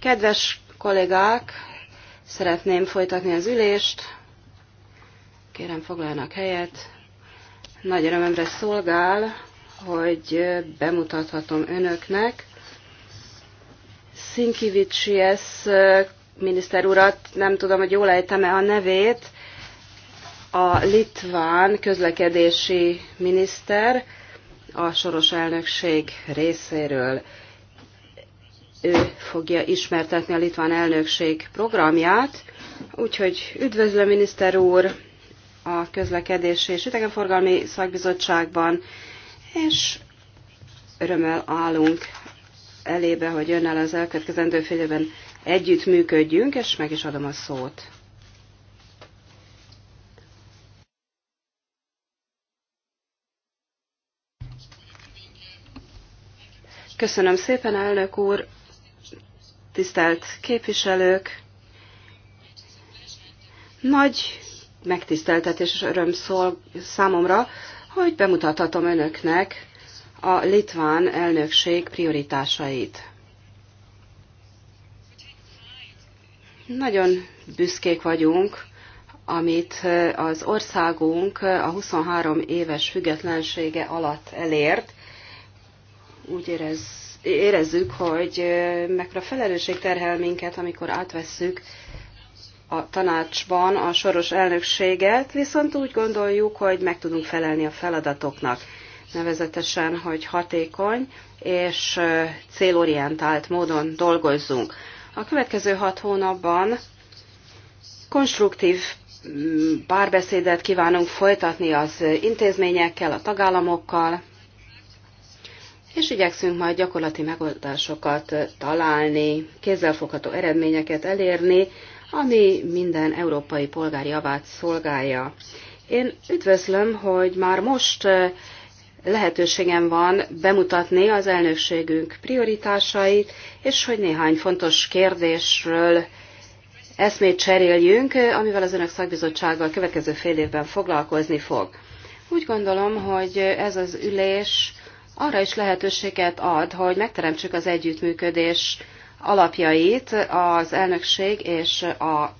Kedves kollégák, szeretném folytatni az ülést. Kérem, foglaljanak helyet. Nagy örömömre szolgál, hogy bemutathatom önöknek Szinkivicsiesz miniszter urat, nem tudom, hogy jól ejtem-e a nevét, a litván közlekedési miniszter a soros elnökség részéről ő fogja ismertetni a litván elnökség programját. Úgyhogy üdvözlöm, miniszter úr, a közlekedési és idegenforgalmi szakbizottságban, és örömmel állunk elébe, hogy önnel az elkövetkezendő fél évben együtt működjünk, és meg is adom a szót. Köszönöm szépen, elnök úr! tisztelt képviselők! Nagy megtiszteltetés és öröm szól számomra, hogy bemutathatom önöknek a litván elnökség prioritásait. Nagyon büszkék vagyunk, amit az országunk a 23 éves függetlensége alatt elért. Úgy érez, érezzük, hogy mekkora felelősség terhel minket, amikor átvesszük a tanácsban a soros elnökséget, viszont úgy gondoljuk, hogy meg tudunk felelni a feladatoknak, nevezetesen, hogy hatékony és célorientált módon dolgozzunk. A következő hat hónapban konstruktív párbeszédet kívánunk folytatni az intézményekkel, a tagállamokkal, és igyekszünk majd gyakorlati megoldásokat találni, kézzelfogható eredményeket elérni, ami minden európai polgár javát szolgálja. Én üdvözlöm, hogy már most eh, lehetőségem van bemutatni az elnökségünk prioritásait, és hogy néhány fontos kérdésről eszmét cseréljünk, amivel az önök szakbizottsága a következő fél évben foglalkozni fog. Úgy gondolom, hogy ez az ülés arra is lehetőséget ad, hogy megteremtsük az együttműködés alapjait az elnökség és a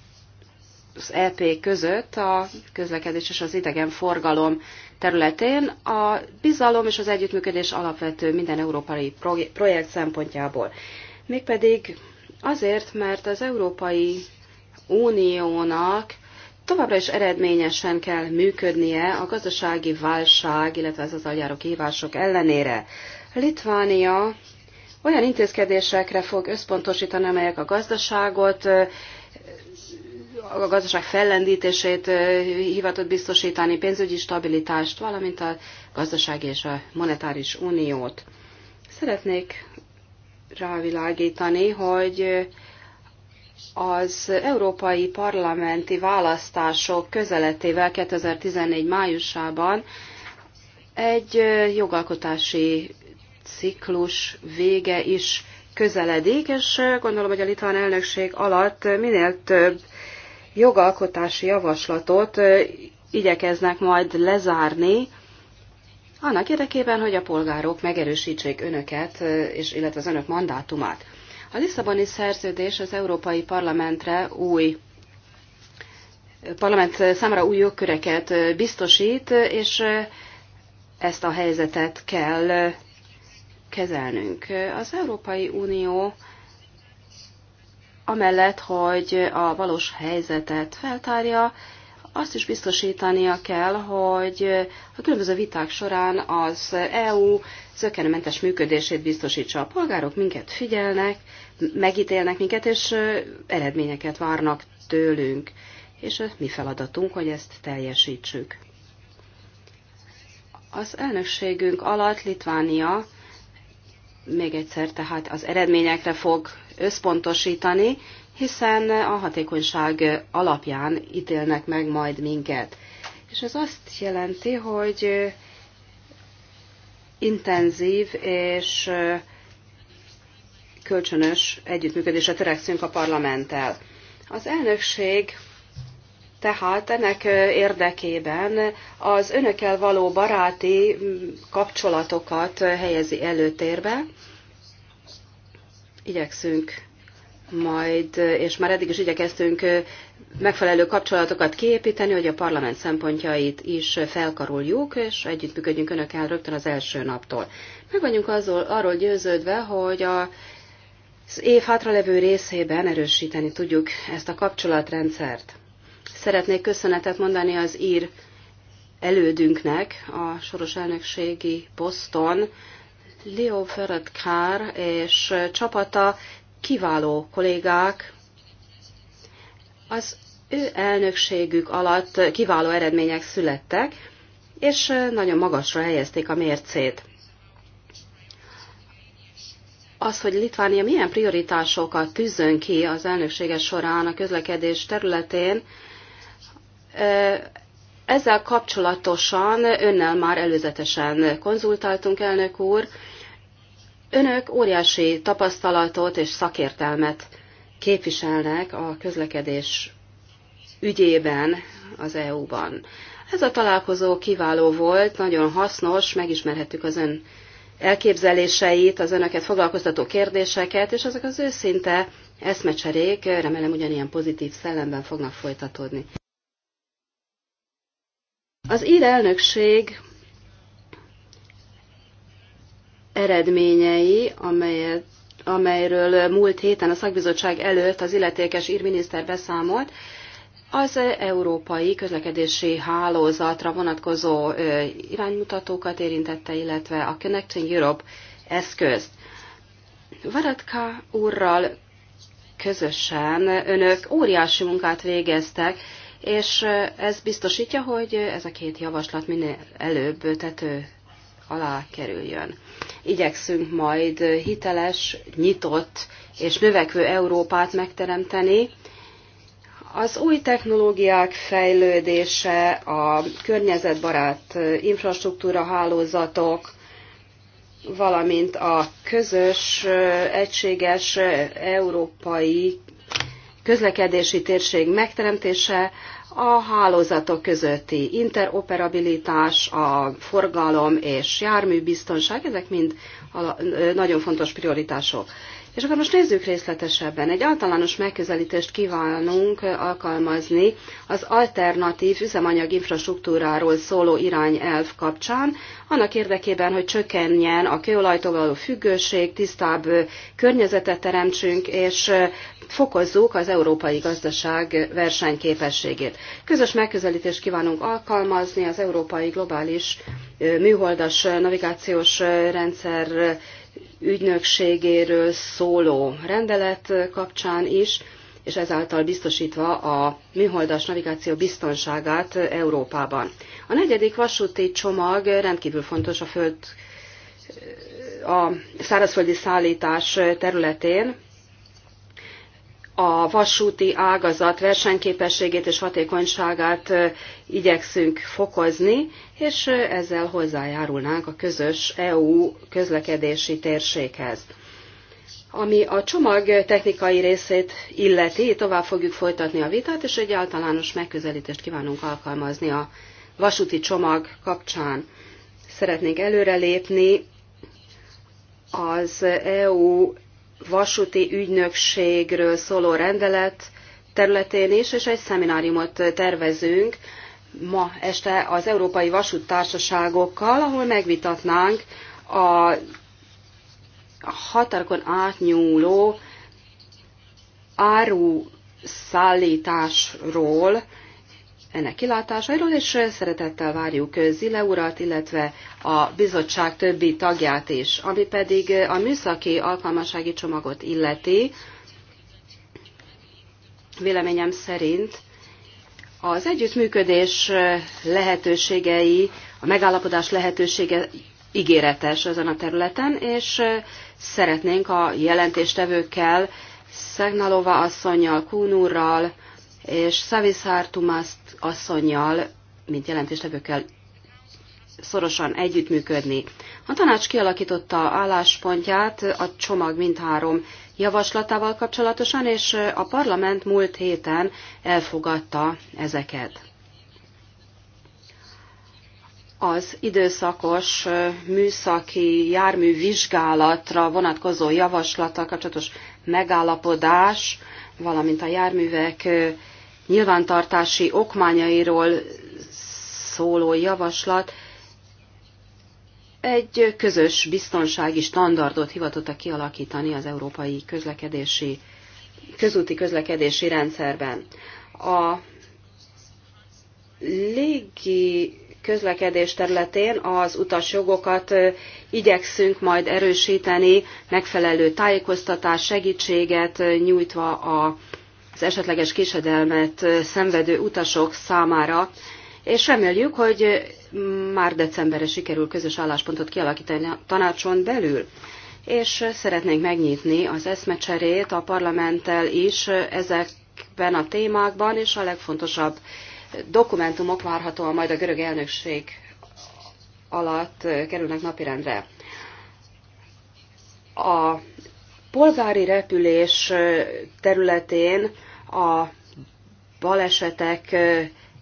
az EP között a közlekedés és az forgalom területén a bizalom és az együttműködés alapvető minden európai projekt szempontjából. Mégpedig azért, mert az Európai Uniónak továbbra is eredményesen kell működnie a gazdasági válság, illetve az aljáró járó kihívások ellenére. Litvánia olyan intézkedésekre fog összpontosítani, amelyek a gazdaságot, a gazdaság fellendítését hivatott biztosítani, pénzügyi stabilitást, valamint a gazdasági és a monetáris uniót. Szeretnék rávilágítani, hogy az európai parlamenti választások közeletével 2014 májusában egy jogalkotási ciklus vége is közeledik, és gondolom, hogy a litván elnökség alatt minél több jogalkotási javaslatot igyekeznek majd lezárni, annak érdekében, hogy a polgárok megerősítsék önöket, és illetve az önök mandátumát. A Lisszaboni szerződés az Európai Parlamentre új parlament számára új jogköreket biztosít, és ezt a helyzetet kell kezelnünk. Az Európai Unió amellett, hogy a valós helyzetet feltárja, azt is biztosítania kell, hogy a különböző viták során az EU zökenőmentes működését biztosítsa. A polgárok minket figyelnek, megítélnek minket, és eredményeket várnak tőlünk. És mi feladatunk, hogy ezt teljesítsük. Az elnökségünk alatt Litvánia még egyszer tehát az eredményekre fog összpontosítani, hiszen a hatékonyság alapján ítélnek meg majd minket. És ez azt jelenti, hogy intenzív és kölcsönös együttműködésre törekszünk a parlamenttel. Az elnökség tehát ennek érdekében az önökkel való baráti kapcsolatokat helyezi előtérbe. Igyekszünk majd, és már eddig is igyekeztünk megfelelő kapcsolatokat kiépíteni, hogy a parlament szempontjait is felkaroljuk, és együttműködjünk önökkel rögtön az első naptól. Meg vagyunk azzal, arról győződve, hogy a az év hátralevő részében erősíteni tudjuk ezt a kapcsolatrendszert. Szeretnék köszönetet mondani az ír elődünknek a soros elnökségi poszton, Leo Kár és csapata kiváló kollégák, az ő elnökségük alatt kiváló eredmények születtek, és nagyon magasra helyezték a mércét. Az, hogy Litvánia milyen prioritásokat tűzön ki az elnöksége során a közlekedés területén, ezzel kapcsolatosan önnel már előzetesen konzultáltunk, elnök úr, Önök óriási tapasztalatot és szakértelmet képviselnek a közlekedés ügyében az EU-ban. Ez a találkozó kiváló volt, nagyon hasznos, megismerhettük az ön elképzeléseit, az önöket foglalkoztató kérdéseket, és ezek az őszinte eszmecserék remélem ugyanilyen pozitív szellemben fognak folytatódni. Az ír elnökség eredményei, amelyet, amelyről múlt héten a szakbizottság előtt az illetékes írminiszter beszámolt, az európai közlekedési hálózatra vonatkozó iránymutatókat érintette, illetve a Connecting Europe eszközt. Varadka úrral közösen önök óriási munkát végeztek, és ez biztosítja, hogy ez a két javaslat minél előbb tető alá kerüljön igyekszünk majd hiteles, nyitott és növekvő Európát megteremteni. Az új technológiák fejlődése, a környezetbarát infrastruktúra hálózatok, valamint a közös, egységes európai közlekedési térség megteremtése a hálózatok közötti interoperabilitás, a forgalom és járműbiztonság, ezek mind nagyon fontos prioritások. És akkor most nézzük részletesebben. Egy általános megközelítést kívánunk alkalmazni az alternatív üzemanyag infrastruktúráról szóló irányelv kapcsán, annak érdekében, hogy csökkenjen a kőolajtól való függőség, tisztább környezetet teremtsünk, és fokozzuk az európai gazdaság versenyképességét. Közös megközelítést kívánunk alkalmazni az európai globális műholdas navigációs rendszer ügynökségéről szóló rendelet kapcsán is, és ezáltal biztosítva a műholdas navigáció biztonságát Európában. A negyedik vasúti csomag rendkívül fontos a föld a szárazföldi szállítás területén, a vasúti ágazat versenyképességét és hatékonyságát igyekszünk fokozni, és ezzel hozzájárulnánk a közös EU közlekedési térséghez. Ami a csomag technikai részét illeti, tovább fogjuk folytatni a vitát, és egy általános megközelítést kívánunk alkalmazni a vasúti csomag kapcsán. Szeretnénk előrelépni az EU vasúti ügynökségről szóló rendelet területén is, és egy szemináriumot tervezünk ma este az Európai Társaságokkal, ahol megvitatnánk a határokon átnyúló áruszállításról, ennek kilátásairól, és eh, szeretettel várjuk eh, Zile urat, illetve a bizottság többi tagját is, ami pedig eh, a műszaki alkalmasági csomagot illeti. Véleményem szerint az együttműködés lehetőségei, a megállapodás lehetősége ígéretes ezen a területen, és szeretnénk a jelentéstevőkkel, Szegnalova asszonynal, Kún és Szaviszár Tumász asszonyjal, mint jelentéstevőkkel szorosan együttműködni. A tanács kialakította álláspontját a csomag mindhárom javaslatával kapcsolatosan, és a parlament múlt héten elfogadta ezeket. Az időszakos műszaki járművizsgálatra vonatkozó javaslata kapcsolatos megállapodás, valamint a járművek nyilvántartási okmányairól szóló javaslat egy közös biztonsági standardot hivatott kialakítani az európai közlekedési, közúti közlekedési rendszerben. A légi közlekedés területén az utasjogokat igyekszünk majd erősíteni, megfelelő tájékoztatás, segítséget nyújtva a az esetleges késedelmet szenvedő utasok számára, és reméljük, hogy már decemberre sikerül közös álláspontot kialakítani a tanácson belül, és szeretnénk megnyitni az eszmecserét a parlamenttel is ezekben a témákban, és a legfontosabb dokumentumok várhatóan majd a görög elnökség alatt kerülnek napirendre. A polgári repülés területén a balesetek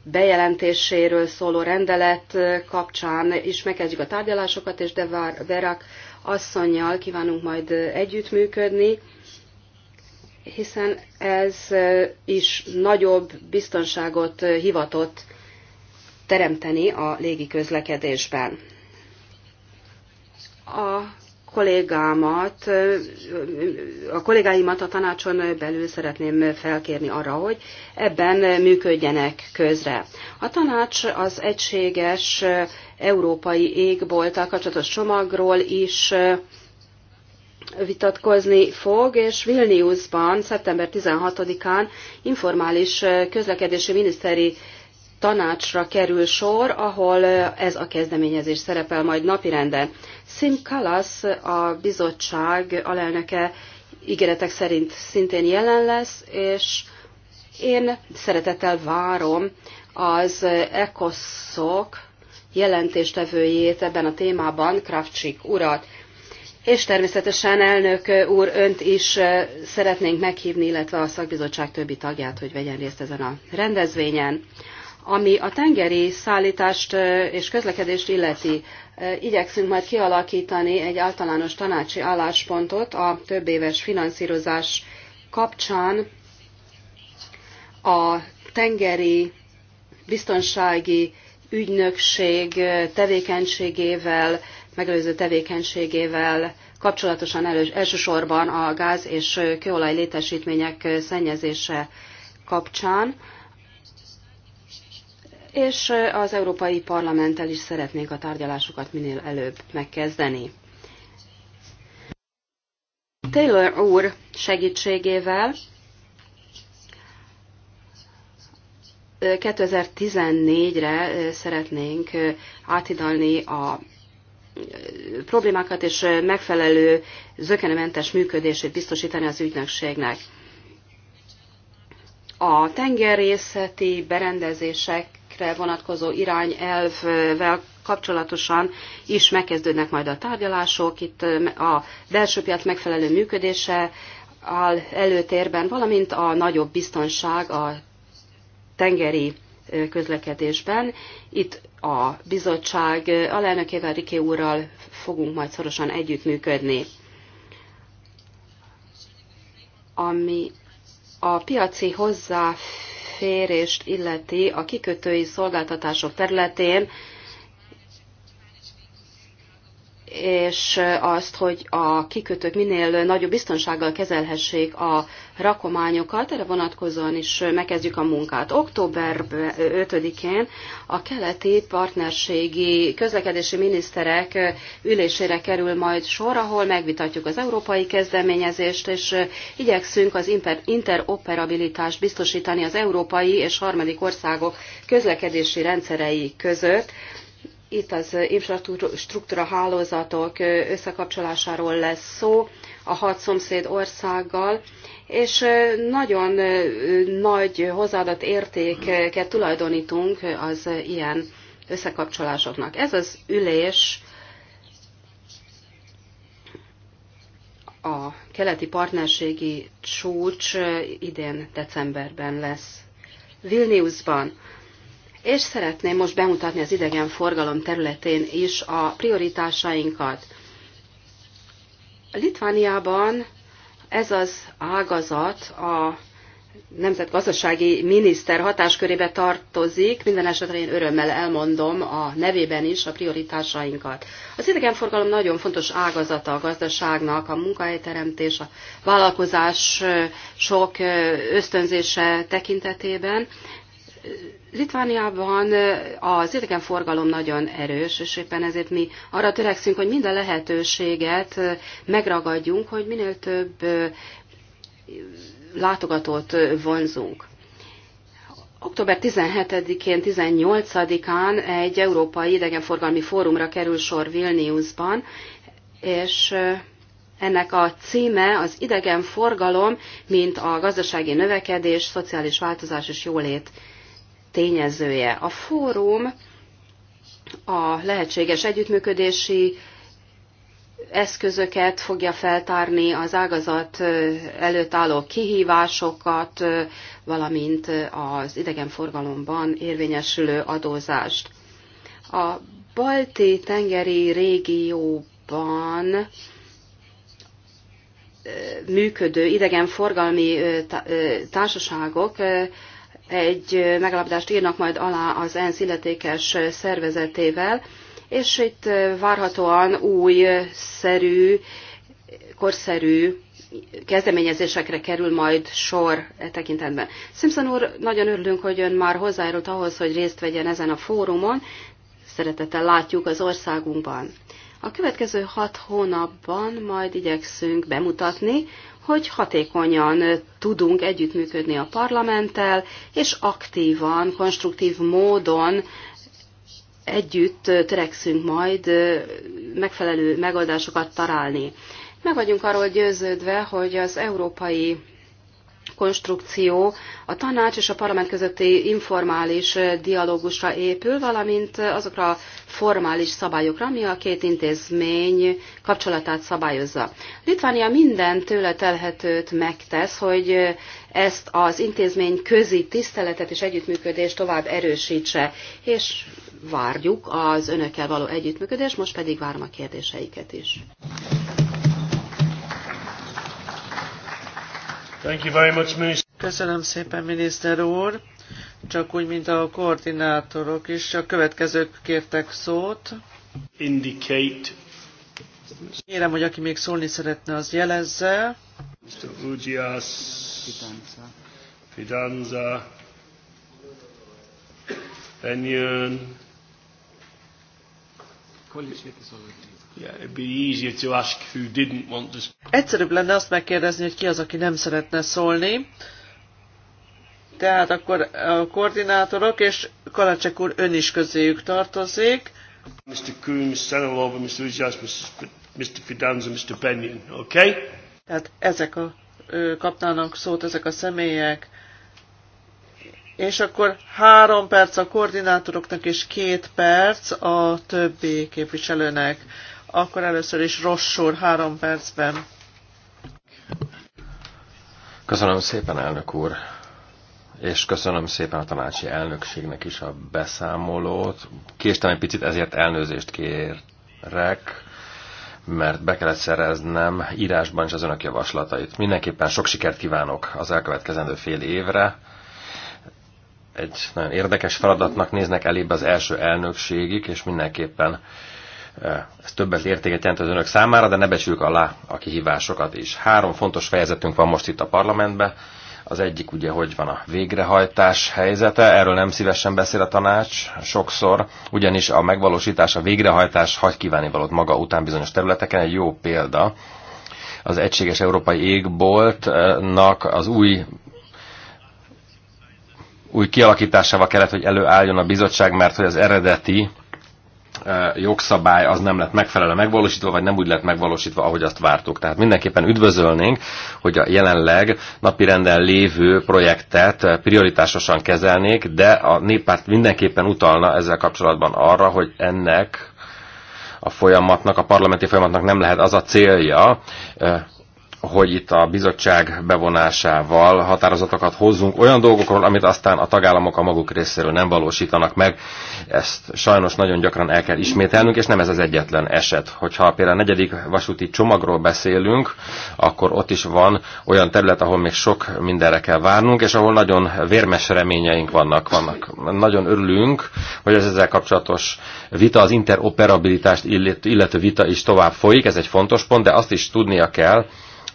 bejelentéséről szóló rendelet kapcsán is megkezdjük a tárgyalásokat, és de Verak asszonyjal kívánunk majd együttműködni, hiszen ez is nagyobb biztonságot hivatott teremteni a légi közlekedésben. A kollégámat, a kollégáimat a tanácson belül szeretném felkérni arra, hogy ebben működjenek közre. A tanács az egységes európai égbolttal kapcsolatos csomagról is vitatkozni fog, és Vilniusban szeptember 16-án informális közlekedési miniszteri tanácsra kerül sor, ahol ez a kezdeményezés szerepel majd napirenden. Sim Kalasz, a bizottság alelnöke ígéretek szerint szintén jelen lesz, és én szeretettel várom az ECOSZOK jelentéstevőjét ebben a témában, Kravcsik urat. És természetesen elnök úr, önt is szeretnénk meghívni, illetve a szakbizottság többi tagját, hogy vegyen részt ezen a rendezvényen. Ami a tengeri szállítást és közlekedést illeti, igyekszünk majd kialakítani egy általános tanácsi álláspontot a több éves finanszírozás kapcsán a tengeri biztonsági ügynökség tevékenységével, megelőző tevékenységével kapcsolatosan elő, elsősorban a gáz és kőolaj létesítmények szennyezése kapcsán és az Európai Parlamenttel is szeretnénk a tárgyalásokat minél előbb megkezdeni. Taylor úr segítségével 2014-re szeretnénk átidalni a problémákat és megfelelő zökenementes működését biztosítani az ügynökségnek. A tengerészeti berendezések ügyekre vonatkozó irányelvvel kapcsolatosan is megkezdődnek majd a tárgyalások. Itt a belső piac megfelelő működése áll előtérben, valamint a nagyobb biztonság a tengeri közlekedésben. Itt a bizottság alelnökével, Riké úrral fogunk majd szorosan együttműködni. Ami a piaci hozzáfér, hozzáférést illeti a kikötői szolgáltatások területén és azt, hogy a kikötők minél nagyobb biztonsággal kezelhessék a rakományokat, erre vonatkozóan is megkezdjük a munkát. Október 5-én a keleti partnerségi közlekedési miniszterek ülésére kerül majd sor, ahol megvitatjuk az európai kezdeményezést, és igyekszünk az interoperabilitást biztosítani az európai és harmadik országok közlekedési rendszerei között itt az infrastruktúra hálózatok összekapcsolásáról lesz szó a hat szomszéd országgal, és nagyon nagy hozzáadott értéket tulajdonítunk az ilyen összekapcsolásoknak. Ez az ülés a keleti partnerségi csúcs idén decemberben lesz. Vilniusban és szeretném most bemutatni az idegenforgalom területén is a prioritásainkat. Litvániában ez az ágazat a nemzetgazdasági miniszter hatáskörébe tartozik, minden esetre én örömmel elmondom a nevében is a prioritásainkat. Az idegenforgalom nagyon fontos ágazata a gazdaságnak, a munkahelyteremtés, a vállalkozás sok ösztönzése tekintetében, Litvániában az idegenforgalom nagyon erős, és éppen ezért mi arra törekszünk, hogy minden lehetőséget megragadjunk, hogy minél több látogatót vonzunk. Október 17-én, 18-án egy Európai Idegenforgalmi Fórumra kerül sor Vilniusban, és ennek a címe az idegenforgalom, mint a gazdasági növekedés, szociális változás és jólét tényezője. A fórum a lehetséges együttműködési eszközöket fogja feltárni, az ágazat előtt álló kihívásokat, valamint az idegenforgalomban érvényesülő adózást. A balti tengeri régióban működő idegenforgalmi társaságok egy megalapdást írnak majd alá az ENSZ illetékes szervezetével, és itt várhatóan új, szerű, korszerű kezdeményezésekre kerül majd sor e tekintetben. Simpson úr, nagyon örülünk, hogy ön már hozzájárult ahhoz, hogy részt vegyen ezen a fórumon. Szeretettel látjuk az országunkban. A következő hat hónapban majd igyekszünk bemutatni, hogy hatékonyan tudunk együttműködni a parlamenttel, és aktívan, konstruktív módon együtt törekszünk majd megfelelő megoldásokat találni. Meg vagyunk arról győződve, hogy az európai konstrukció a tanács és a parlament közötti informális eh, dialógusra épül, valamint eh, azokra a formális szabályokra, ami a két intézmény kapcsolatát szabályozza. Litvánia minden tőle telhetőt megtesz, hogy eh, ezt az intézmény közi tiszteletet és együttműködést tovább erősítse, és várjuk az önökkel való együttműködést, most pedig várom a kérdéseiket is. Köszönöm szépen, miniszter úr. Csak úgy, mint a koordinátorok is, a következők kértek szót. Indicate. Kérem, hogy aki még szólni szeretne, az jelezze. Mr. Ugyas. Fidanza. Fidanza. Benjön. Kolicek Egyszerűbb lenne azt megkérdezni, hogy ki az, aki nem szeretne szólni. Tehát akkor a koordinátorok, és Kalacsek úr ön is közéjük tartozik. Mr. Kuhn, Mr. Senelova, Mr. Ujas, Mr. Fidanza, Mr. Benyon, oké? Okay? Tehát ezek a, kapnának szót ezek a személyek. És akkor három perc a koordinátoroknak, és két perc a többi képviselőnek. Akkor először is Rossor három percben. Köszönöm szépen, elnök úr, és köszönöm szépen a tanácsi elnökségnek is a beszámolót. Késtem egy picit, ezért elnőzést kérek, mert be kellett szereznem írásban is az önök javaslatait. Mindenképpen sok sikert kívánok az elkövetkezendő fél évre. Egy nagyon érdekes feladatnak néznek elébe az első elnökségig, és mindenképpen ez többet értéket jelent az önök számára, de ne becsüljük alá a kihívásokat is. Három fontos fejezetünk van most itt a parlamentben. Az egyik ugye, hogy van a végrehajtás helyzete, erről nem szívesen beszél a tanács sokszor, ugyanis a megvalósítás, a végrehajtás hagy kívánni valót maga után bizonyos területeken. Egy jó példa az Egységes Európai Égboltnak az új új kialakításával kellett, hogy előálljon a bizottság, mert hogy az eredeti jogszabály az nem lett megfelelően megvalósítva, vagy nem úgy lett megvalósítva, ahogy azt vártuk. Tehát mindenképpen üdvözölnénk, hogy a jelenleg napirenden lévő projektet prioritásosan kezelnék, de a néppárt mindenképpen utalna ezzel kapcsolatban arra, hogy ennek a folyamatnak, a parlamenti folyamatnak nem lehet az a célja, hogy itt a bizottság bevonásával határozatokat hozzunk olyan dolgokról, amit aztán a tagállamok a maguk részéről nem valósítanak meg. Ezt sajnos nagyon gyakran el kell ismételnünk, és nem ez az egyetlen eset. Hogyha például a negyedik vasúti csomagról beszélünk, akkor ott is van olyan terület, ahol még sok mindenre kell várnunk, és ahol nagyon vérmes reményeink vannak. vannak. Nagyon örülünk, hogy ez ezzel kapcsolatos vita, az interoperabilitást illető vita is tovább folyik, ez egy fontos pont, de azt is tudnia kell,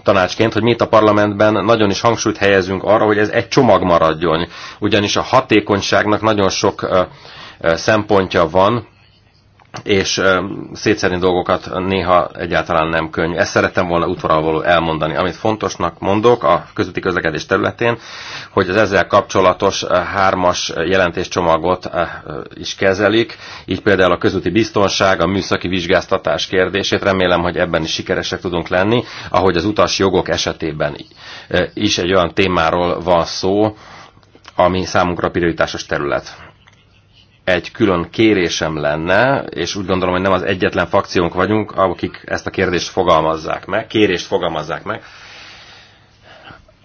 tanácsként, hogy mi itt a parlamentben nagyon is hangsúlyt helyezünk arra, hogy ez egy csomag maradjon. Ugyanis a hatékonyságnak nagyon sok szempontja van, és szétszedni dolgokat néha egyáltalán nem könnyű. Ezt szerettem volna utvaralvaló elmondani. Amit fontosnak mondok a közúti közlekedés területén, hogy az ezzel kapcsolatos eh, hármas jelentéscsomagot eh, is kezelik, így például a közúti biztonság, a műszaki vizsgáztatás kérdését. Remélem, hogy ebben is sikeresek tudunk lenni, ahogy az utas jogok esetében eh, is egy olyan témáról van szó, ami számunkra prioritásos terület egy külön kérésem lenne, és úgy gondolom, hogy nem az egyetlen fakciónk vagyunk, akik ezt a kérdést fogalmazzák meg, kérést fogalmazzák meg.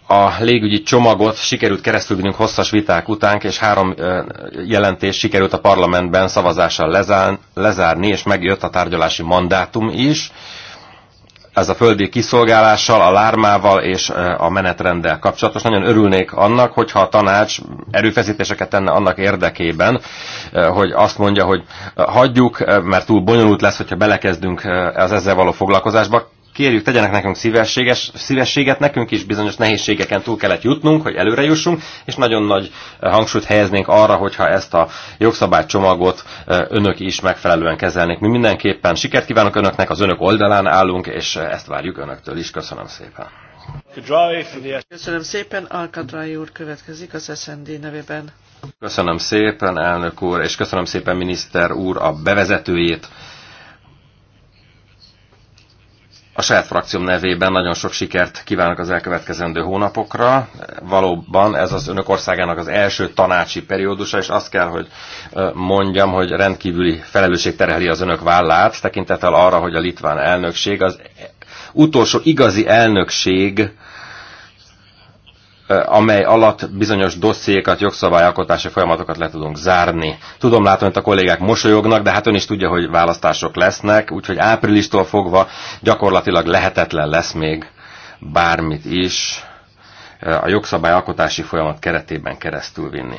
A légügyi csomagot sikerült keresztülnünk hosszas viták után, és három jelentés sikerült a parlamentben szavazással lezárni, és megjött a tárgyalási mandátum is ez a földi kiszolgálással, a lármával és e, a menetrenddel kapcsolatos. Nagyon örülnék annak, hogyha a tanács erőfeszítéseket tenne annak érdekében, e, hogy azt mondja, hogy hagyjuk, e, mert túl bonyolult lesz, hogyha belekezdünk az ezzel való foglalkozásba, kérjük, tegyenek nekünk szívességes, szívességet, nekünk is bizonyos nehézségeken túl kellett jutnunk, hogy előre jussunk, és nagyon nagy eh, hangsúlyt helyeznénk arra, hogyha ezt a jogszabálycsomagot eh, önök is megfelelően kezelnék. Mi mindenképpen sikert kívánok önöknek, az önök oldalán állunk, és eh, ezt várjuk önöktől is. Köszönöm szépen. Köszönöm szépen, Alkadrai úr következik az SND nevében. Köszönöm szépen, elnök úr, és köszönöm szépen, miniszter úr, a bevezetőjét. A saját frakcióm nevében nagyon sok sikert kívánok az elkövetkezendő hónapokra. Valóban ez az önök országának az első tanácsi periódusa, és azt kell, hogy mondjam, hogy rendkívüli felelősség terheli az önök vállát, tekintettel arra, hogy a litván elnökség az utolsó igazi elnökség Eh, amely alatt bizonyos dossziékat, jogszabályalkotási folyamatokat le tudunk zárni. Tudom, látom, hogy a kollégák mosolyognak, de hát ön is tudja, hogy választások lesznek, úgyhogy áprilistól fogva gyakorlatilag lehetetlen lesz még bármit is eh, a jogszabályalkotási folyamat keretében keresztül vinni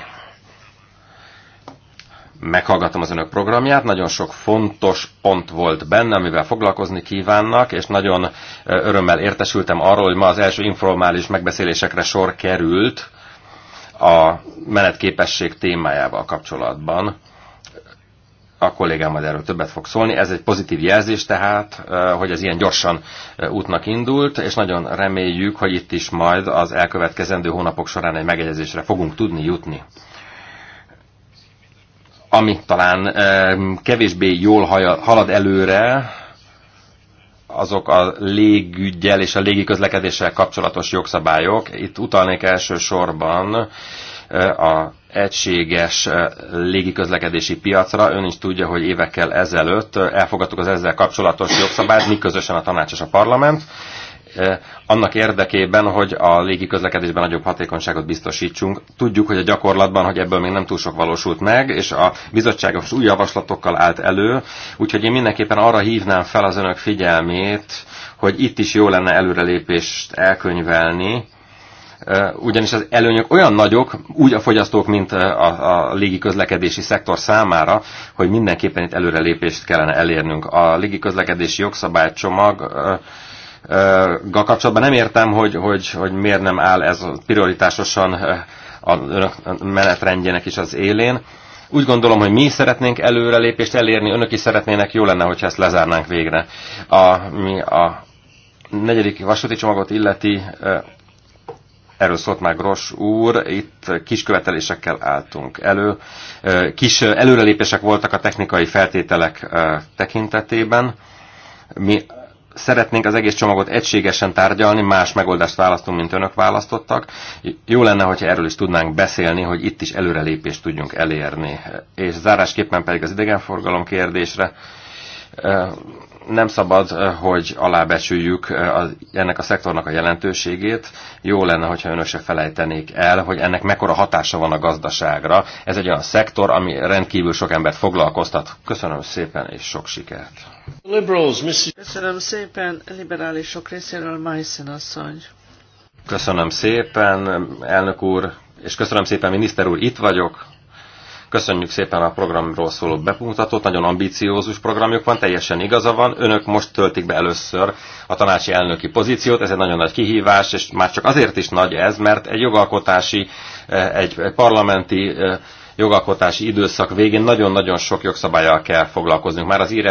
meghallgattam az önök programját, nagyon sok fontos pont volt benne, amivel foglalkozni kívánnak, és nagyon örömmel értesültem arról, hogy ma az első informális megbeszélésekre sor került a menetképesség témájával kapcsolatban. A kollégám majd erről többet fog szólni. Ez egy pozitív jelzés tehát, hogy ez ilyen gyorsan útnak indult, és nagyon reméljük, hogy itt is majd az elkövetkezendő hónapok során egy megegyezésre fogunk tudni jutni ami talán kevésbé jól halad előre, azok a légügyel és a közlekedéssel kapcsolatos jogszabályok. Itt utalnék elsősorban a egységes légiközlekedési piacra. Ön is tudja, hogy évekkel ezelőtt elfogadtuk az ezzel kapcsolatos jogszabályt, mi közösen a tanács és a parlament. Eh, annak érdekében, hogy a légi közlekedésben nagyobb hatékonyságot biztosítsunk. Tudjuk, hogy a gyakorlatban, hogy ebből még nem túl sok valósult meg, és a most új javaslatokkal állt elő, úgyhogy én mindenképpen arra hívnám fel az önök figyelmét, hogy itt is jó lenne előrelépést elkönyvelni, eh, ugyanis az előnyök olyan nagyok, úgy a fogyasztók, mint eh, a, a légiközlekedési szektor számára, hogy mindenképpen itt előrelépést kellene elérnünk. A légiközlekedési jogszabálycsomag kapcsolatban nem értem, hogy, hogy, hogy miért nem áll ez prioritásosan a menetrendjének is az élén. Úgy gondolom, hogy mi szeretnénk előrelépést elérni, önök is szeretnének, jó lenne, hogyha ezt lezárnánk végre. A, mi a negyedik vasúti csomagot illeti, erről szólt már Gros úr, itt kis követelésekkel álltunk elő. Kis előrelépések voltak a technikai feltételek tekintetében. Mi szeretnénk az egész csomagot egységesen tárgyalni, más megoldást választunk, mint önök választottak. Jó lenne, hogyha erről is tudnánk beszélni, hogy itt is előrelépést tudjunk elérni. És zárásképpen pedig az idegenforgalom kérdésre nem szabad, eh, hogy alábecsüljük eh, ennek a szektornak a jelentőségét. Jó lenne, hogyha önök se felejtenék el, hogy ennek mekkora hatása van a gazdaságra. Ez egy olyan szektor, ami rendkívül sok embert foglalkoztat. Köszönöm szépen, és sok sikert! Köszönöm szépen, liberálisok részéről Meissen asszony. Köszönöm szépen, elnök úr, és köszönöm szépen, miniszter úr, itt vagyok. Köszönjük szépen a programról szóló bemutatót, nagyon ambiciózus programjuk van, teljesen igaza van. Önök most töltik be először a tanácsi elnöki pozíciót, ez egy nagyon nagy kihívás, és már csak azért is nagy ez, mert egy jogalkotási, eh, egy parlamenti eh, jogalkotási időszak végén nagyon-nagyon sok jogszabályjal kell foglalkoznunk. Már az ír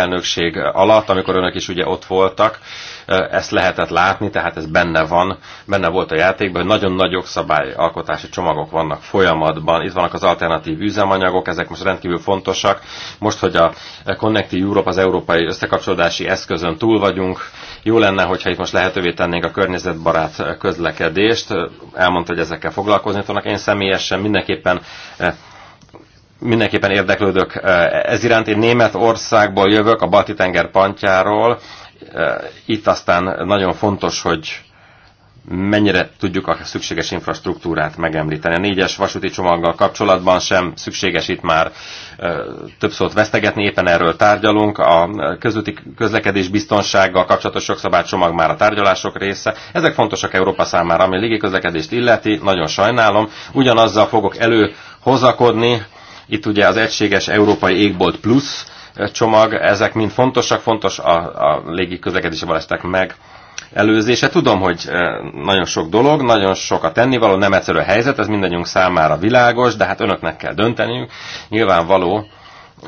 alatt, amikor önök is ugye ott voltak, ezt lehetett látni, tehát ez benne van, benne volt a játékban, hogy nagyon nagy jogszabályalkotási csomagok vannak folyamatban, itt vannak az alternatív üzemanyagok, ezek most rendkívül fontosak. Most, hogy a Connecti Europe az európai összekapcsolódási eszközön túl vagyunk, jó lenne, hogyha itt most lehetővé tennénk a környezetbarát közlekedést, elmondta, hogy ezekkel foglalkozni tudnak. Én személyesen mindenképpen eh, mindenképpen érdeklődök eh, ez iránt. Én Németországból jövök, a Balti-tenger pantjáról, Eh, itt aztán nagyon fontos, hogy mennyire tudjuk a szükséges infrastruktúrát megemlíteni. A négyes vasúti csomaggal kapcsolatban sem szükséges itt már eh, több szót vesztegetni, éppen erről tárgyalunk. A közúti közlekedés biztonsággal kapcsolatos csomag már a tárgyalások része. Ezek fontosak Európa számára, ami légi közlekedést illeti, nagyon sajnálom. Ugyanazzal fogok előhozakodni, itt ugye az egységes európai égbolt plusz, csomag, ezek mind fontosak, fontos a, a légi közlekedési balesetek meg előzése. Tudom, hogy nagyon sok dolog, nagyon sok a tennivaló, nem egyszerű a helyzet, ez mindannyiunk számára világos, de hát önöknek kell dönteniük. Nyilvánvaló,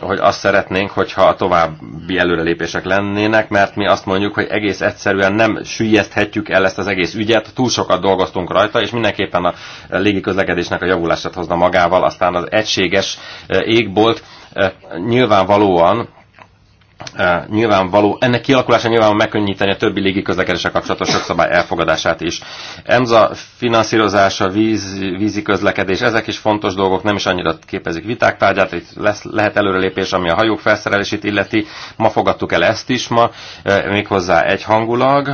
hogy azt szeretnénk, hogyha a további előrelépések lennének, mert mi azt mondjuk, hogy egész egyszerűen nem sűjeszthetjük el ezt az egész ügyet, túl sokat dolgoztunk rajta, és mindenképpen a légiközlekedésnek a javulását hozna magával, aztán az egységes égbolt nyilvánvalóan nyilvánvaló, ennek kialakulása nyilván megkönnyíteni a többi légi közlekedéssel kapcsolatos jogszabály elfogadását is. EMSA finanszírozása, víz, vízi közlekedés, ezek is fontos dolgok, nem is annyira képezik viták tárgyát, itt lesz, lehet előrelépés, ami a hajók felszerelését illeti. Ma fogadtuk el ezt is ma, méghozzá hangulag,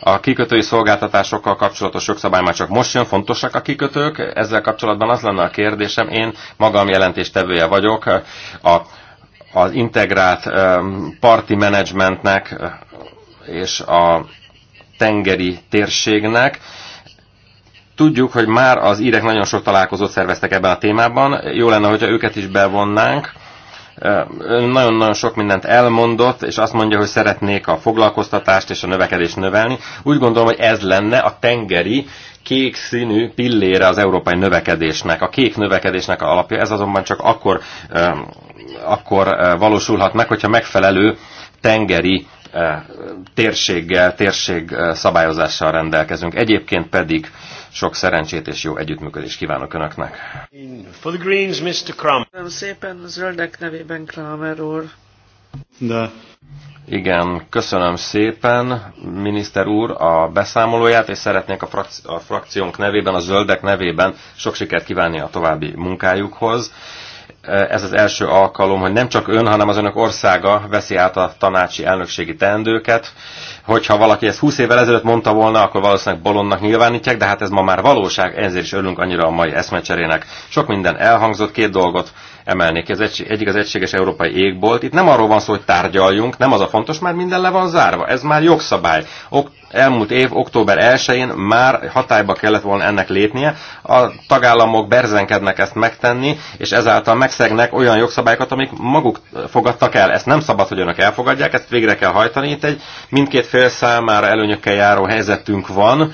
a kikötői szolgáltatásokkal kapcsolatos jogszabály már csak most jön, fontosak a kikötők. Ezzel kapcsolatban az lenne a kérdésem, én magam jelentéstevője vagyok a, az integrált parti menedzsmentnek és a tengeri térségnek. Tudjuk, hogy már az írek nagyon sok találkozót szerveztek ebben a témában. Jó lenne, hogyha őket is bevonnánk nagyon-nagyon sok mindent elmondott, és azt mondja, hogy szeretnék a foglalkoztatást és a növekedést növelni. Úgy gondolom, hogy ez lenne a tengeri kék színű pillére az európai növekedésnek. A kék növekedésnek a alapja, ez azonban csak akkor, akkor valósulhat meg, hogyha megfelelő tengeri térséggel, térség szabályozással rendelkezünk. Egyébként pedig sok szerencsét és jó együttműködést kívánok Önöknek. For the Greens, Mr. Köszönöm szépen, a zöldek nevében Kramer úr. De. Igen, köszönöm szépen, miniszter úr, a beszámolóját, és szeretnék a, frak a frakciónk nevében, a zöldek nevében sok sikert kívánni a további munkájukhoz. Eh, ez az első alkalom, hogy nem csak ön, hanem az önök országa veszi át a tanácsi elnökségi teendőket. Hogyha valaki ezt 20 évvel ezelőtt mondta volna, akkor valószínűleg bolondnak nyilvánítják, de hát ez ma már valóság, ezért is örülünk annyira a mai eszmecserének. Sok minden elhangzott, két dolgot emelnék. Ez egység, egyik az egységes európai égbolt. Itt nem arról van szó, hogy tárgyaljunk, nem az a fontos, mert minden le van zárva. Ez már jogszabály. Ok, elmúlt év október 1-én már hatályba kellett volna ennek lépnie. A tagállamok berzenkednek ezt megtenni, és ezáltal megszegnek olyan jogszabályokat, amik maguk fogadtak el. Ezt nem szabad, hogy önök elfogadják, ezt végre kell hajtani. Itt egy mindkét fél számára előnyökkel járó helyzetünk van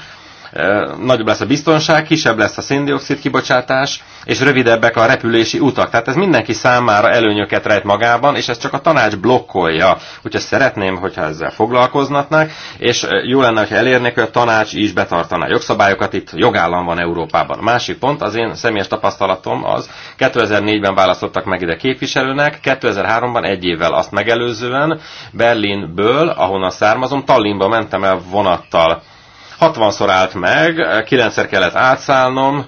nagyobb lesz a biztonság, kisebb lesz a széndiokszid kibocsátás, és rövidebbek a repülési utak. Tehát ez mindenki számára előnyöket rejt magában, és ez csak a tanács blokkolja. Úgyhogy szeretném, hogyha ezzel foglalkoznatnak, és jó lenne, hogyha elérnék, hogy a tanács is betartaná jogszabályokat. Itt jogállam van Európában. A másik pont, az én személyes tapasztalatom az, 2004-ben választottak meg ide képviselőnek, 2003-ban egy évvel azt megelőzően Berlinből, ahonnan származom, Tallinnba mentem el vonattal 60-szor állt meg, 9-szer kellett átszállnom,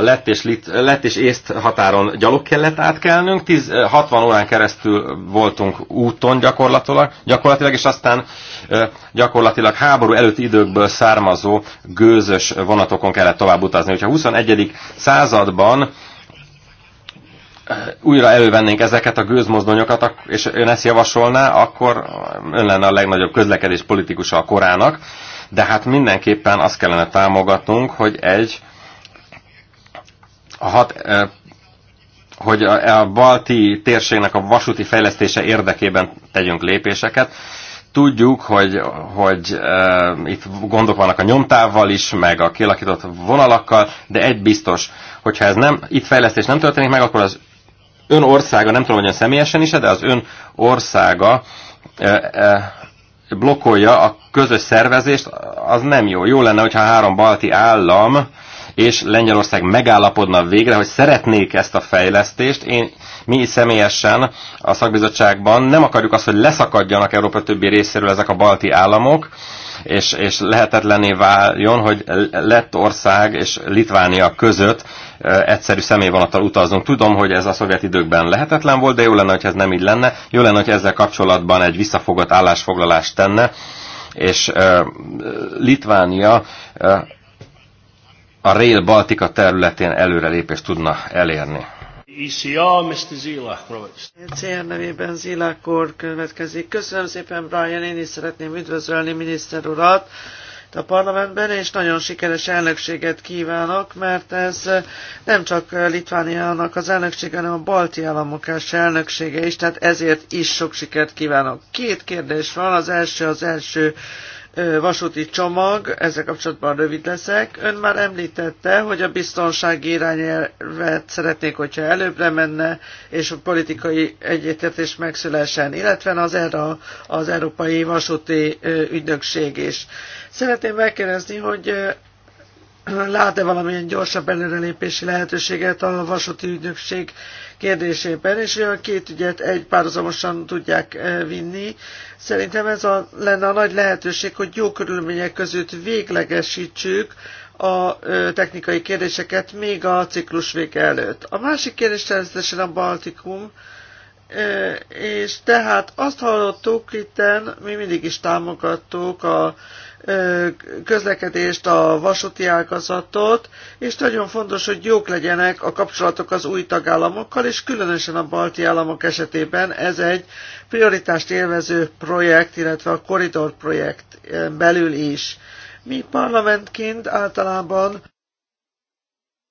lett és, lit, lett és észt határon gyalog kellett átkelnünk, 10, 60 órán keresztül voltunk úton gyakorlatilag, gyakorlatilag, és aztán gyakorlatilag háború előtti időkből származó gőzös vonatokon kellett tovább utazni. Hogyha a 21. században újra elővennénk ezeket a gőzmozdonyokat, és ön ezt javasolná, akkor ön lenne a legnagyobb közlekedés politikusa a korának de hát mindenképpen azt kellene támogatnunk, hogy egy a hat, hogy a a balti térségnek a vasúti fejlesztése érdekében tegyünk lépéseket. Tudjuk, hogy, hogy e, itt gondok vannak a nyomtávval is, meg a kialakított vonalakkal, de egy biztos, hogyha ez nem, itt fejlesztés nem történik meg, akkor az ön országa, nem tudom, hogy ön személyesen is, de az ön országa e, e, blokkolja a közös szervezést, az nem jó. Jó lenne, hogyha három balti állam és Lengyelország megállapodna végre, hogy szeretnék ezt a fejlesztést. Én, mi személyesen a szakbizottságban nem akarjuk azt, hogy leszakadjanak Európa többi részéről ezek a balti államok, és, és lehetetlené váljon, hogy lett ország és Litvánia között egyszerű személyvonattal utazunk. Tudom, hogy ez a szovjet időkben lehetetlen volt, de jó lenne, hogy ez nem így lenne. Jó lenne, hogy ezzel kapcsolatban egy visszafogott állásfoglalást tenne, és Litvánia a Rail Baltica területén előrelépést tudna elérni. ECR, Mr. Zila, Roberts. CR nevében Zila kor következik. Köszönöm szépen, Brian, én is szeretném üdvözölni miniszter urat a parlamentben, és nagyon sikeres elnökséget kívánok, mert ez nem csak Litvániának az elnöksége, hanem a balti államok elnöksége is, tehát ezért is sok sikert kívánok. Két kérdés van, az első az első vasúti csomag, ezzel kapcsolatban rövid leszek. Ön már említette, hogy a biztonsági irányelvet szeretnék, hogyha előbbre menne, és a politikai egyetértés megszülessen, illetve az, ERA, az Európai Vasúti Ügynökség is. Szeretném megkérdezni, hogy lát-e valamilyen gyorsabb előrelépési lehetőséget a vasúti ügynökség kérdésében, és hogy a két ügyet egy párhuzamosan tudják vinni. Szerintem ez a, lenne a nagy lehetőség, hogy jó körülmények között véglegesítsük a technikai kérdéseket még a ciklus vége előtt. A másik kérdés természetesen a Baltikum, és tehát azt hallottuk itten, mi mindig is támogattuk a közlekedést, a vasúti ágazatot, és nagyon fontos, hogy jók legyenek a kapcsolatok az új tagállamokkal, és különösen a balti államok esetében ez egy prioritást élvező projekt, illetve a koridor projekt belül is. Mi parlamentként általában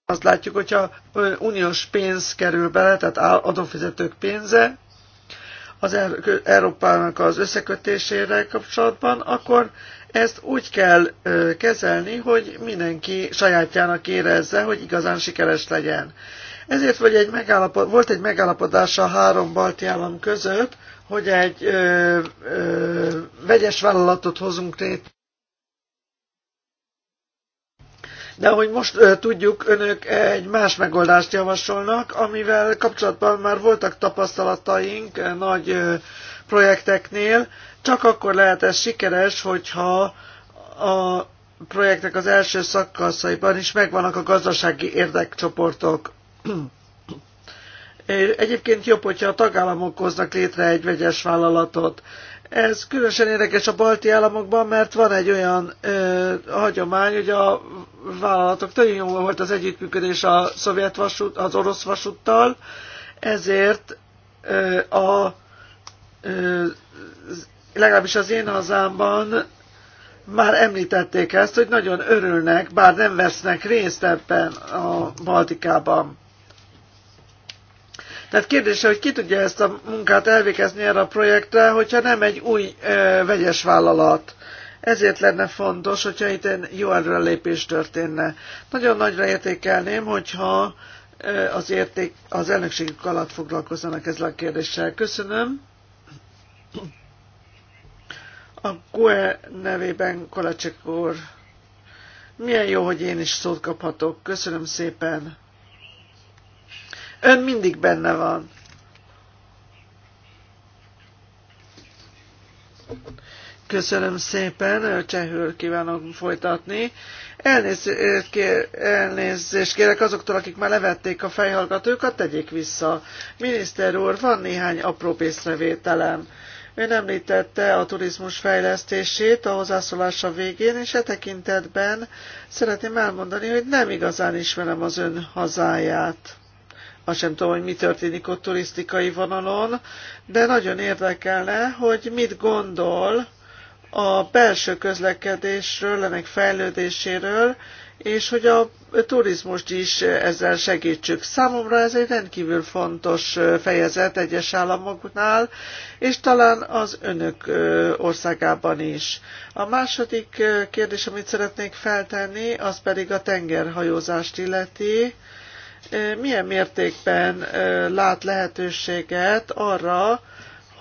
azt látjuk, hogyha uniós pénz kerül bele, tehát adófizetők pénze, az er-, Európának az összekötésére kapcsolatban, akkor ezt úgy kell kezelni, hogy mindenki sajátjának érezze, hogy igazán sikeres legyen. Ezért vagy egy megállapod, volt egy megállapodás a három balti állam között, hogy egy ö, ö, vegyes vállalatot hozunk létre. De ahogy most ö, tudjuk, önök egy más megoldást javasolnak, amivel kapcsolatban már voltak tapasztalataink ö, nagy ö, projekteknél, csak akkor lehet ez sikeres, hogyha a projektnek az első szakaszaiban is megvannak a gazdasági érdekcsoportok. Egyébként jobb, hogyha a tagállamok hoznak létre egy vegyes vállalatot. Ez különösen érdekes a balti államokban, mert van egy olyan ö, hagyomány, hogy a vállalatok nagyon jó volt az együttműködés a szovjet vasút, az orosz vasúttal, ezért ö, a ö, legalábbis az én hazámban már említették ezt, hogy nagyon örülnek, bár nem vesznek részt ebben a Baltikában. Tehát kérdése, hogy ki tudja ezt a munkát elvégezni erre a projektre, hogyha nem egy új ö, vegyes vállalat. Ezért lenne fontos, hogyha itt egy jó előrelépés történne. Nagyon nagyra értékelném, hogyha ö, az, érték, az elnökségük alatt foglalkozzanak ezzel a kérdéssel. Köszönöm. A GUE nevében Kalacsek úr. Milyen jó, hogy én is szót kaphatok. Köszönöm szépen. Ön mindig benne van. Köszönöm szépen, csehül kívánok folytatni. Elnézést, kér, elnézést kérek azoktól, akik már levették a fejhallgatókat, tegyék vissza. Miniszter úr, van néhány apró észrevételem. Ön említette a turizmus fejlesztését a hozzászólása végén, és e tekintetben szeretném elmondani, hogy nem igazán ismerem az ön hazáját. Azt sem tudom, hogy mi történik ott turisztikai vonalon, de nagyon érdekelne, hogy mit gondol a belső közlekedésről, ennek fejlődéséről, és hogy a turizmust is ezzel segítsük. Számomra ez egy rendkívül fontos fejezet egyes államoknál, és talán az önök országában is. A második kérdés, amit szeretnék feltenni, az pedig a tengerhajózást illeti. Milyen mértékben lát lehetőséget arra,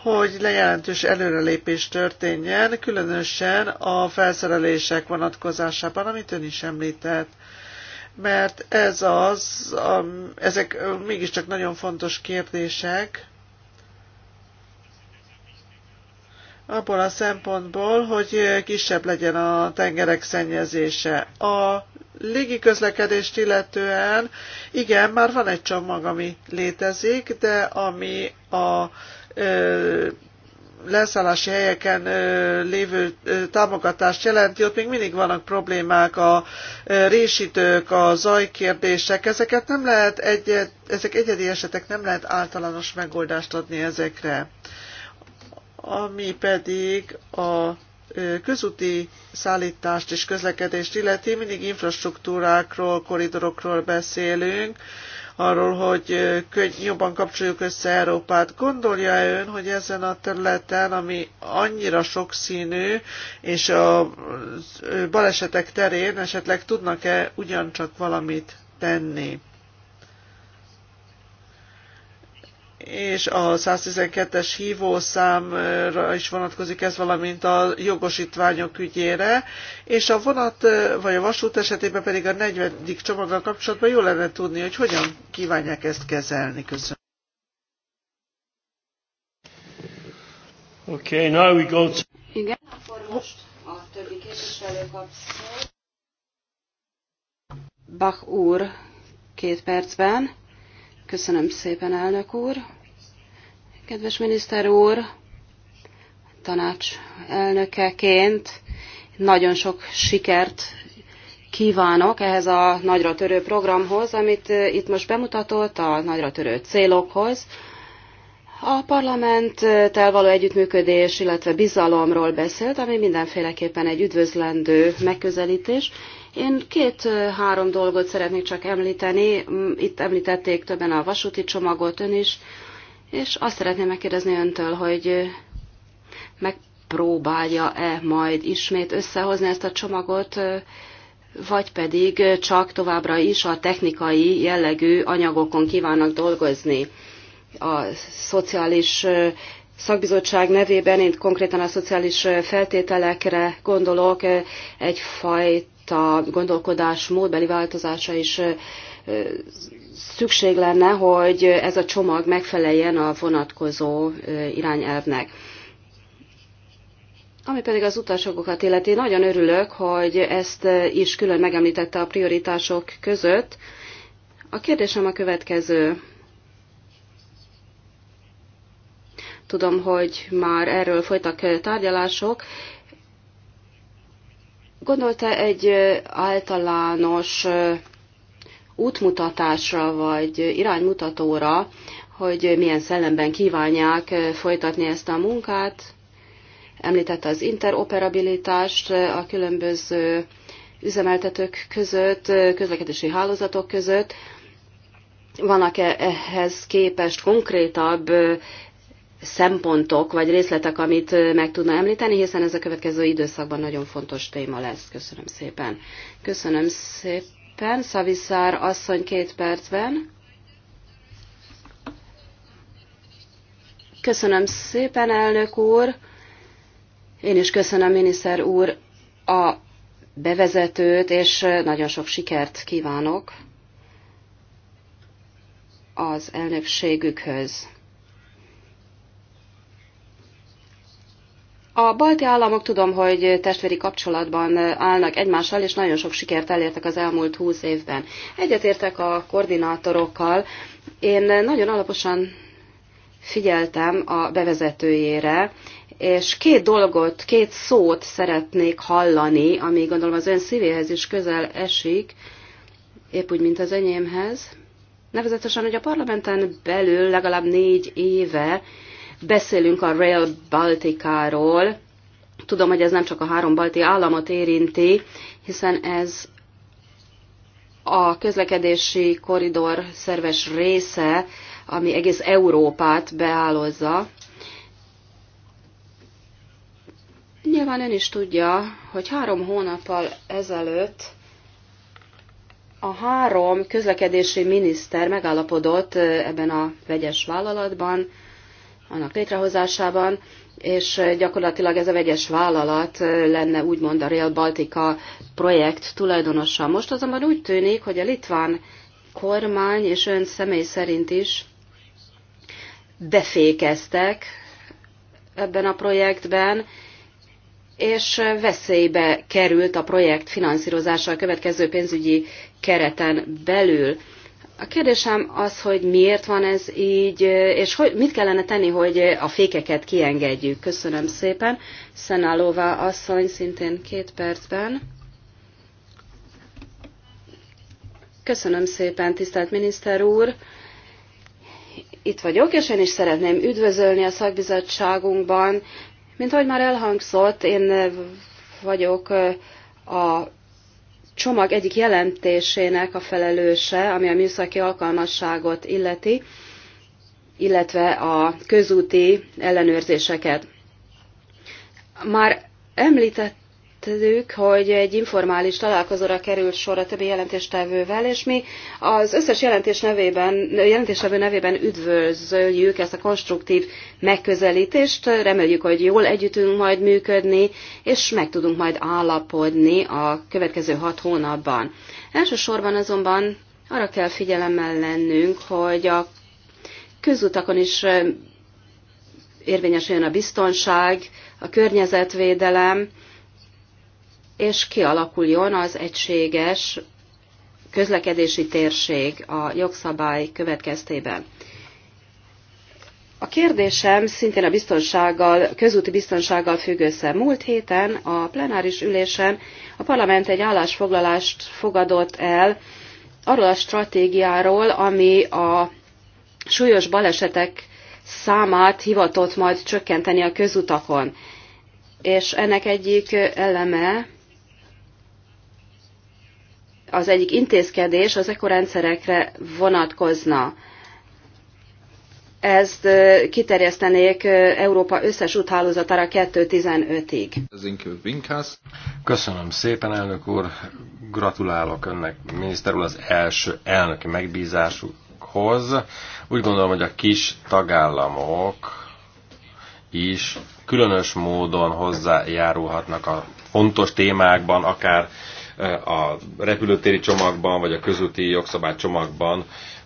hogy lejelentős előrelépés történjen, különösen a felszerelések vonatkozásában, amit ön is említett mert ez az, a, ezek mégiscsak nagyon fontos kérdések, abból a szempontból, hogy kisebb legyen a tengerek szennyezése. A légi közlekedést illetően, igen, már van egy csomag, ami létezik, de ami a leszállási helyeken lévő támogatást jelenti, ott még mindig vannak problémák, a résítők, a zajkérdések, ezeket nem lehet egyed, ezek egyedi esetek, nem lehet általános megoldást adni ezekre. Ami pedig a közúti szállítást és közlekedést illeti, mindig infrastruktúrákról, koridorokról beszélünk, arról, hogy jobban kapcsoljuk össze Európát. Gondolja -e ön, hogy ezen a területen, ami annyira sokszínű, és a balesetek terén esetleg tudnak-e ugyancsak valamit tenni? és a 112-es hívószámra is vonatkozik ez, valamint a jogosítványok ügyére, és a vonat vagy a vasút esetében pedig a 40. csomaggal kapcsolatban jó lenne tudni, hogy hogyan kívánják ezt kezelni. Köszönöm. Okay, now we go to... Igen, akkor most a többi képviselő kap Bach úr két percben. Köszönöm szépen, elnök úr. Kedves miniszter úr, tanács elnökeként nagyon sok sikert kívánok ehhez a nagyra törő programhoz, amit eh, itt most bemutatott, a nagyra törő célokhoz. A parlamenttel való együttműködés, illetve bizalomról beszélt, ami mindenféleképpen egy üdvözlendő megközelítés. Én két-három eh, dolgot szeretnék csak említeni. Mm, itt említették többen a vasúti csomagot ön is, és azt szeretném megkérdezni öntől, hogy megpróbálja-e majd ismét összehozni ezt a csomagot, vagy pedig csak továbbra is a technikai jellegű anyagokon kívánnak dolgozni. A szociális szakbizottság nevében, én konkrétan a szociális feltételekre gondolok, egyfajta gondolkodásmódbeli változása is szükség lenne, hogy ez a csomag megfeleljen a vonatkozó irányelvnek. Ami pedig az utasokokat illeti, nagyon örülök, hogy ezt is külön megemlítette a prioritások között. A kérdésem a következő. Tudom, hogy már erről folytak tárgyalások. Gondolta egy általános útmutatásra vagy iránymutatóra, hogy milyen szellemben kívánják folytatni ezt a munkát. Említette az interoperabilitást a különböző üzemeltetők között, közlekedési hálózatok között. Vannak-e ehhez képest konkrétabb szempontok vagy részletek, amit meg tudna említeni, hiszen ez a következő időszakban nagyon fontos téma lesz. Köszönöm szépen. Köszönöm szépen szépen. Szaviszár asszony két percben. Köszönöm szépen, elnök úr. Én is köszönöm, miniszter úr, a bevezetőt, és nagyon sok sikert kívánok az elnökségükhöz. A balti államok tudom, hogy testvéri kapcsolatban állnak egymással, és nagyon sok sikert elértek az elmúlt húsz évben. Egyetértek a koordinátorokkal. Én nagyon alaposan figyeltem a bevezetőjére, és két dolgot, két szót szeretnék hallani, ami gondolom az ön szívéhez is közel esik, épp úgy, mint az enyémhez. Nevezetesen, hogy a parlamenten belül legalább négy éve beszélünk a Rail Baltikáról. Tudom, hogy ez nem csak a három balti államot érinti, hiszen ez a közlekedési koridor szerves része, ami egész Európát beállozza. Nyilván ön is tudja, hogy három hónappal ezelőtt a három közlekedési miniszter megállapodott ebben a vegyes vállalatban, annak létrehozásában, és gyakorlatilag ez a vegyes vállalat lenne úgymond a Rail Baltica projekt tulajdonosa. Most azonban úgy tűnik, hogy a litván kormány és ön személy szerint is befékeztek ebben a projektben, és veszélybe került a projekt finanszírozása a következő pénzügyi kereten belül. A kérdésem az, hogy miért van ez így, és hogy, mit kellene tenni, hogy a fékeket kiengedjük. Köszönöm szépen. Szenálóva asszony szintén két percben. Köszönöm szépen, tisztelt miniszter úr. Itt vagyok, és én is szeretném üdvözölni a szakbizottságunkban. Mint ahogy már elhangzott, én vagyok a csomag egyik jelentésének a felelőse, ami a műszaki alkalmasságot illeti, illetve a közúti ellenőrzéseket. Már említett említettük, hogy egy informális találkozóra került sor a többi jelentéstevővel, és mi az összes jelentés nevében, jelentéstevő nevében üdvözöljük ezt a konstruktív megközelítést, reméljük, hogy jól együtt tudunk majd működni, és meg tudunk majd állapodni a következő hat hónapban. Elsősorban azonban arra kell figyelemmel lennünk, hogy a közutakon is érvényesüljön a biztonság, a környezetvédelem, és kialakuljon az egységes közlekedési térség a jogszabály következtében. A kérdésem szintén a biztonsággal, közúti biztonsággal függ össze. Múlt héten a plenáris ülésen a parlament egy állásfoglalást fogadott el arról a stratégiáról, ami a súlyos balesetek számát hivatott majd csökkenteni a közutakon. És ennek egyik eleme az egyik intézkedés az ekorendszerekre vonatkozna. Ezt kiterjesztenék Európa összes úthálózatára 2015 ig Köszönöm szépen, elnök úr. Gratulálok önnek, miniszter úr, az első elnöki megbízásukhoz. Úgy gondolom, hogy a kis tagállamok is különös módon hozzájárulhatnak a fontos témákban, akár a repülőtéri csomagban, vagy a közúti jogszabály csomagban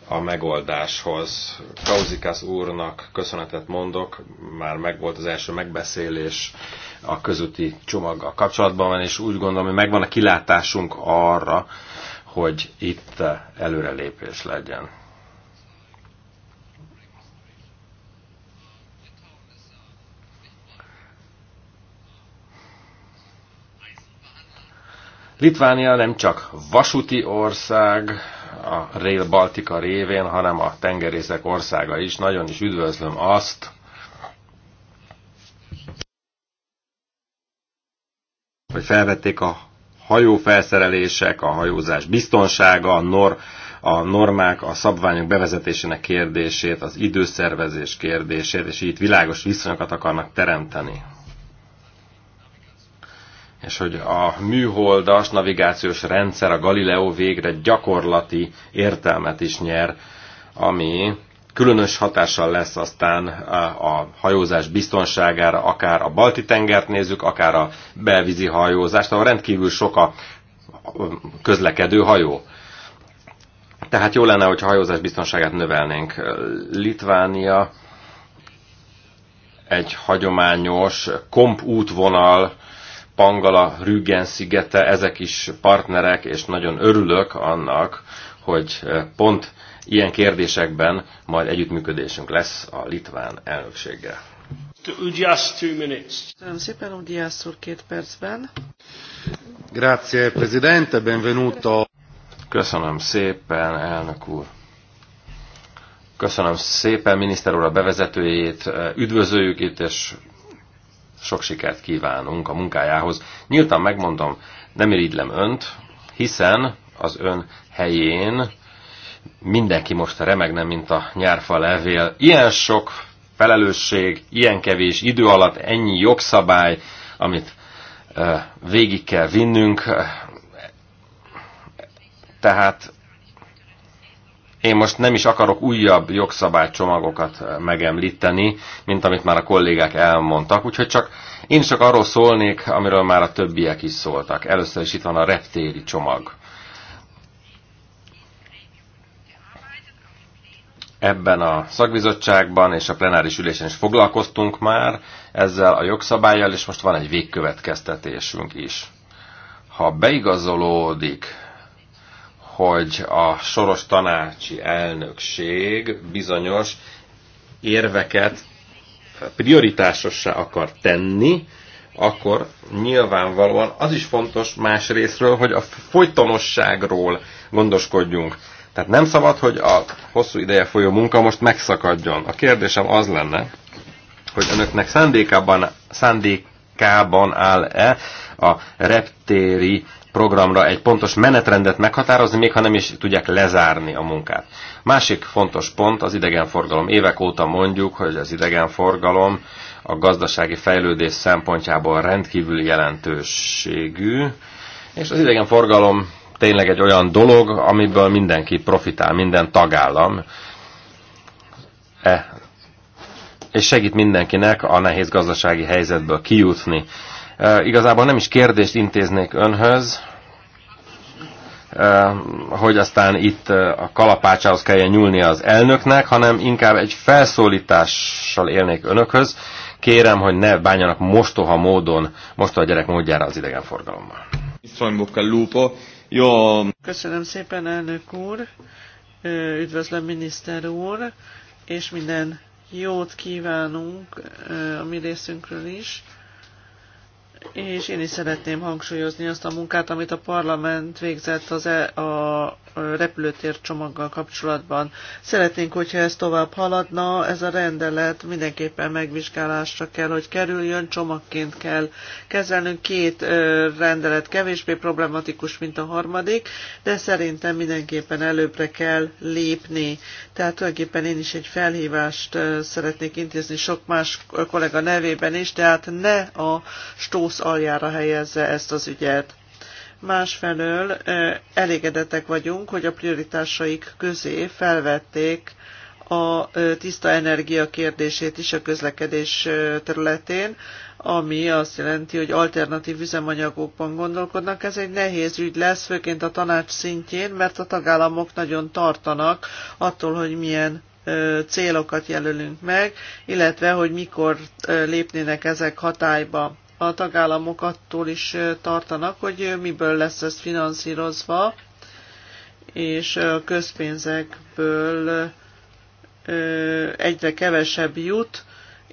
a megoldáshoz. kauzikas úrnak köszönetet mondok, már megvolt az első megbeszélés a közúti csomaggal kapcsolatban, van, és úgy gondolom, hogy megvan a kilátásunk arra, hogy itt előrelépés legyen. Litvánia nem csak vasúti ország a Rail Baltica révén, hanem a tengerészek országa is. Nagyon is üdvözlöm azt, hogy felvették a hajófelszerelések, a hajózás biztonsága, a, nor, a normák, a szabványok bevezetésének kérdését, az időszervezés kérdését, és itt világos viszonyokat akarnak teremteni és hogy a műholdas navigációs rendszer, a Galileo végre gyakorlati értelmet is nyer, ami különös hatással lesz aztán a hajózás biztonságára, akár a balti tengert nézzük, akár a belvízi hajózást, ahol rendkívül sok a közlekedő hajó. Tehát jó lenne, hogy a hajózás biztonságát növelnénk. Litvánia egy hagyományos komp útvonal Pangala, Rügen szigete, ezek is partnerek, és nagyon örülök annak, hogy eh, pont ilyen kérdésekben majd együttműködésünk lesz a litván elnökséggel. Köszönöm szépen, Ugyász úr, két percben. Grazie, Presidente, benvenuto. Köszönöm szépen, elnök úr. Köszönöm szépen miniszter úr a bevezetőjét, üdvözöljük itt, és sok sikert kívánunk a munkájához. Nyíltan megmondom, nem irigylem önt, hiszen az ön helyén mindenki most remegne, mint a nyárfa levél. Ilyen sok felelősség, ilyen kevés idő alatt ennyi jogszabály, amit végig kell vinnünk. Tehát én most nem is akarok újabb jogszabálycsomagokat megemlíteni, mint amit már a kollégák elmondtak, úgyhogy csak én csak arról szólnék, amiről már a többiek is szóltak. Először is itt van a reptéri csomag. Ebben a szakbizottságban és a plenáris ülésen is foglalkoztunk már ezzel a jogszabályjal, és most van egy végkövetkeztetésünk is. Ha beigazolódik, hogy a soros tanácsi elnökség bizonyos érveket prioritásossá akar tenni, akkor nyilvánvalóan az is fontos más részről, hogy a folytonosságról gondoskodjunk. Tehát nem szabad, hogy a hosszú ideje folyó munka most megszakadjon. A kérdésem az lenne, hogy önöknek szándékában, szándékában áll-e a reptéri programra egy pontos menetrendet meghatározni, még ha nem is tudják lezárni a munkát. Másik fontos pont az idegenforgalom. Évek óta mondjuk, hogy az idegenforgalom a gazdasági fejlődés szempontjából rendkívül jelentőségű, és az idegenforgalom tényleg egy olyan dolog, amiből mindenki profitál, minden tagállam. E, és segít mindenkinek a nehéz gazdasági helyzetből kijutni. Igazából nem is kérdést intéznék önhöz, hogy aztán itt a kalapácsához kelljen nyúlni az elnöknek, hanem inkább egy felszólítással élnék önökhöz. Kérem, hogy ne bánjanak mostoha módon, mostoha gyerek módjára az idegenforgalommal. Köszönöm szépen, elnök úr! Üdvözlöm, miniszter úr! És minden jót kívánunk a mi részünkről is! és én is szeretném hangsúlyozni azt a munkát, amit a parlament végzett az e, a repülőtér csomaggal kapcsolatban. Szeretnénk, hogyha ez tovább haladna, ez a rendelet mindenképpen megvizsgálásra kell, hogy kerüljön, csomagként kell kezelnünk. Két rendelet kevésbé problematikus, mint a harmadik, de szerintem mindenképpen előbbre kell lépni. Tehát tulajdonképpen én is egy felhívást szeretnék intézni sok más kollega nevében is, tehát ne a stó káosz aljára helyezze ezt az ügyet. Másfelől elégedettek vagyunk, hogy a prioritásaik közé felvették a tiszta energia kérdését is a közlekedés területén, ami azt jelenti, hogy alternatív üzemanyagokban gondolkodnak. Ez egy nehéz ügy lesz, főként a tanács szintjén, mert a tagállamok nagyon tartanak attól, hogy milyen célokat jelölünk meg, illetve hogy mikor lépnének ezek hatályba a tagállamok attól is tartanak, hogy miből lesz ez finanszírozva, és a közpénzekből egyre kevesebb jut,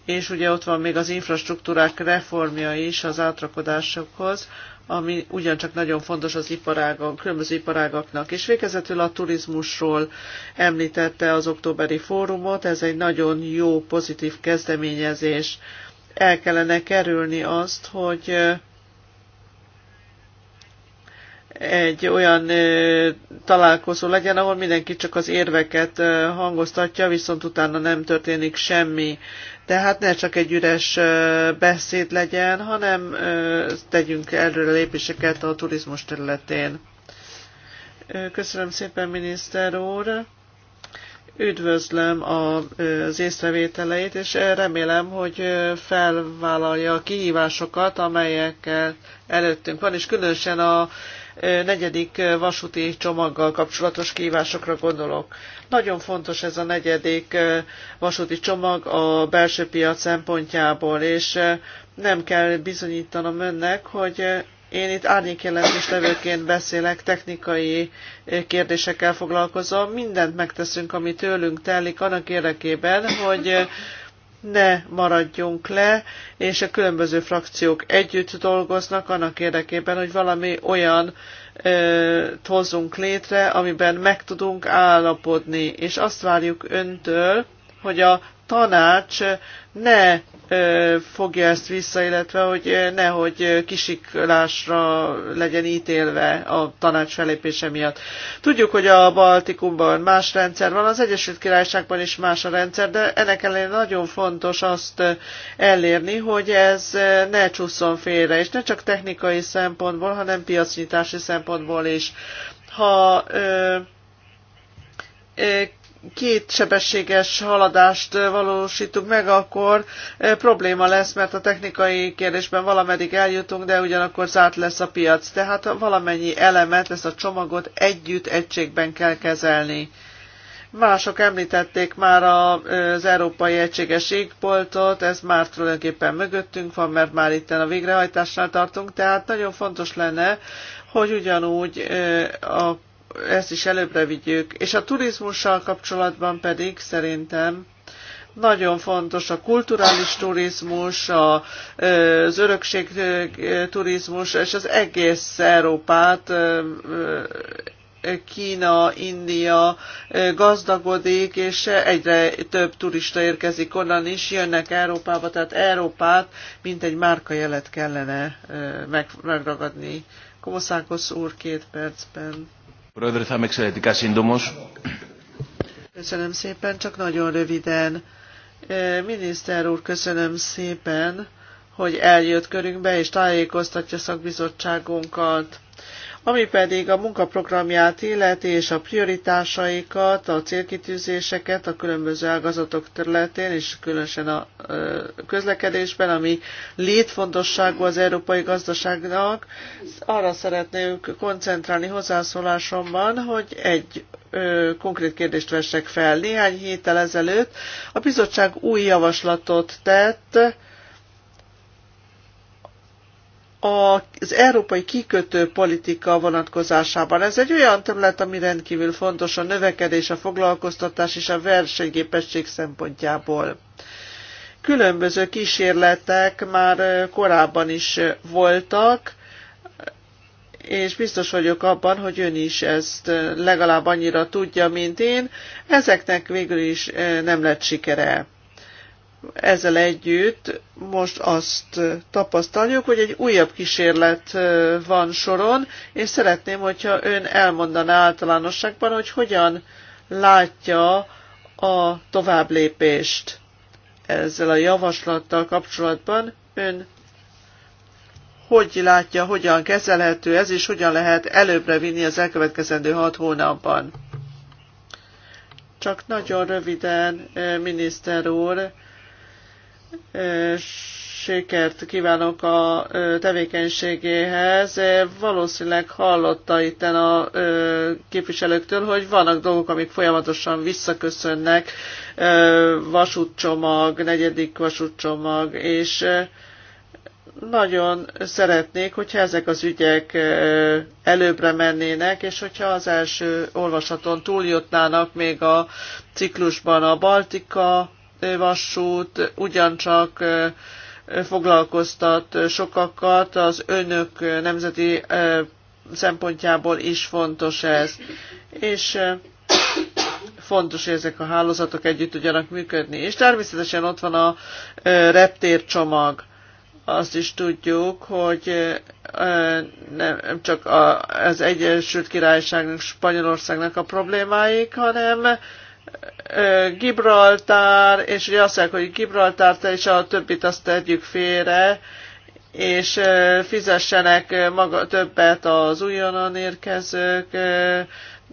és ugye ott van még az infrastruktúrák reformja is az átrakodásokhoz, ami ugyancsak nagyon fontos az iparágon, különböző iparágaknak. És végezetül a turizmusról említette az októberi fórumot, ez egy nagyon jó, pozitív kezdeményezés el kellene kerülni azt, hogy egy olyan találkozó legyen, ahol mindenki csak az érveket hangoztatja, viszont utána nem történik semmi. Tehát ne csak egy üres beszéd legyen, hanem tegyünk előre lépéseket a turizmus területén. köszönöm szépen, miniszter úr! Üdvözlöm az észrevételeit, és remélem, hogy felvállalja a kihívásokat, amelyekkel előttünk van, és különösen a negyedik vasúti csomaggal kapcsolatos kihívásokra gondolok. Nagyon fontos ez a negyedik vasúti csomag a belső piac szempontjából, és nem kell bizonyítanom önnek, hogy én itt árnyékjelentés levőként beszélek, technikai eh, kérdésekkel foglalkozom. Mindent megteszünk, ami tőlünk telik annak érdekében, hogy eh, ne maradjunk le, és a különböző frakciók együtt dolgoznak annak érdekében, hogy valami olyan ö, eh, hozzunk létre, amiben meg tudunk állapodni. És azt várjuk öntől, hogy a tanács ne fogja ezt vissza, illetve hogy nehogy kisiklásra legyen ítélve a tanács felépése miatt. Tudjuk, hogy a Baltikumban más rendszer van, az Egyesült Királyságban is más a rendszer, de ennek ellenére nagyon fontos azt elérni, hogy ez ne csúszson félre, és ne csak technikai szempontból, hanem piacnyitási szempontból is. Ha ö, két sebességes haladást valósítunk meg, akkor probléma lesz, mert a technikai kérdésben valameddig eljutunk, de ugyanakkor zárt lesz a piac. Tehát valamennyi elemet, lesz a csomagot együtt, egységben kell kezelni. Mások említették már az Európai Egységes Égboltot, ez már tulajdonképpen mögöttünk van, mert már itt a végrehajtásnál tartunk, tehát nagyon fontos lenne, hogy ugyanúgy a ezt is előbbre vigyük. És a turizmussal kapcsolatban pedig szerintem nagyon fontos a kulturális turizmus, a, az örökség turizmus, és az egész Európát Kína, India gazdagodik, és egyre több turista érkezik onnan is, jönnek Európába, tehát Európát, mint egy márkajelet kellene megragadni. Komoszákos úr két percben. Köszönöm szépen, csak nagyon röviden. Miniszter úr, köszönöm szépen, hogy eljött körünkbe és tájékoztatja szakbizottságunkat ami pedig a munkaprogramját illeti és a prioritásaikat, a célkitűzéseket a különböző ágazatok területén, és különösen a közlekedésben, ami létfontosságú az európai gazdaságnak, arra szeretnék koncentrálni hozzászólásomban, hogy egy konkrét kérdést vessek fel. Néhány héttel ezelőtt a bizottság új javaslatot tett, az európai kikötő politika vonatkozásában. Ez egy olyan terület, ami rendkívül fontos a növekedés, a foglalkoztatás és a versenyképesség szempontjából. Különböző kísérletek már korábban is voltak, és biztos vagyok abban, hogy ön is ezt legalább annyira tudja, mint én. Ezeknek végül is eh, nem lett sikere. Ezzel együtt most azt tapasztaljuk, hogy egy újabb kísérlet van soron, és szeretném, hogyha ön elmondaná általánosságban, hogy hogyan látja a tovább lépést ezzel a javaslattal kapcsolatban. Ön hogy látja, hogyan kezelhető ez, és hogyan lehet előbbre vinni az elkövetkezendő hat hónapban? Csak nagyon röviden, miniszter úr, sikert kívánok a tevékenységéhez. Valószínűleg hallotta itten a képviselőktől, hogy vannak dolgok, amik folyamatosan visszaköszönnek, vasútcsomag, negyedik vasútcsomag, és nagyon szeretnék, hogyha ezek az ügyek előbbre mennének, és hogyha az első olvasaton túljutnának még a ciklusban a Baltika, vasút ugyancsak foglalkoztat sokakat, az önök nemzeti szempontjából is fontos ez. És fontos, hogy ezek a hálózatok együtt tudjanak működni. És természetesen ott van a reptércsomag. Azt is tudjuk, hogy nem csak az Egyesült Királyságnak, Spanyolországnak a problémáik, hanem Gibraltár, és ugye azt mondják, hogy te és a többit azt tegyük félre, és fizessenek maga többet az újonnan érkezők,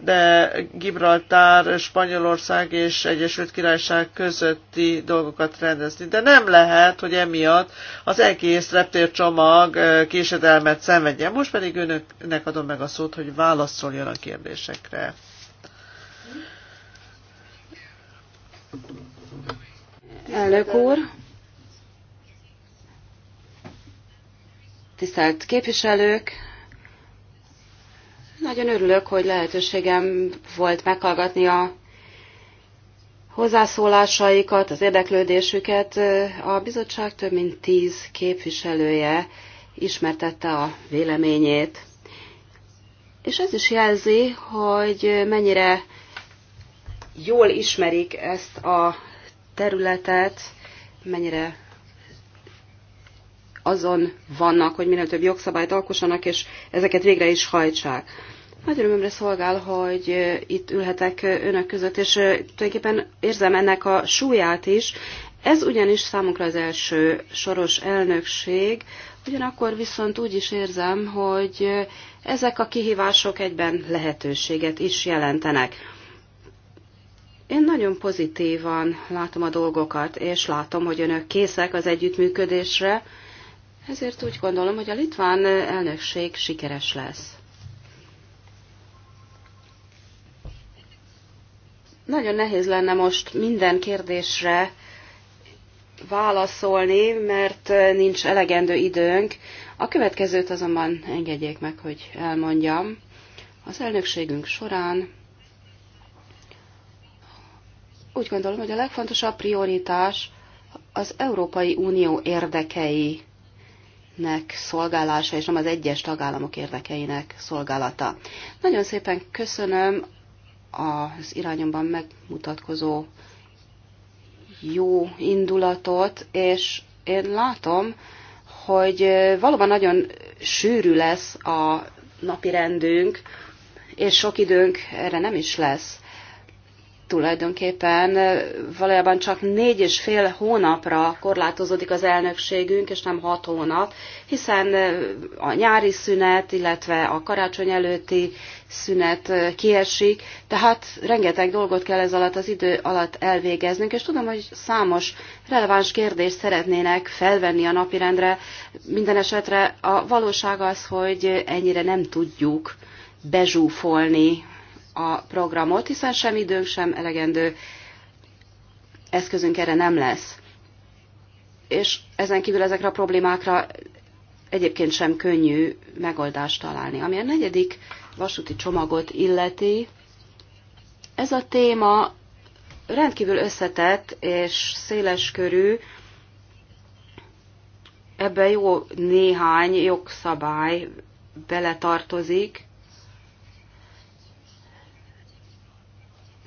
de Gibraltár, Spanyolország és Egyesült Királyság közötti dolgokat rendezni. De nem lehet, hogy emiatt az egész reptércsomag késedelmet szenvedjen. Most pedig önöknek adom meg a szót, hogy válaszoljon a kérdésekre. Elnök úr, tisztelt képviselők, nagyon örülök, hogy lehetőségem volt meghallgatni a hozzászólásaikat, az érdeklődésüket. A bizottság több mint tíz képviselője ismertette a véleményét. És ez is jelzi, hogy mennyire jól ismerik ezt a területet, mennyire azon vannak, hogy minél több jogszabályt alkossanak, és ezeket végre is hajtsák. Nagy örömömre szolgál, hogy itt ülhetek önök között, és tulajdonképpen érzem ennek a súlyát is. Ez ugyanis számunkra az első soros elnökség, ugyanakkor viszont úgy is érzem, hogy ezek a kihívások egyben lehetőséget is jelentenek. Én nagyon pozitívan látom a dolgokat, és látom, hogy önök készek az együttműködésre, ezért úgy gondolom, hogy a litván elnökség sikeres lesz. Nagyon nehéz lenne most minden kérdésre válaszolni, mert nincs elegendő időnk. A következőt azonban engedjék meg, hogy elmondjam. Az elnökségünk során úgy gondolom, hogy a legfontosabb prioritás az Európai Unió érdekeinek szolgálása, és nem az egyes tagállamok érdekeinek szolgálata. Nagyon szépen köszönöm az irányomban megmutatkozó jó indulatot, és én látom, hogy valóban nagyon sűrű lesz a napi rendünk, és sok időnk erre nem is lesz tulajdonképpen eh, valójában csak négy és fél hónapra korlátozódik az elnökségünk, és nem hat hónap, hiszen eh, a nyári szünet, illetve a karácsony előtti szünet eh, kiesik, tehát rengeteg dolgot kell ez alatt az idő alatt elvégeznünk, és tudom, hogy számos releváns kérdést szeretnének felvenni a napirendre. Minden esetre a valóság az, hogy ennyire nem tudjuk bezsúfolni a programot, hiszen sem időnk, sem elegendő eszközünk erre nem lesz. És ezen kívül ezekre a problémákra egyébként sem könnyű megoldást találni. Ami a negyedik vasúti csomagot illeti, ez a téma rendkívül összetett és széleskörű, ebben jó néhány jogszabály beletartozik,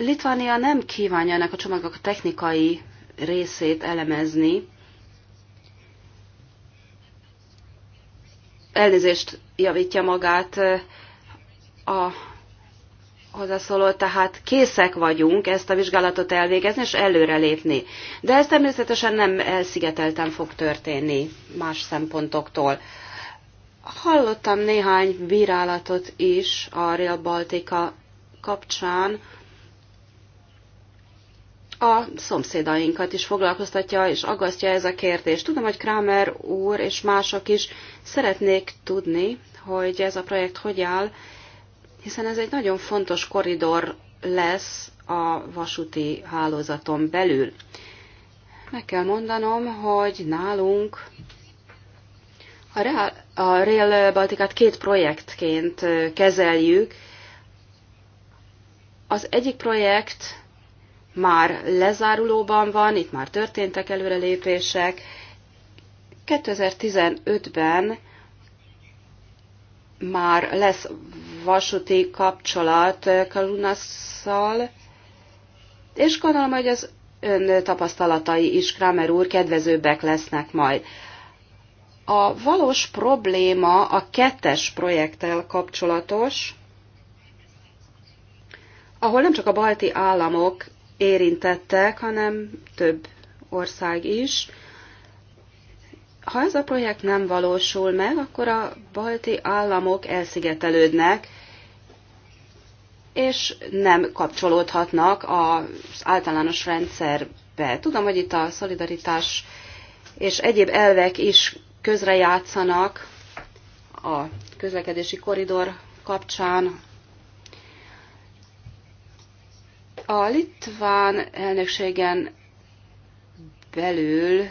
Litvánia nem kívánja ennek a csomagnak a technikai részét elemezni. Elnézést javítja magát a hozzászóló, tehát készek vagyunk ezt a vizsgálatot elvégezni és előrelépni. De ez természetesen nem elszigetelten fog történni más szempontoktól. Hallottam néhány virálatot is a Real Baltica kapcsán, a szomszédainkat is foglalkoztatja és aggasztja ez a kérdés. Tudom, hogy Kramer úr és mások is szeretnék tudni, hogy ez a projekt hogy áll, hiszen ez egy nagyon fontos koridor lesz a vasúti hálózaton belül. Meg kell mondanom, hogy nálunk a, Real, a Rail Baltikát két projektként kezeljük. Az egyik projekt már lezárulóban van, itt már történtek előrelépések. 2015-ben már lesz vasúti kapcsolat Kalunasszal, és gondolom, hogy az ön tapasztalatai is, Kramer úr, kedvezőbbek lesznek majd. A valós probléma a kettes projekttel kapcsolatos, ahol nem csak a balti államok érintettek, hanem több ország is. Ha ez a projekt nem valósul meg, akkor a balti államok elszigetelődnek, és nem kapcsolódhatnak az általános rendszerbe. Tudom, hogy itt a szolidaritás és egyéb elvek is közrejátszanak a közlekedési koridor kapcsán, A litván elnökségen belül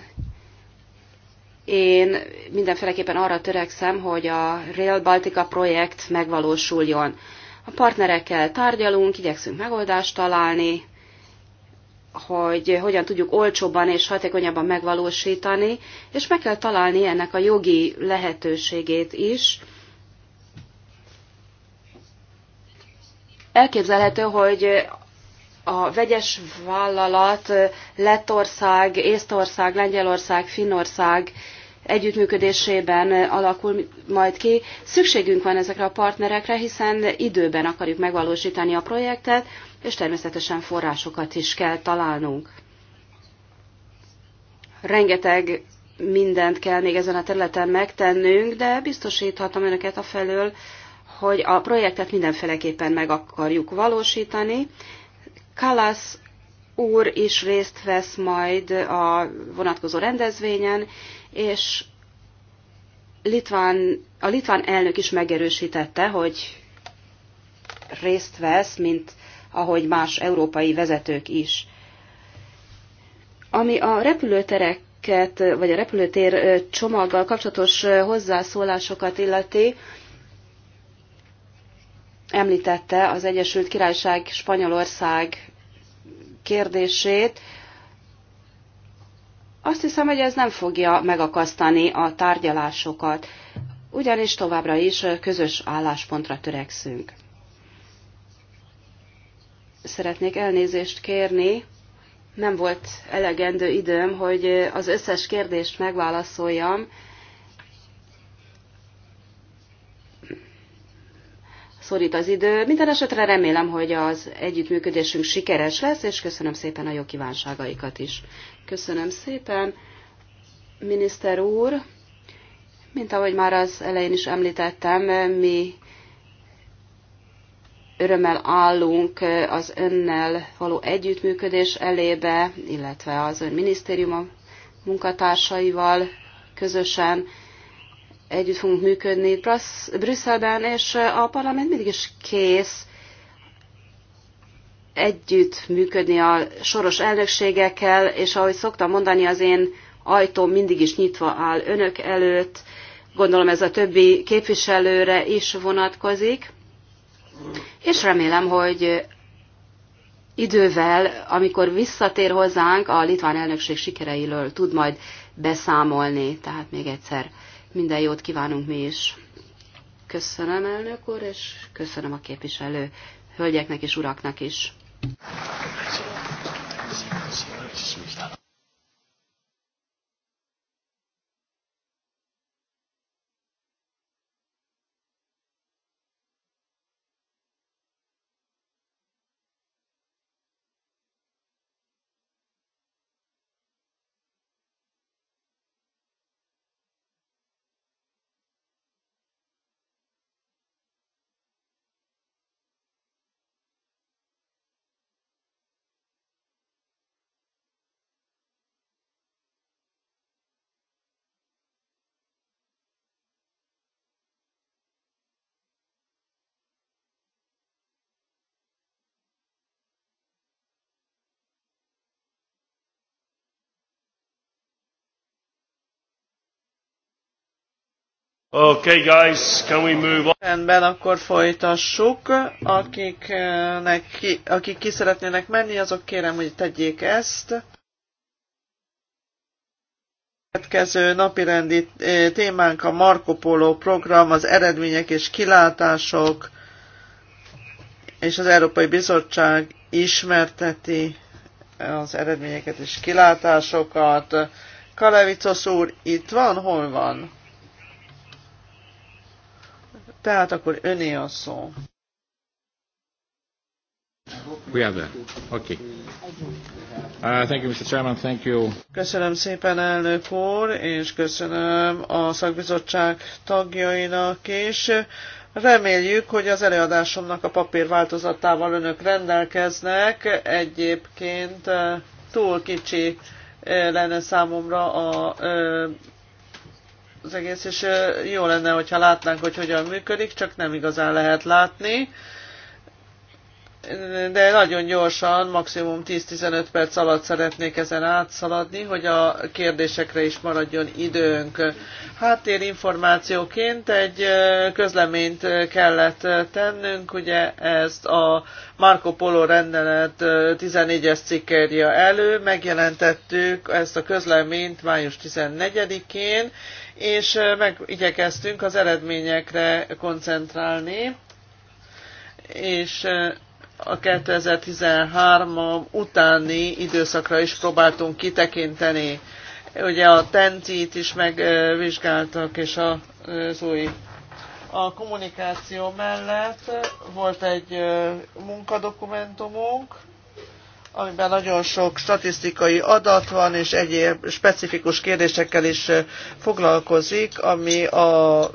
én mindenféleképpen arra törekszem, hogy a Rail Baltica projekt megvalósuljon. A partnerekkel tárgyalunk, igyekszünk megoldást találni, hogy hogyan tudjuk olcsóbban és hatékonyabban megvalósítani, és meg kell találni ennek a jogi lehetőségét is. Elképzelhető, hogy a vegyes vállalat Lettország, Észtország, Lengyelország, Finnország együttműködésében alakul majd ki. Szükségünk van ezekre a partnerekre, hiszen időben akarjuk megvalósítani a projektet, és természetesen forrásokat is kell találnunk. Rengeteg mindent kell még ezen a területen megtennünk, de biztosíthatom önöket a felől, hogy a projektet mindenféleképpen meg akarjuk valósítani, Kalas úr is részt vesz majd a vonatkozó rendezvényen, és Litván, a litván elnök is megerősítette, hogy részt vesz, mint ahogy más európai vezetők is. Ami a repülőtereket, vagy a repülőtér csomaggal kapcsolatos hozzászólásokat illeti, említette az Egyesült Királyság Spanyolország kérdését. Azt hiszem, hogy ez nem fogja megakasztani a tárgyalásokat, ugyanis továbbra is közös álláspontra törekszünk. Szeretnék elnézést kérni, nem volt elegendő időm, hogy az összes kérdést megválaszoljam, szorít az idő. Minden esetre remélem, hogy az együttműködésünk sikeres lesz, és köszönöm szépen a jó kívánságaikat is. Köszönöm szépen, miniszter úr. Mint ahogy már az elején is említettem, mi örömmel állunk az önnel való együttműködés elébe, illetve az ön minisztériuma munkatársaival közösen együtt fogunk működni Brüsszelben, és a parlament mindig is kész együtt működni a soros elnökségekkel, és ahogy szoktam mondani, az én ajtóm mindig is nyitva áll önök előtt, gondolom ez a többi képviselőre is vonatkozik, és remélem, hogy idővel, amikor visszatér hozzánk, a litván elnökség sikereiről tud majd beszámolni. Tehát még egyszer minden jót kívánunk mi is. Köszönöm, elnök úr, és köszönöm a képviselő hölgyeknek és uraknak is. Okay, guys, can we move on? Rendben, akkor folytassuk. Akiknek eh, ki, akik ki szeretnének menni, azok kérem, hogy tegyék ezt. Következő napirendi eh, témánk a Marco Polo program, az eredmények és kilátások, és az Európai Bizottság ismerteti az eredményeket és kilátásokat. Kalevicos úr itt van? Hol van? Tehát akkor öné a szó. We have that. Okay. Uh, thank you, Mr. Chairman. Thank you. Köszönöm szépen, elnök úr, és köszönöm a szakbizottság tagjainak is. Reméljük, hogy az előadásomnak a papír változatával önök rendelkeznek. Egyébként uh, túl kicsi uh, lenne számomra a uh, az egész, és jó lenne, hogyha látnánk, hogy hogyan működik, csak nem igazán lehet látni. De nagyon gyorsan, maximum 10-15 perc alatt szeretnék ezen átszaladni, hogy a kérdésekre is maradjon időnk. Háttérinformációként egy közleményt kellett tennünk, ugye ezt a Marco Polo rendelet 14-es cikkerje elő, megjelentettük ezt a közleményt május 14-én, és megigyekeztünk az eredményekre koncentrálni, és a 2013 utáni időszakra is próbáltunk kitekinteni. Ugye a TENCI-t is megvizsgáltak, és az új a kommunikáció mellett volt egy munkadokumentumunk, amiben nagyon sok statisztikai adat van, és egyéb specifikus kérdésekkel is foglalkozik, ami a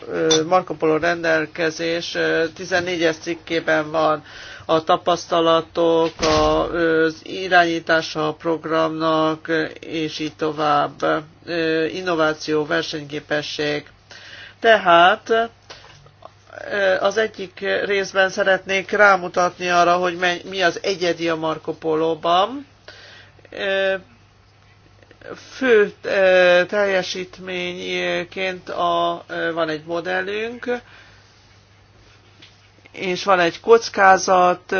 Marco Polo rendelkezés 14-es cikkében van a tapasztalatok, az irányítása a programnak, és így tovább. Innováció, versenyképesség. Tehát az egyik részben szeretnék rámutatni arra, hogy mi az egyedi a Marco Polo-ban. Fő teljesítményként a, van egy modellünk, és van egy kockázat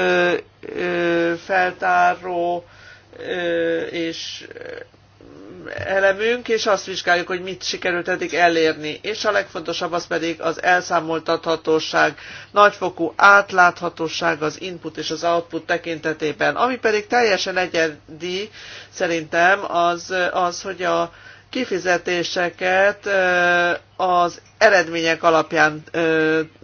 feltáró, és elemünk, és azt vizsgáljuk, hogy mit sikerült eddig elérni. És a legfontosabb az pedig az elszámoltathatóság, nagyfokú átláthatóság az input és az output tekintetében. Ami pedig teljesen egyedi szerintem az, az hogy a kifizetéseket az eredmények alapján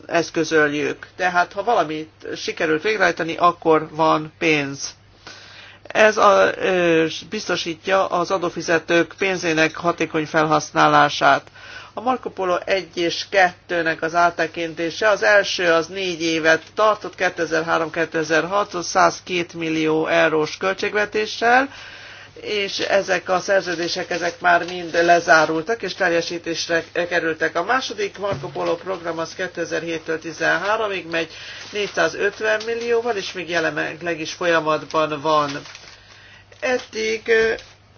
eszközöljük. Tehát ha valamit sikerült végrehajtani, akkor van pénz. Ez a, ö, biztosítja az adófizetők pénzének hatékony felhasználását. A Marco Polo 1 és 2-nek az áttekintése, az első az 4 évet tartott, 2003-2006, hoz 102 millió eurós költségvetéssel, és ezek a szerződések ezek már mind lezárultak, és teljesítésre kerültek. A második Marco Polo program az 2007-től 13-ig megy 450 millióval, és még jelenleg is folyamatban van. Eddig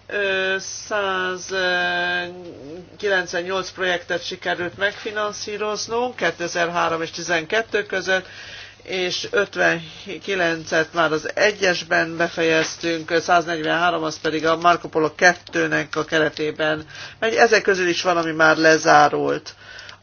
198 projektet sikerült megfinanszíroznunk 2003 és 2012 között, és 59-et már az egyesben befejeztünk, 143 az pedig a Marco Polo 2-nek a keretében Ezek közül is van, ami már lezárult.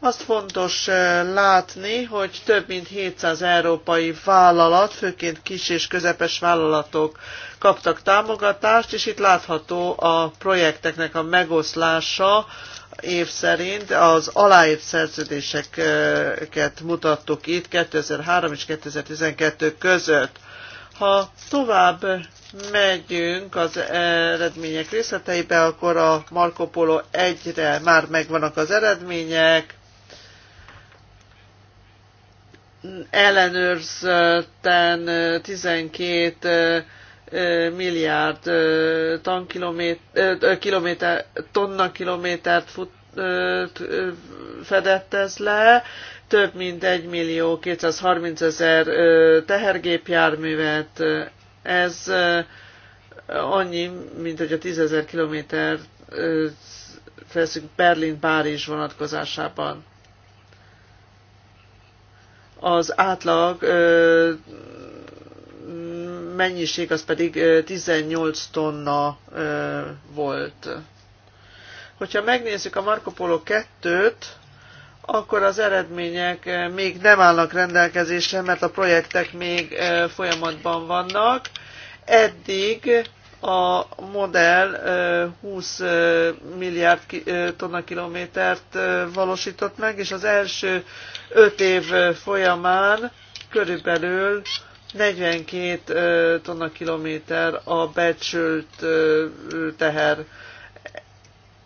Azt fontos eh, látni, hogy több mint 700 európai vállalat, főként kis és közepes vállalatok kaptak támogatást, és itt látható a projekteknek a megoszlása év szerint az aláírt szerződéseket mutattuk itt 2003 és 2012 között. Ha tovább megyünk az eredmények részleteibe, akkor a Marco Polo egyre már megvannak az eredmények, ellenőrzten 12 milliárd tankilométer, kilométer, tonna kilométert fut, fedett ez le, több mint 1 millió 230 ezer tehergépjárművet, ez annyi, mint hogy a 10 ezer kilométer veszünk Berlin-Párizs vonatkozásában az átlag mennyiség az pedig 18 tonna volt. Hogyha megnézzük a Marco Polo 2-t, akkor az eredmények még nem állnak rendelkezésre, mert a projektek még folyamatban vannak. Eddig a modell 20 milliárd tonna kilométert valósított meg, és az első 5 év folyamán körülbelül 42 tonna kilométer a becsült teher.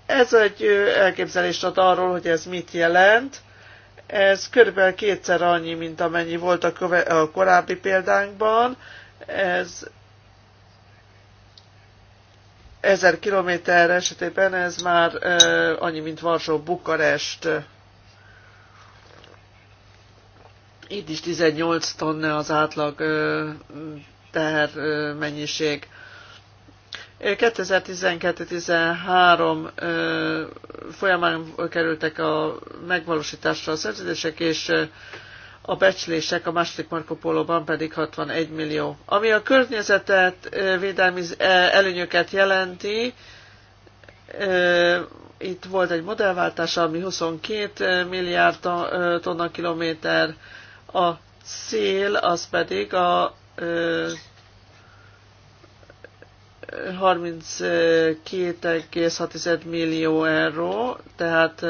Ez egy elképzelést ad arról, hogy ez mit jelent. Ez körülbelül kétszer annyi, mint amennyi volt a, a korábbi példánkban. Ez 1000 kilométer esetében ez már annyi, mint Varsó-Bukarest. Itt is 18 tonna az átlag teher mennyiség. 2012-13 folyamán kerültek a megvalósításra a szerződések, és a becslések, a második Marco Polo-ban pedig 61 millió. Ami a környezetet, védelmi előnyöket jelenti, itt volt egy modellváltás, ami 22 milliárd tonna kilométer, a szél az pedig a 32,6 millió euró, tehát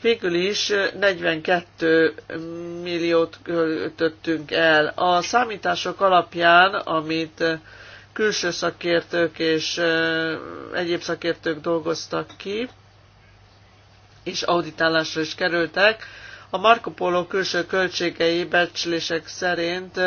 Végül is 42 milliót költöttünk el. A számítások alapján, amit külső szakértők és egyéb szakértők dolgoztak ki, és auditálásra is kerültek, a Marco Polo külső költségei becslések szerint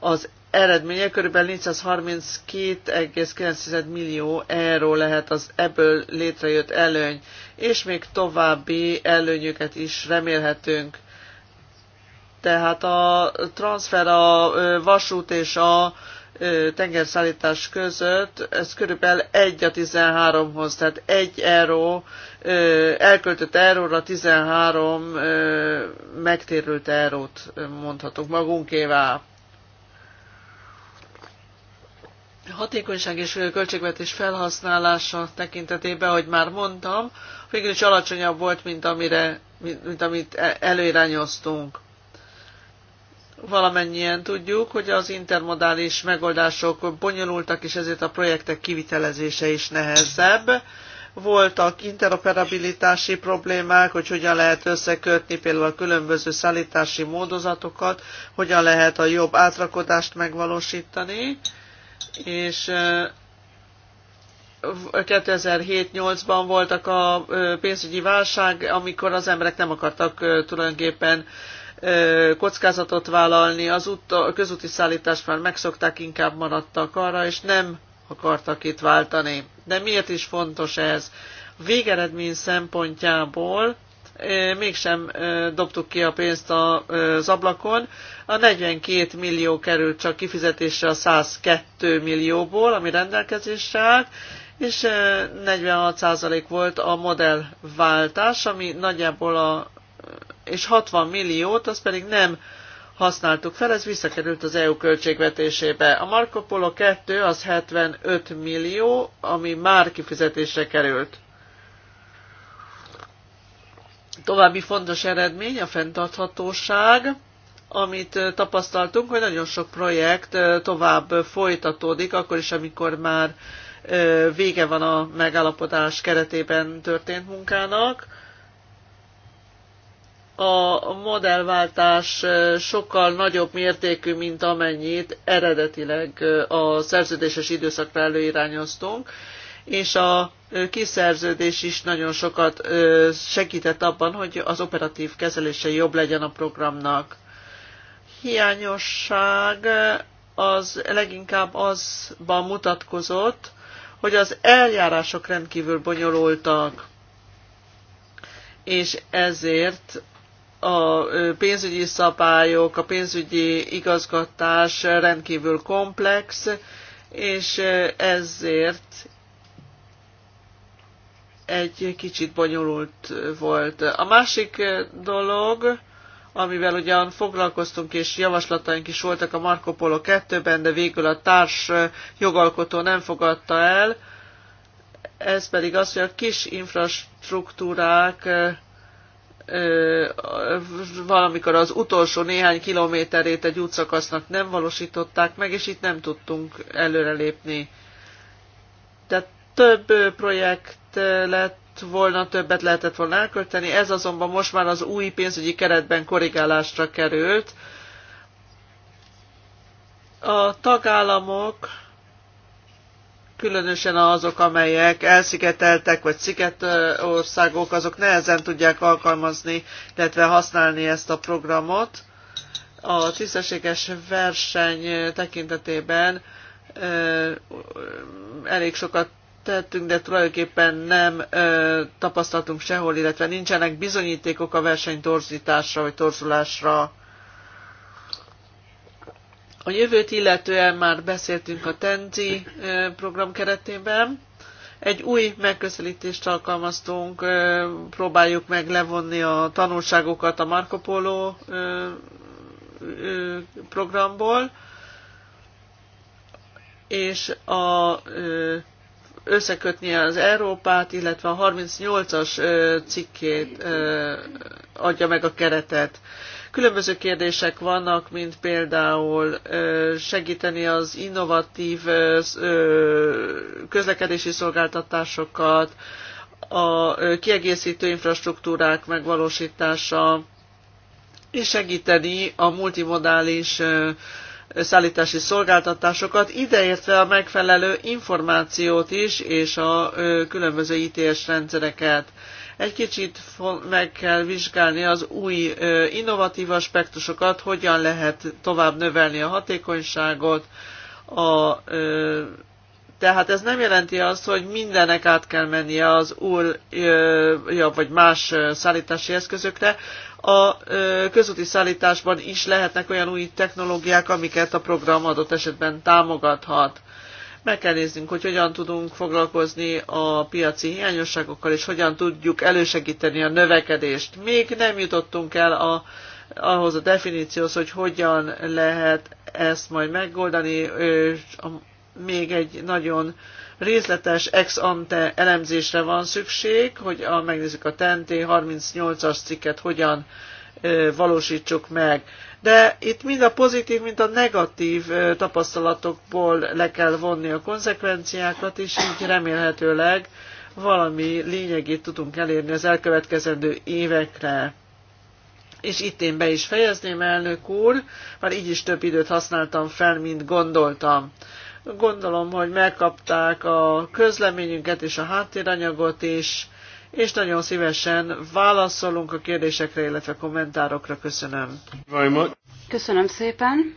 az eredménye körülbelül 432,9 millió euró lehet az ebből létrejött előny, és még további előnyöket is remélhetünk. Tehát a transfer a vasút és a tengerszállítás között, ez körülbelül 1 a 13-hoz, tehát 1 euró, elköltött euróra 13 megtérült eurót mondhatok magunkévá. hatékonyság és költségvetés felhasználása tekintetében, hogy már mondtam, végül is alacsonyabb volt, mint, amire, mint, mint amit e, előirányoztunk. Valamennyien tudjuk, hogy az intermodális megoldások bonyolultak, és ezért a projektek kivitelezése is nehezebb. Voltak interoperabilitási problémák, hogy hogyan lehet összekötni például a különböző szállítási módozatokat, hogyan lehet a jobb átrakodást megvalósítani és 2007-8-ban voltak a pénzügyi válság, amikor az emberek nem akartak tulajdonképpen kockázatot vállalni, az ut- a közúti szállítást már megszokták, inkább maradtak arra, és nem akartak itt váltani. De miért is fontos ez? A végeredmény szempontjából mégsem dobtuk ki a pénzt az ablakon. A 42 millió került csak kifizetésre a 102 millióból, ami rendelkezésre állt, és 46% volt a modellváltás, ami nagyjából a és 60 milliót, az pedig nem használtuk fel, ez visszakerült az EU költségvetésébe. A Marco Polo 2 az 75 millió, ami már kifizetésre került. További fontos eredmény a fenntarthatóság, amit tapasztaltunk, hogy nagyon sok projekt tovább folytatódik, akkor is, amikor már vége van a megállapodás keretében történt munkának. A modellváltás sokkal nagyobb mértékű, mint amennyit eredetileg a szerződéses időszakra előirányoztunk, és a kiszerződés is nagyon sokat segített abban, hogy az operatív kezelése jobb legyen a programnak. Hiányosság az leginkább azban mutatkozott, hogy az eljárások rendkívül bonyolultak, és ezért a pénzügyi szabályok, a pénzügyi igazgatás rendkívül komplex, és ezért egy kicsit bonyolult volt. A másik dolog, amivel ugyan foglalkoztunk és javaslataink is voltak a Marco Polo 2-ben, de végül a társ jogalkotó nem fogadta el, ez pedig az, hogy a kis infrastruktúrák valamikor az utolsó néhány kilométerét egy útszakasznak nem valósították meg, és itt nem tudtunk előrelépni. Tehát több projekt lett volna, többet lehetett volna elkölteni, ez azonban most már az új pénzügyi keretben korrigálásra került. A tagállamok, különösen azok, amelyek elszigeteltek, vagy szigetországok, azok nehezen tudják alkalmazni, illetve használni ezt a programot. A tisztességes verseny tekintetében elég sokat tettünk, de tulajdonképpen nem ö, tapasztaltunk sehol, illetve nincsenek bizonyítékok a verseny torzításra vagy torzulásra. A jövőt illetően már beszéltünk a TENZI program keretében. Egy új megközelítést alkalmaztunk, próbáljuk meg levonni a tanulságokat a Marco Polo programból, és a összekötni az Európát, illetve a 38-as cikkét adja meg a keretet. Különböző kérdések vannak, mint például segíteni az innovatív közlekedési szolgáltatásokat, a kiegészítő infrastruktúrák megvalósítása, és segíteni a multimodális szállítási szolgáltatásokat, ideértve a megfelelő információt is, és a különböző ITS rendszereket. Egy kicsit meg kell vizsgálni az új innovatív aspektusokat, hogyan lehet tovább növelni a hatékonyságot, a, tehát ez nem jelenti azt, hogy mindenek át kell mennie az új vagy más szállítási eszközökre, a közúti szállításban is lehetnek olyan új technológiák, amiket a program adott esetben támogathat. Meg kell néznünk, hogy hogyan tudunk foglalkozni a piaci hiányosságokkal, és hogyan tudjuk elősegíteni a növekedést. Még nem jutottunk el a, ahhoz a definícióhoz, hogy hogyan lehet ezt majd megoldani. Még egy nagyon részletes ex ante elemzésre van szükség, hogy a, megnézzük a TNT 38-as cikket hogyan ö, valósítsuk meg. De itt mind a pozitív, mind a negatív ö, tapasztalatokból le kell vonni a konzekvenciákat, és így remélhetőleg valami lényegét tudunk elérni az elkövetkezendő évekre. És itt én be is fejezném, elnök úr, már így is több időt használtam fel, mint gondoltam. Gondolom, hogy megkapták a közleményünket és a háttéranyagot is, és nagyon szívesen válaszolunk a kérdésekre, illetve kommentárokra. Köszönöm. Köszönöm szépen.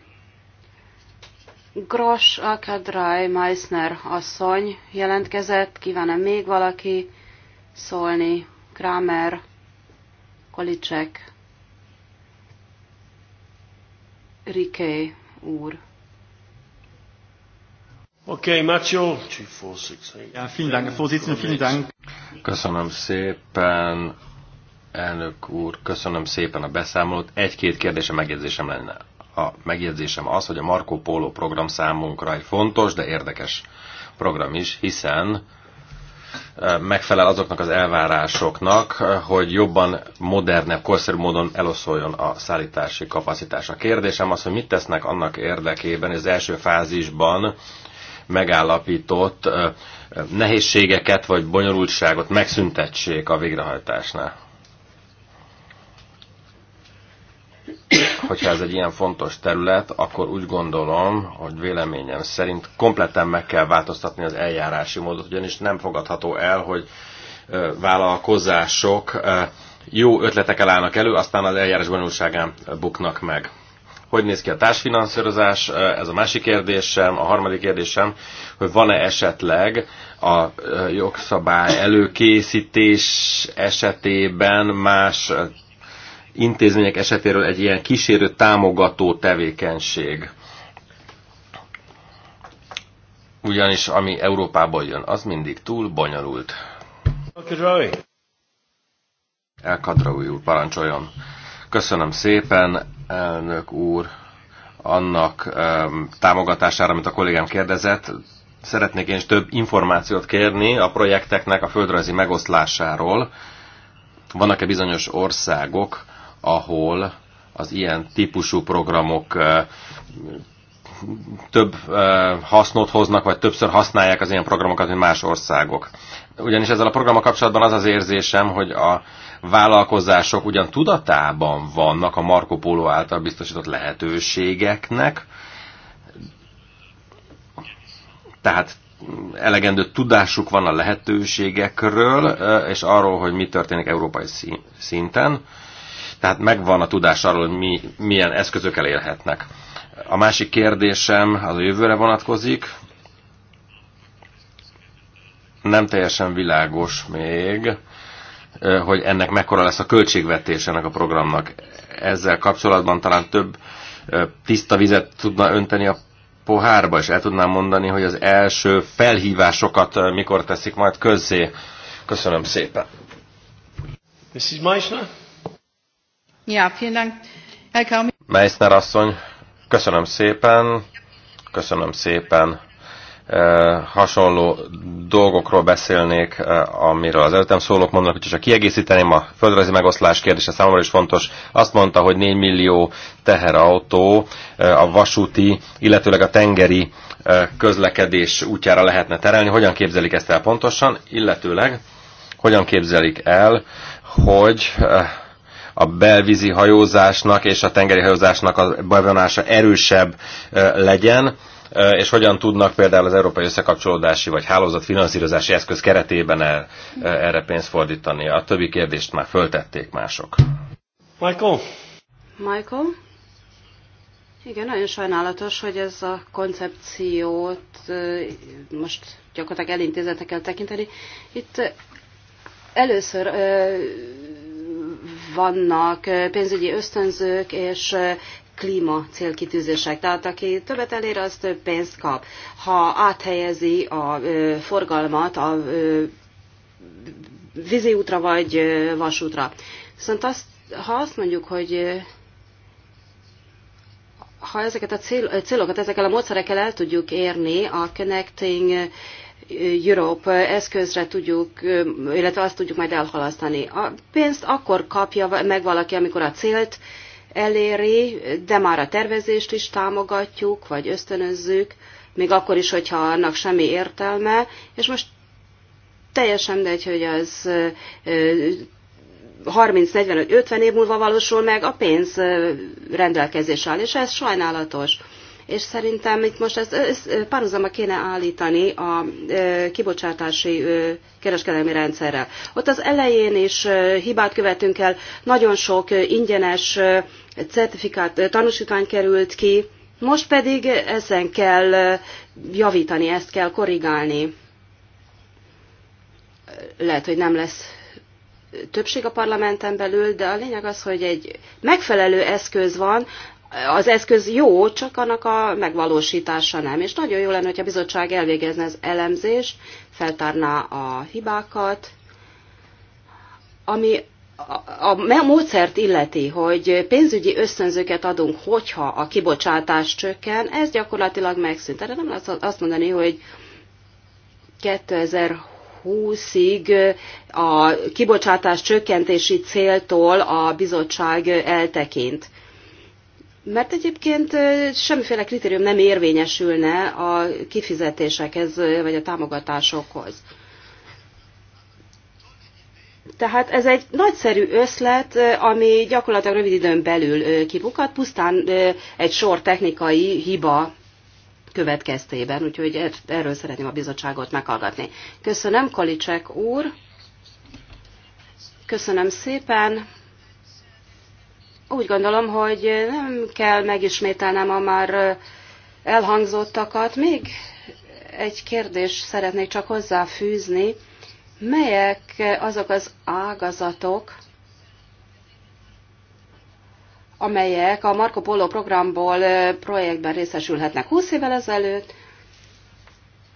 Gros Akadraj Meissner asszony jelentkezett. Kívánna még valaki szólni? Kramer, Kolicek, Riké úr. Okay, Macho. Ja, vielen Dank, Vorsitzender, vielen Dank. Köszönöm szépen, elnök úr, köszönöm szépen a beszámolót. Egy-két kérdése megjegyzésem lenne. A megjegyzésem az, hogy a Marco Polo program számunkra egy fontos, de érdekes program is, hiszen eh, megfelel azoknak az elvárásoknak, eh, hogy jobban, modernebb, korszerű módon eloszoljon a szállítási kapacitás. A kérdésem az, hogy mit tesznek annak érdekében, hogy az első fázisban megállapított nehézségeket vagy bonyolultságot megszüntetsék a végrehajtásnál. Hogyha ez egy ilyen fontos terület, akkor úgy gondolom, hogy véleményem szerint kompletten meg kell változtatni az eljárási módot, ugyanis nem fogadható el, hogy vállalkozások jó ötletekkel állnak elő, aztán az eljárás bonyolultságán buknak meg. Hogy néz ki a társfinanszírozás? Ez a másik kérdésem. A harmadik kérdésem, hogy van-e esetleg a jogszabály előkészítés esetében más intézmények esetéről egy ilyen kísérő támogató tevékenység? Ugyanis ami Európából jön, az mindig túl bonyolult. Elkadraui úr, parancsoljon. Köszönöm szépen, elnök úr, annak támogatására, amit a kollégám kérdezett, szeretnék én is több információt kérni a projekteknek a földrajzi megoszlásáról. Vannak-e bizonyos országok, ahol az ilyen típusú programok több hasznot hoznak, vagy többször használják az ilyen programokat, mint más országok. Ugyanis ezzel a programmal kapcsolatban az az érzésem, hogy a vállalkozások ugyan tudatában vannak a Marco Polo által biztosított lehetőségeknek, tehát elegendő tudásuk van a lehetőségekről, és arról, hogy mi történik európai szinten. Tehát megvan a tudás arról, hogy mi, milyen eszközökkel élhetnek. A másik kérdésem az a jövőre vonatkozik. Nem teljesen világos még, hogy ennek mekkora lesz a költségvetés ennek a programnak. Ezzel kapcsolatban talán több tiszta vizet tudna önteni a pohárba, és el tudnám mondani, hogy az első felhívásokat mikor teszik majd közzé. Köszönöm szépen. Mrs. Meissner? Ja, vielen Dank. Meissner asszony, köszönöm szépen. Köszönöm szépen hasonló dolgokról beszélnék, amiről az előttem szólók mondanak, hogy csak kiegészíteném a földrajzi megoszlás kérdése számomra is fontos. Azt mondta, hogy 4 millió teherautó a vasúti, illetőleg a tengeri közlekedés útjára lehetne terelni. Hogyan képzelik ezt el pontosan, illetőleg hogyan képzelik el, hogy a belvízi hajózásnak és a tengeri hajózásnak a bevonása erősebb legyen, és hogyan tudnak például az európai összekapcsolódási vagy hálózatfinanszírozási eszköz keretében el, erre pénzt fordítani. A többi kérdést már föltették mások. Michael? Michael? Igen, nagyon sajnálatos, hogy ez a koncepciót most gyakorlatilag elintézete kell tekinteni. Itt először vannak pénzügyi ösztönzők és klíma célkitűzések. Tehát aki többet elér, az több pénzt kap. Ha áthelyezi a forgalmat a vízi útra vagy vasútra. Viszont azt, ha azt mondjuk, hogy ha ezeket a cél- célokat ezekkel a módszerekkel el tudjuk érni, a Connecting Europe eszközre tudjuk, illetve azt tudjuk majd elhalasztani. A pénzt akkor kapja meg valaki, amikor a célt eléri, de már a tervezést is támogatjuk, vagy ösztönözzük, még akkor is, hogyha annak semmi értelme, és most teljesen mindegy, hogy az 30-45-50 év múlva valósul meg, a pénz rendelkezés áll, és ez sajnálatos és szerintem itt most ezt párhuzama kéne állítani a kibocsátási kereskedelmi rendszerrel. Ott az elején is hibát követünk el, nagyon sok ingyenes certifikát, tanúsítvány került ki, most pedig ezen kell javítani, ezt kell korrigálni. Lehet, hogy nem lesz többség a parlamenten belül, de a lényeg az, hogy egy megfelelő eszköz van, az eszköz jó, csak annak a megvalósítása nem. És nagyon jó lenne, hogy a bizottság elvégezne az elemzést, feltárná a hibákat, ami a módszert illeti, hogy pénzügyi ösztönzőket adunk, hogyha a kibocsátás csökken, ez gyakorlatilag megszűnt. Erre nem lehet azt mondani, hogy 2020-ig a kibocsátás csökkentési céltól a bizottság eltekint. Mert egyébként semmiféle kritérium nem érvényesülne a kifizetésekhez, vagy a támogatásokhoz. Tehát ez egy nagyszerű összlet, ami gyakorlatilag rövid időn belül kibukat, pusztán egy sor technikai hiba következtében, úgyhogy er, erről szeretném a bizottságot meghallgatni. Köszönöm, Kalicsek úr! Köszönöm szépen! úgy gondolom, hogy nem kell megismételnem a már elhangzottakat. Még egy kérdést szeretnék csak hozzáfűzni. Melyek azok az ágazatok, amelyek a Marco Polo programból projektben részesülhetnek 20 évvel ezelőtt,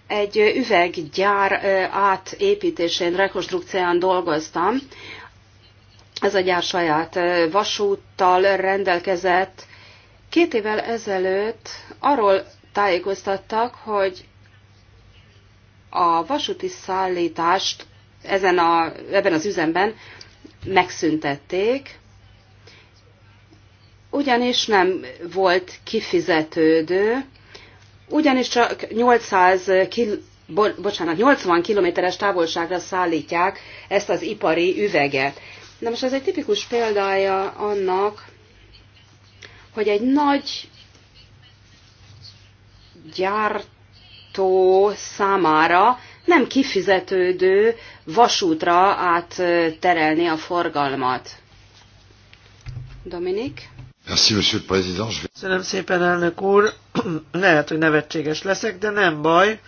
egy üveggyár átépítésén, rekonstrukcián dolgoztam, ez a gyár saját vasúttal rendelkezett. Két évvel ezelőtt arról tájékoztattak, hogy a vasúti szállítást ezen a, ebben az üzemben megszüntették, ugyanis nem volt kifizetődő, ugyanis csak 800 kil, bo, bocsánat, 80 kilométeres távolságra szállítják ezt az ipari üveget. Na most ez egy tipikus példája annak, hogy egy nagy gyártó számára nem kifizetődő vasútra átterelni a forgalmat. Dominik? Köszönöm szépen, elnök úr. Lehet, hogy nevetséges leszek, de nem baj.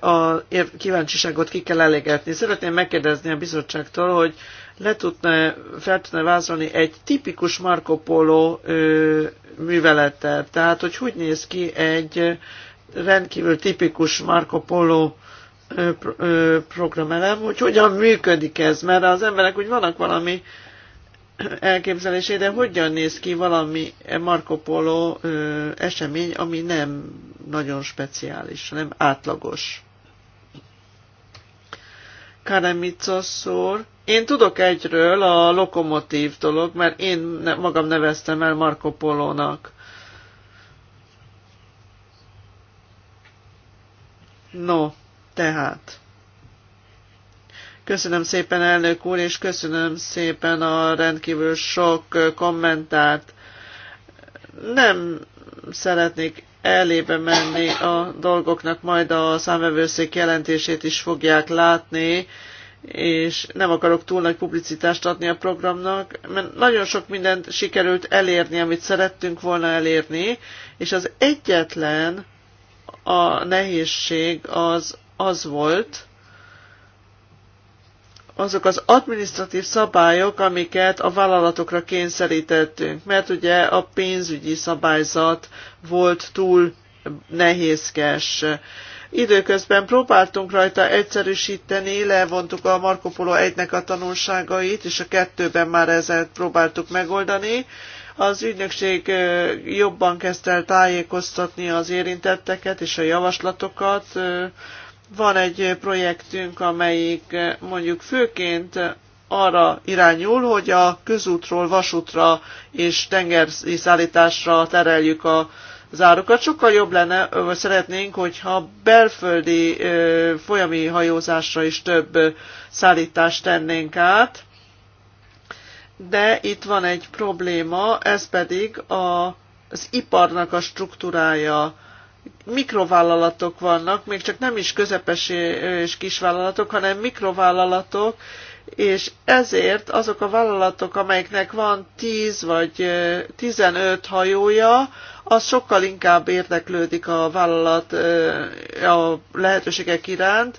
A kíváncsiságot ki kell elégetni. Szeretném megkérdezni a bizottságtól, hogy le tudna, fel tudna vázolni egy tipikus Marco Polo ö, műveletet. Tehát, hogy hogy néz ki egy rendkívül tipikus Marco Polo ö, ö, programelem, hogy hogyan működik ez, mert az emberek úgy vannak valami elképzelésé, de hogyan néz ki valami Marco Polo ö, esemény, ami nem nagyon speciális, nem átlagos. Karamicos szór, én tudok egyről, a lokomotív dolog, mert én magam neveztem el Marco Polónak. No, tehát. Köszönöm szépen, elnök úr, és köszönöm szépen a rendkívül sok kommentárt. Nem szeretnék elébe menni a dolgoknak, majd a számvevőszék jelentését is fogják látni, és nem akarok túl nagy publicitást adni a programnak, mert nagyon sok mindent sikerült elérni, amit szerettünk volna elérni, és az egyetlen a nehézség az az volt, azok az administratív szabályok, amiket a vállalatokra kényszerítettünk, mert ugye a pénzügyi szabályzat volt túl nehézkes Időközben próbáltunk rajta egyszerűsíteni, levontuk a Marco Polo 1-nek a tanulságait, és a kettőben már ezzel próbáltuk megoldani. Az ügynökség jobban kezdte el tájékoztatni az érintetteket és a javaslatokat. Van egy projektünk, amelyik mondjuk főként arra irányul, hogy a közútról vasútra és tengeri szállításra tereljük a az árukat. Sokkal jobb lenne, vagy szeretnénk, hogyha belföldi folyami hajózásra is több szállítást tennénk át, de itt van egy probléma, ez pedig a, az iparnak a struktúrája. Mikrovállalatok vannak, még csak nem is közepes és kisvállalatok, hanem mikrovállalatok, és ezért azok a vállalatok, amelyeknek van 10 vagy 15 hajója, az sokkal inkább érdeklődik a vállalat a lehetőségek iránt,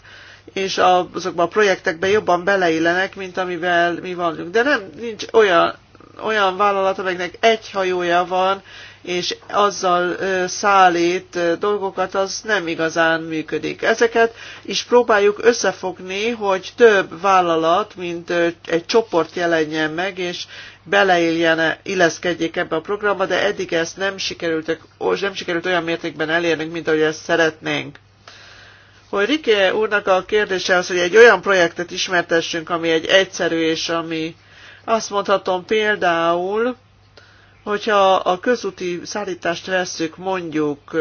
és azokban a projektekben jobban beleillenek, mint amivel mi vagyunk. De nem nincs olyan, olyan vállalat, amelynek egy hajója van, és azzal szállít dolgokat, az nem igazán működik. Ezeket is próbáljuk összefogni, hogy több vállalat, mint egy csoport jelenjen meg, és beleéljen, illeszkedjék ebbe a programba, de eddig ezt nem sikerült, nem sikerült olyan mértékben elérnünk, mint ahogy ezt szeretnénk hogy Riké úrnak a kérdése az, hogy egy olyan projektet ismertessünk, ami egy egyszerű és ami azt mondhatom például, Hogyha a közúti szállítást vesszük mondjuk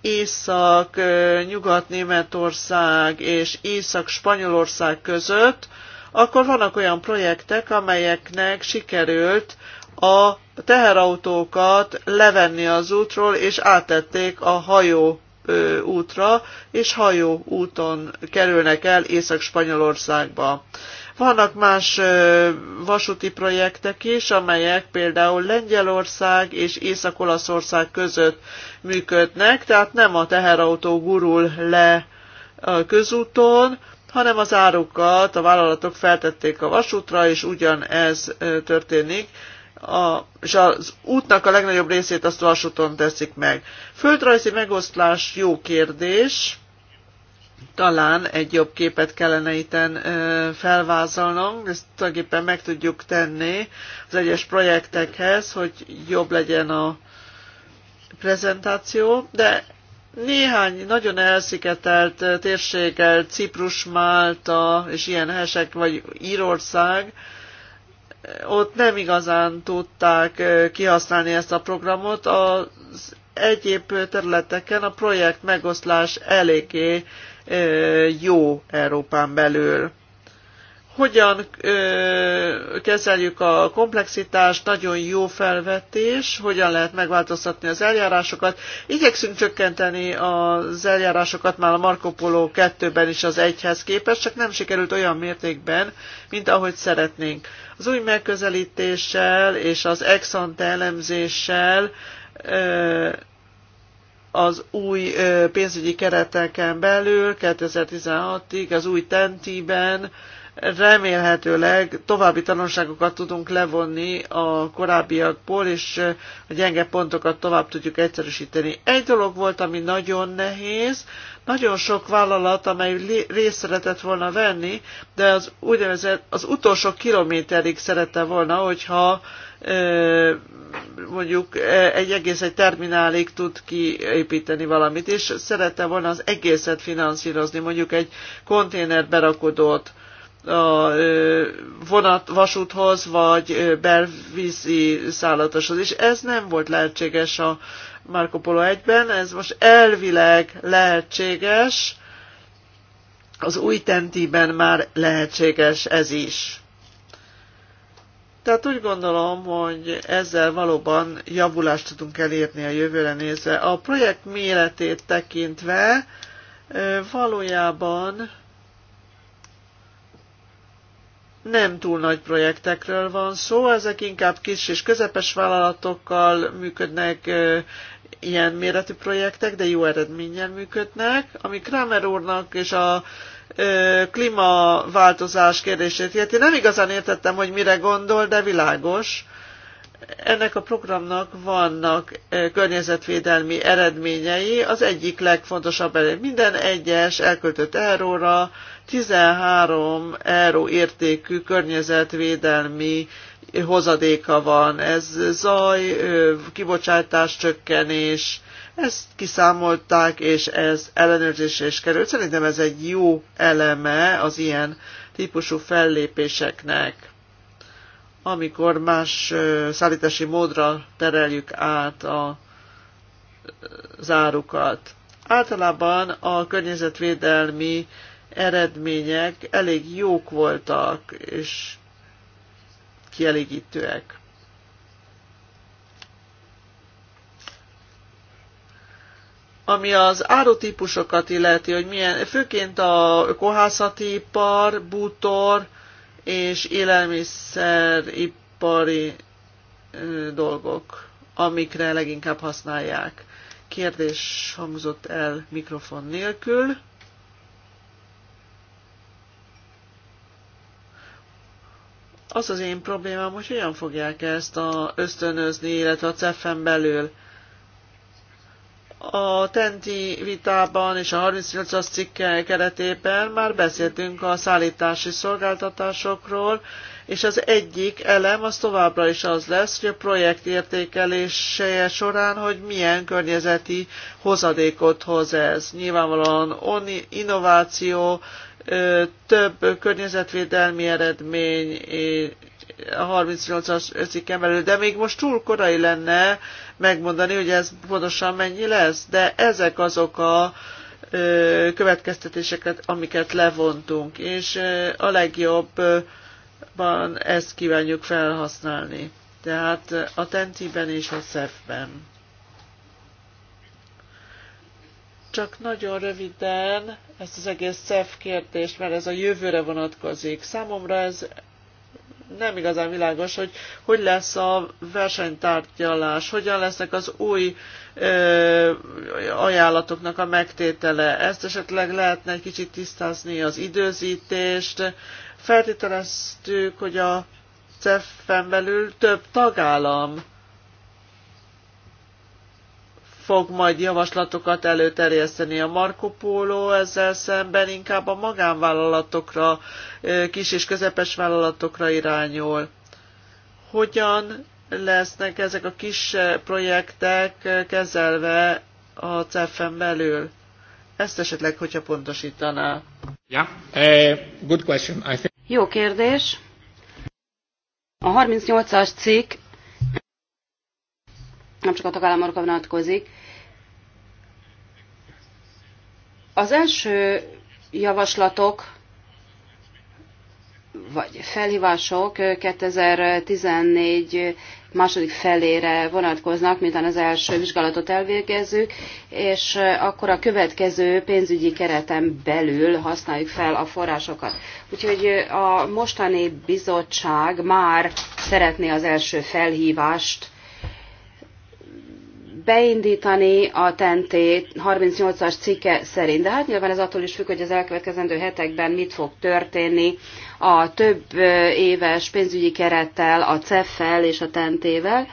Észak-Nyugat-Németország és Észak-Spanyolország között, akkor vannak olyan projektek, amelyeknek sikerült a teherautókat levenni az útról, és átették a hajó útra, és hajó úton kerülnek el Észak-Spanyolországba. Vannak más vasúti projektek is, amelyek például Lengyelország és Észak-Olaszország között működnek, tehát nem a teherautó gurul le a közúton, hanem az árukat a vállalatok feltették a vasútra, és ugyanez történik a, és az útnak a legnagyobb részét azt vasúton teszik meg. Földrajzi megosztás jó kérdés talán egy jobb képet kellene itten felvázolnom, ezt tulajdonképpen meg tudjuk tenni az egyes projektekhez, hogy jobb legyen a prezentáció, de néhány nagyon elsziketelt térséggel, Ciprus, Málta és ilyen helyek vagy Írország, ott nem igazán tudták kihasználni ezt a programot, az egyéb területeken a projekt megoszlás eléggé jó Európán belül. Hogyan kezeljük a komplexitást, nagyon jó felvetés, hogyan lehet megváltoztatni az eljárásokat. Igyekszünk csökkenteni az eljárásokat már a Marco Polo 2-ben is az egyhez képest, csak nem sikerült olyan mértékben, mint ahogy szeretnénk. Az új megközelítéssel és az ex-ante elemzéssel az új pénzügyi kereteken belül 2016-ig, az új tentiben remélhetőleg további tanulságokat tudunk levonni a korábbiakból, és a gyenge pontokat tovább tudjuk egyszerűsíteni. Egy dolog volt, ami nagyon nehéz, nagyon sok vállalat, amely részt szeretett volna venni, de az úgynevezett az utolsó kilométerig szerette volna, hogyha mondjuk egy egész egy terminálig tud kiépíteni valamit, és szerette volna az egészet finanszírozni, mondjuk egy konténer berakodót a vonat vasúthoz, vagy belvízi szállatoshoz, és ez nem volt lehetséges a Marco Polo 1-ben, ez most elvileg lehetséges, az új tentiben már lehetséges ez is. Tehát úgy gondolom, hogy ezzel valóban javulást tudunk elérni a jövőre nézve. A projekt méretét tekintve valójában nem túl nagy projektekről van szó, ezek inkább kis és közepes vállalatokkal működnek ilyen méretű projektek, de jó eredménnyel működnek. Ami Kramer úrnak és a klímaváltozás kérdését illeti. Nem igazán értettem, hogy mire gondol, de világos. Ennek a programnak vannak környezetvédelmi eredményei. Az egyik legfontosabb eredmény. Minden egyes elköltött euróra 13 euró értékű környezetvédelmi hozadéka van. Ez zaj, kibocsátás csökkenés, ezt kiszámolták, és ez ellenőrzésre is került. Szerintem ez egy jó eleme az ilyen típusú fellépéseknek, amikor más szállítási módra tereljük át a zárukat. Általában a környezetvédelmi eredmények elég jók voltak, és kielégítőek. ami az árutípusokat illeti, hogy milyen, főként a kohászati ipar, bútor és élelmiszeripari dolgok, amikre leginkább használják. Kérdés hangzott el mikrofon nélkül. Az az én problémám, hogy hogyan fogják ezt a ösztönözni, illetve a cef belül a tenti vitában és a 38-as cikke keretében már beszéltünk a szállítási szolgáltatásokról, és az egyik elem az továbbra is az lesz, hogy a projekt értékelése során, hogy milyen környezeti hozadékot hoz ez. Nyilvánvalóan on, innováció, több környezetvédelmi eredmény a 38-as cikken belül, de még most túl korai lenne megmondani, hogy ez pontosan mennyi lesz, de ezek azok a következtetéseket, amiket levontunk, és a legjobban ezt kívánjuk felhasználni. Tehát a Tentiben és a szefben. Csak nagyon röviden ezt az egész SZEF kérdést, mert ez a jövőre vonatkozik. Számomra ez nem igazán világos, hogy hogy lesz a versenytárgyalás, hogyan lesznek az új ö, ajánlatoknak a megtétele. Ezt esetleg lehetne egy kicsit tisztázni az időzítést. Feltételeztük, hogy a CEF-en belül több tagállam fog majd javaslatokat előterjeszteni a Marco Polo, ezzel szemben inkább a magánvállalatokra, kis és közepes vállalatokra irányul. Hogyan lesznek ezek a kis projektek kezelve a CEF-en belül? Ezt esetleg, hogyha pontosítaná. Yeah, uh, good question. I think... Jó kérdés. A 38-as cikk nem csak a tagállamokra vonatkozik. Az első javaslatok vagy felhívások 2014 második felére vonatkoznak, mint az első vizsgálatot elvégezzük, és akkor a következő pénzügyi kereten belül használjuk fel a forrásokat. Úgyhogy a mostani bizottság már szeretné az első felhívást beindítani a tentét 38-as cikke szerint. De hát nyilván ez attól is függ, hogy az elkövetkezendő hetekben mit fog történni a több éves pénzügyi kerettel, a CEF-fel és a tentével.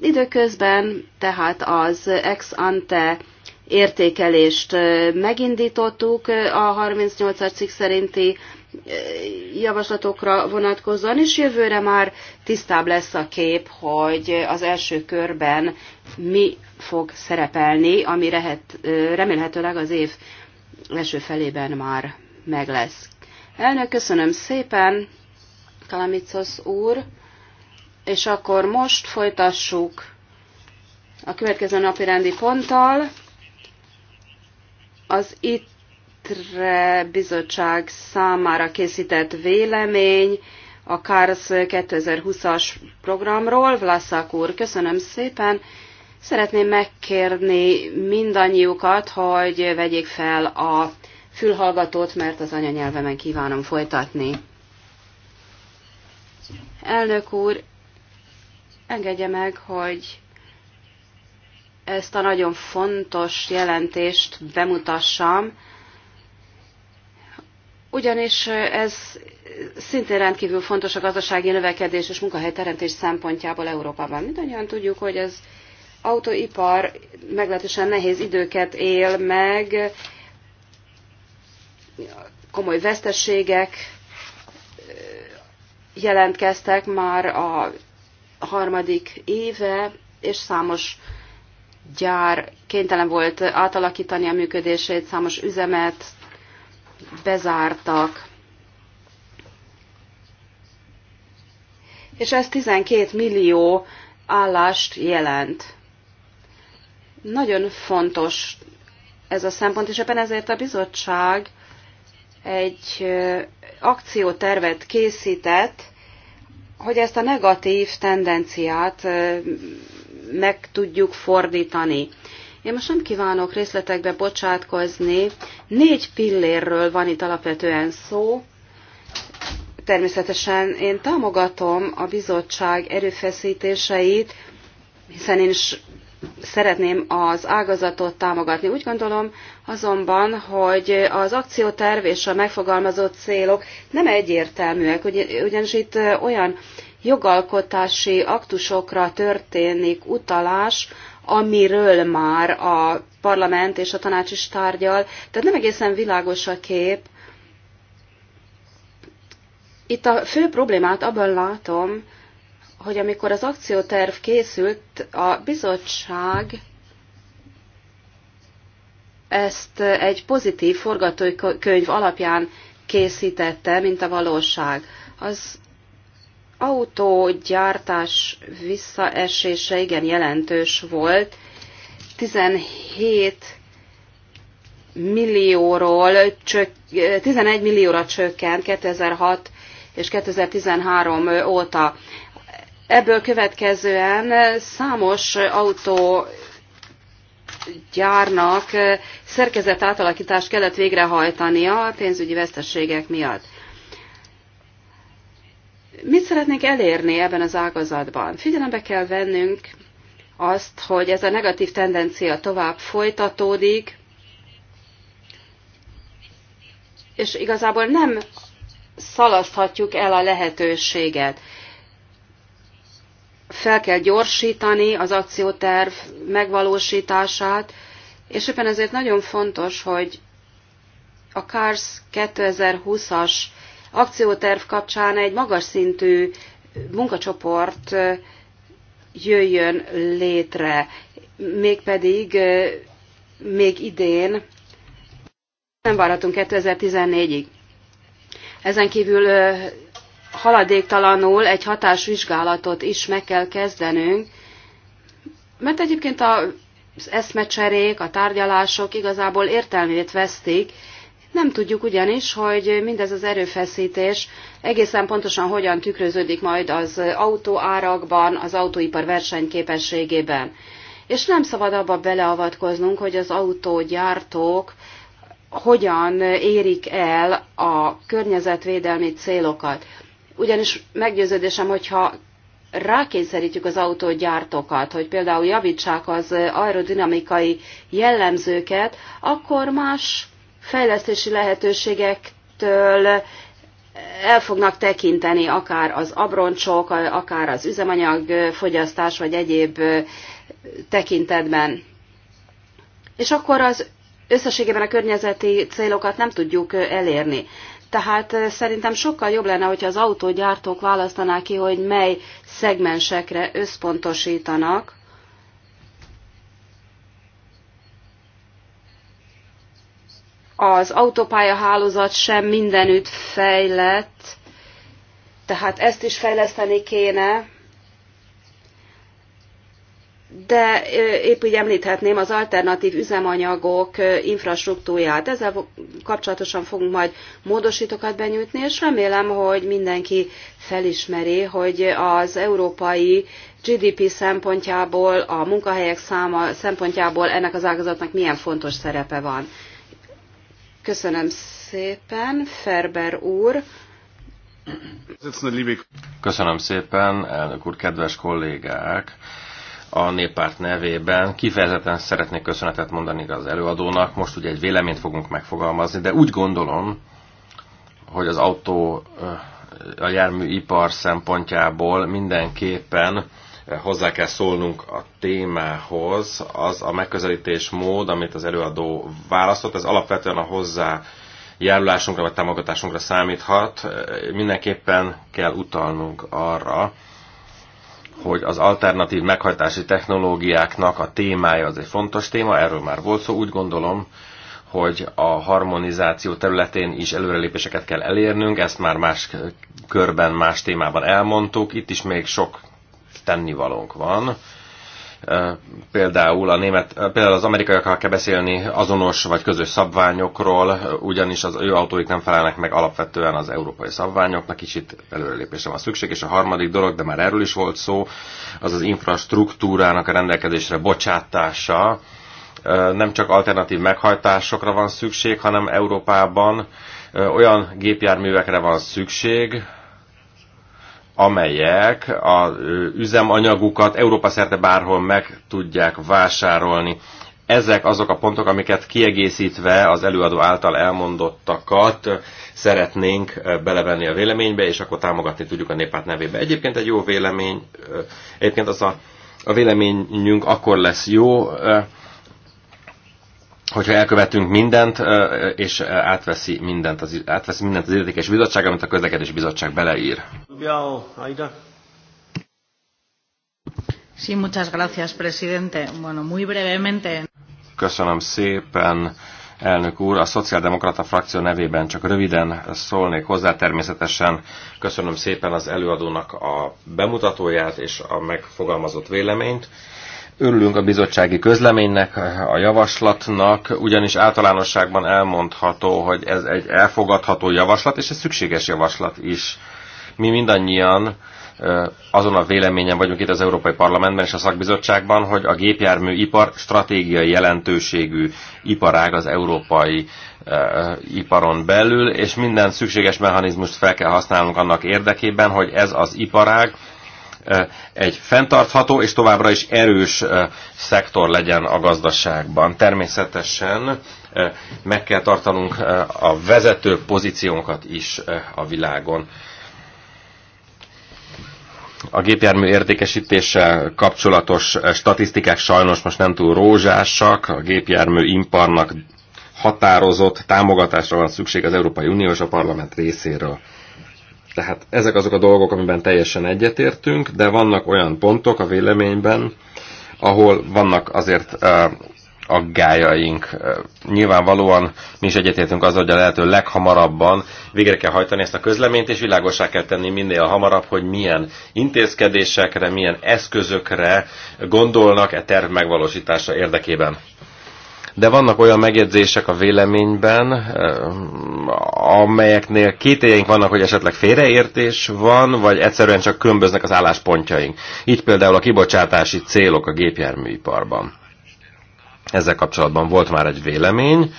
Időközben tehát az ex ante értékelést megindítottuk a 38-as cikk szerinti javaslatokra vonatkozóan, és jövőre már tisztább lesz a kép, hogy az első körben mi fog szerepelni, ami rehet, remélhetőleg az év első felében már meg lesz. Elnök, köszönöm szépen, Kalamicosz úr, és akkor most folytassuk a következő napi rendi ponttal. Az ITRE bizottság számára készített vélemény a KARSZ 2020-as programról. Vlaszak úr, köszönöm szépen. Szeretném megkérni mindannyiukat, hogy vegyék fel a fülhallgatót, mert az anyanyelvemen kívánom folytatni. Elnök úr, engedje meg, hogy ezt a nagyon fontos jelentést bemutassam, ugyanis ez szintén rendkívül fontos a gazdasági növekedés és munkahelyteremtés szempontjából Európában. Mindannyian tudjuk, hogy ez autóipar meglehetősen nehéz időket él meg, komoly vesztességek jelentkeztek már a harmadik éve, és számos gyár kénytelen volt átalakítani a működését, számos üzemet bezártak. És ez 12 millió állást jelent. Nagyon fontos ez a szempont, és ebben ezért a bizottság egy akciótervet készített, hogy ezt a negatív tendenciát meg tudjuk fordítani. Én most nem kívánok részletekbe bocsátkozni. Négy pillérről van itt alapvetően szó. Természetesen én támogatom a bizottság erőfeszítéseit, hiszen én is szeretném az ágazatot támogatni. Úgy gondolom azonban, hogy az akcióterv és a megfogalmazott célok nem egyértelműek, ugyanis itt olyan jogalkotási aktusokra történik utalás, amiről már a parlament és a tanács is tárgyal, tehát nem egészen világos a kép. Itt a fő problémát abban látom, hogy amikor az akcióterv készült, a bizottság ezt egy pozitív forgatókönyv alapján készítette, mint a valóság. Az autógyártás visszaesése igen jelentős volt. 17 millióról, 11 millióra csökkent 2006 és 2013 óta. Ebből következően számos autó gyárnak szerkezet átalakítást kellett végrehajtania a pénzügyi veszteségek miatt. Mit szeretnénk elérni ebben az ágazatban? Figyelembe kell vennünk azt, hogy ez a negatív tendencia tovább folytatódik, és igazából nem szalaszthatjuk el a lehetőséget fel kell gyorsítani az akcióterv megvalósítását, és éppen ezért nagyon fontos, hogy a CARS 2020-as akcióterv kapcsán egy magas szintű munkacsoport jöjjön létre, mégpedig még idén, nem várhatunk 2014-ig. Ezen kívül haladéktalanul egy hatásvizsgálatot is meg kell kezdenünk, mert egyébként az eszmecserék, a tárgyalások igazából értelmét vesztik, nem tudjuk ugyanis, hogy mindez az erőfeszítés egészen pontosan hogyan tükröződik majd az autóárakban, az autóipar versenyképességében. És nem szabad abba beleavatkoznunk, hogy az autógyártók hogyan érik el a környezetvédelmi célokat ugyanis meggyőződésem, hogyha rákényszerítjük az autógyártókat, hogy például javítsák az aerodinamikai jellemzőket, akkor más fejlesztési lehetőségektől el fognak tekinteni akár az abroncsok, akár az üzemanyagfogyasztás, vagy egyéb tekintetben. És akkor az összességében a környezeti célokat nem tudjuk elérni. Tehát eh, szerintem sokkal jobb lenne, hogyha az autógyártók választanák ki, hogy mely szegmensekre összpontosítanak. Az autópályahálózat sem mindenütt fejlett, tehát ezt is fejleszteni kéne de épp úgy említhetném az alternatív üzemanyagok infrastruktúráját. Ezzel kapcsolatosan fogunk majd módosítókat benyújtni, és remélem, hogy mindenki felismeri, hogy az európai GDP szempontjából, a munkahelyek száma szempontjából ennek az ágazatnak milyen fontos szerepe van. Köszönöm szépen, Ferber úr. Köszönöm szépen, elnök úr, kedves kollégák! a néppárt nevében kifejezetten szeretnék köszönetet mondani az előadónak. Most ugye egy véleményt fogunk megfogalmazni, de úgy gondolom, hogy az autó a járműipar szempontjából mindenképpen hozzá kell szólnunk a témához, az a megközelítés mód, amit az előadó választott, ez alapvetően a hozzá járulásunkra vagy támogatásunkra számíthat, mindenképpen kell utalnunk arra, hogy az alternatív meghajtási technológiáknak a témája az egy fontos téma, erről már volt szó, úgy gondolom, hogy a harmonizáció területén is előrelépéseket kell elérnünk, ezt már más körben, más témában elmondtuk, itt is még sok tennivalónk van például a német, például az amerikaiakkal kell beszélni azonos vagy közös szabványokról, ugyanis az ő autóik nem felelnek meg alapvetően az európai szabványoknak, kicsit előrelépésre van szükség, és a harmadik dolog, de már erről is volt szó, az az infrastruktúrának a rendelkezésre bocsátása, nem csak alternatív meghajtásokra van szükség, hanem Európában olyan gépjárművekre van szükség, amelyek a üzemanyagukat Európa szerte bárhol meg tudják vásárolni. Ezek azok a pontok, amiket kiegészítve az előadó által elmondottakat szeretnénk belevenni a véleménybe, és akkor támogatni tudjuk a népát nevébe. Egyébként egy jó vélemény, egyébként az a, a véleményünk akkor lesz jó, hogyha elkövetünk mindent, és átveszi mindent az, átveszi mindent az illetékes bizottság, amit a közlekedés bizottság beleír. Sí, muchas gracias, presidente. Bueno, muy brevemente. Köszönöm szépen, elnök úr. A Szociáldemokrata frakció nevében csak röviden szólnék hozzá. Természetesen köszönöm szépen az előadónak a bemutatóját és a megfogalmazott véleményt. Örülünk a bizottsági közleménynek, a javaslatnak, ugyanis általánosságban elmondható, hogy ez egy elfogadható javaslat, és egy szükséges javaslat is. Mi mindannyian azon a véleményen vagyunk itt az Európai Parlamentben és a szakbizottságban, hogy a gépjárműipar stratégiai jelentőségű iparág az európai iparon belül, és minden szükséges mechanizmust fel kell használnunk annak érdekében, hogy ez az iparág egy fenntartható és továbbra is erős szektor legyen a gazdaságban. Természetesen meg kell tartanunk a vezető pozíciónkat is a világon. A gépjármű értékesítéssel kapcsolatos statisztikák sajnos most nem túl rózsásak, a gépjármű imparnak határozott támogatásra van szükség az Európai Unió és a parlament részéről. Tehát ezek azok a dolgok, amiben teljesen egyetértünk, de vannak olyan pontok a véleményben, ahol vannak azért aggájaink. Nyilvánvalóan mi is egyetértünk azzal, hogy a lehető leghamarabban végre kell hajtani ezt a közleményt, és világosá kell tenni minél hamarabb, hogy milyen intézkedésekre, milyen eszközökre gondolnak e terv megvalósítása érdekében de vannak olyan megjegyzések a véleményben, eh, amelyeknél kételjeink vannak, hogy esetleg félreértés van, vagy egyszerűen csak különböznek az álláspontjaink. Így például a kibocsátási célok a gépjárműiparban. Ezzel kapcsolatban volt már egy vélemény,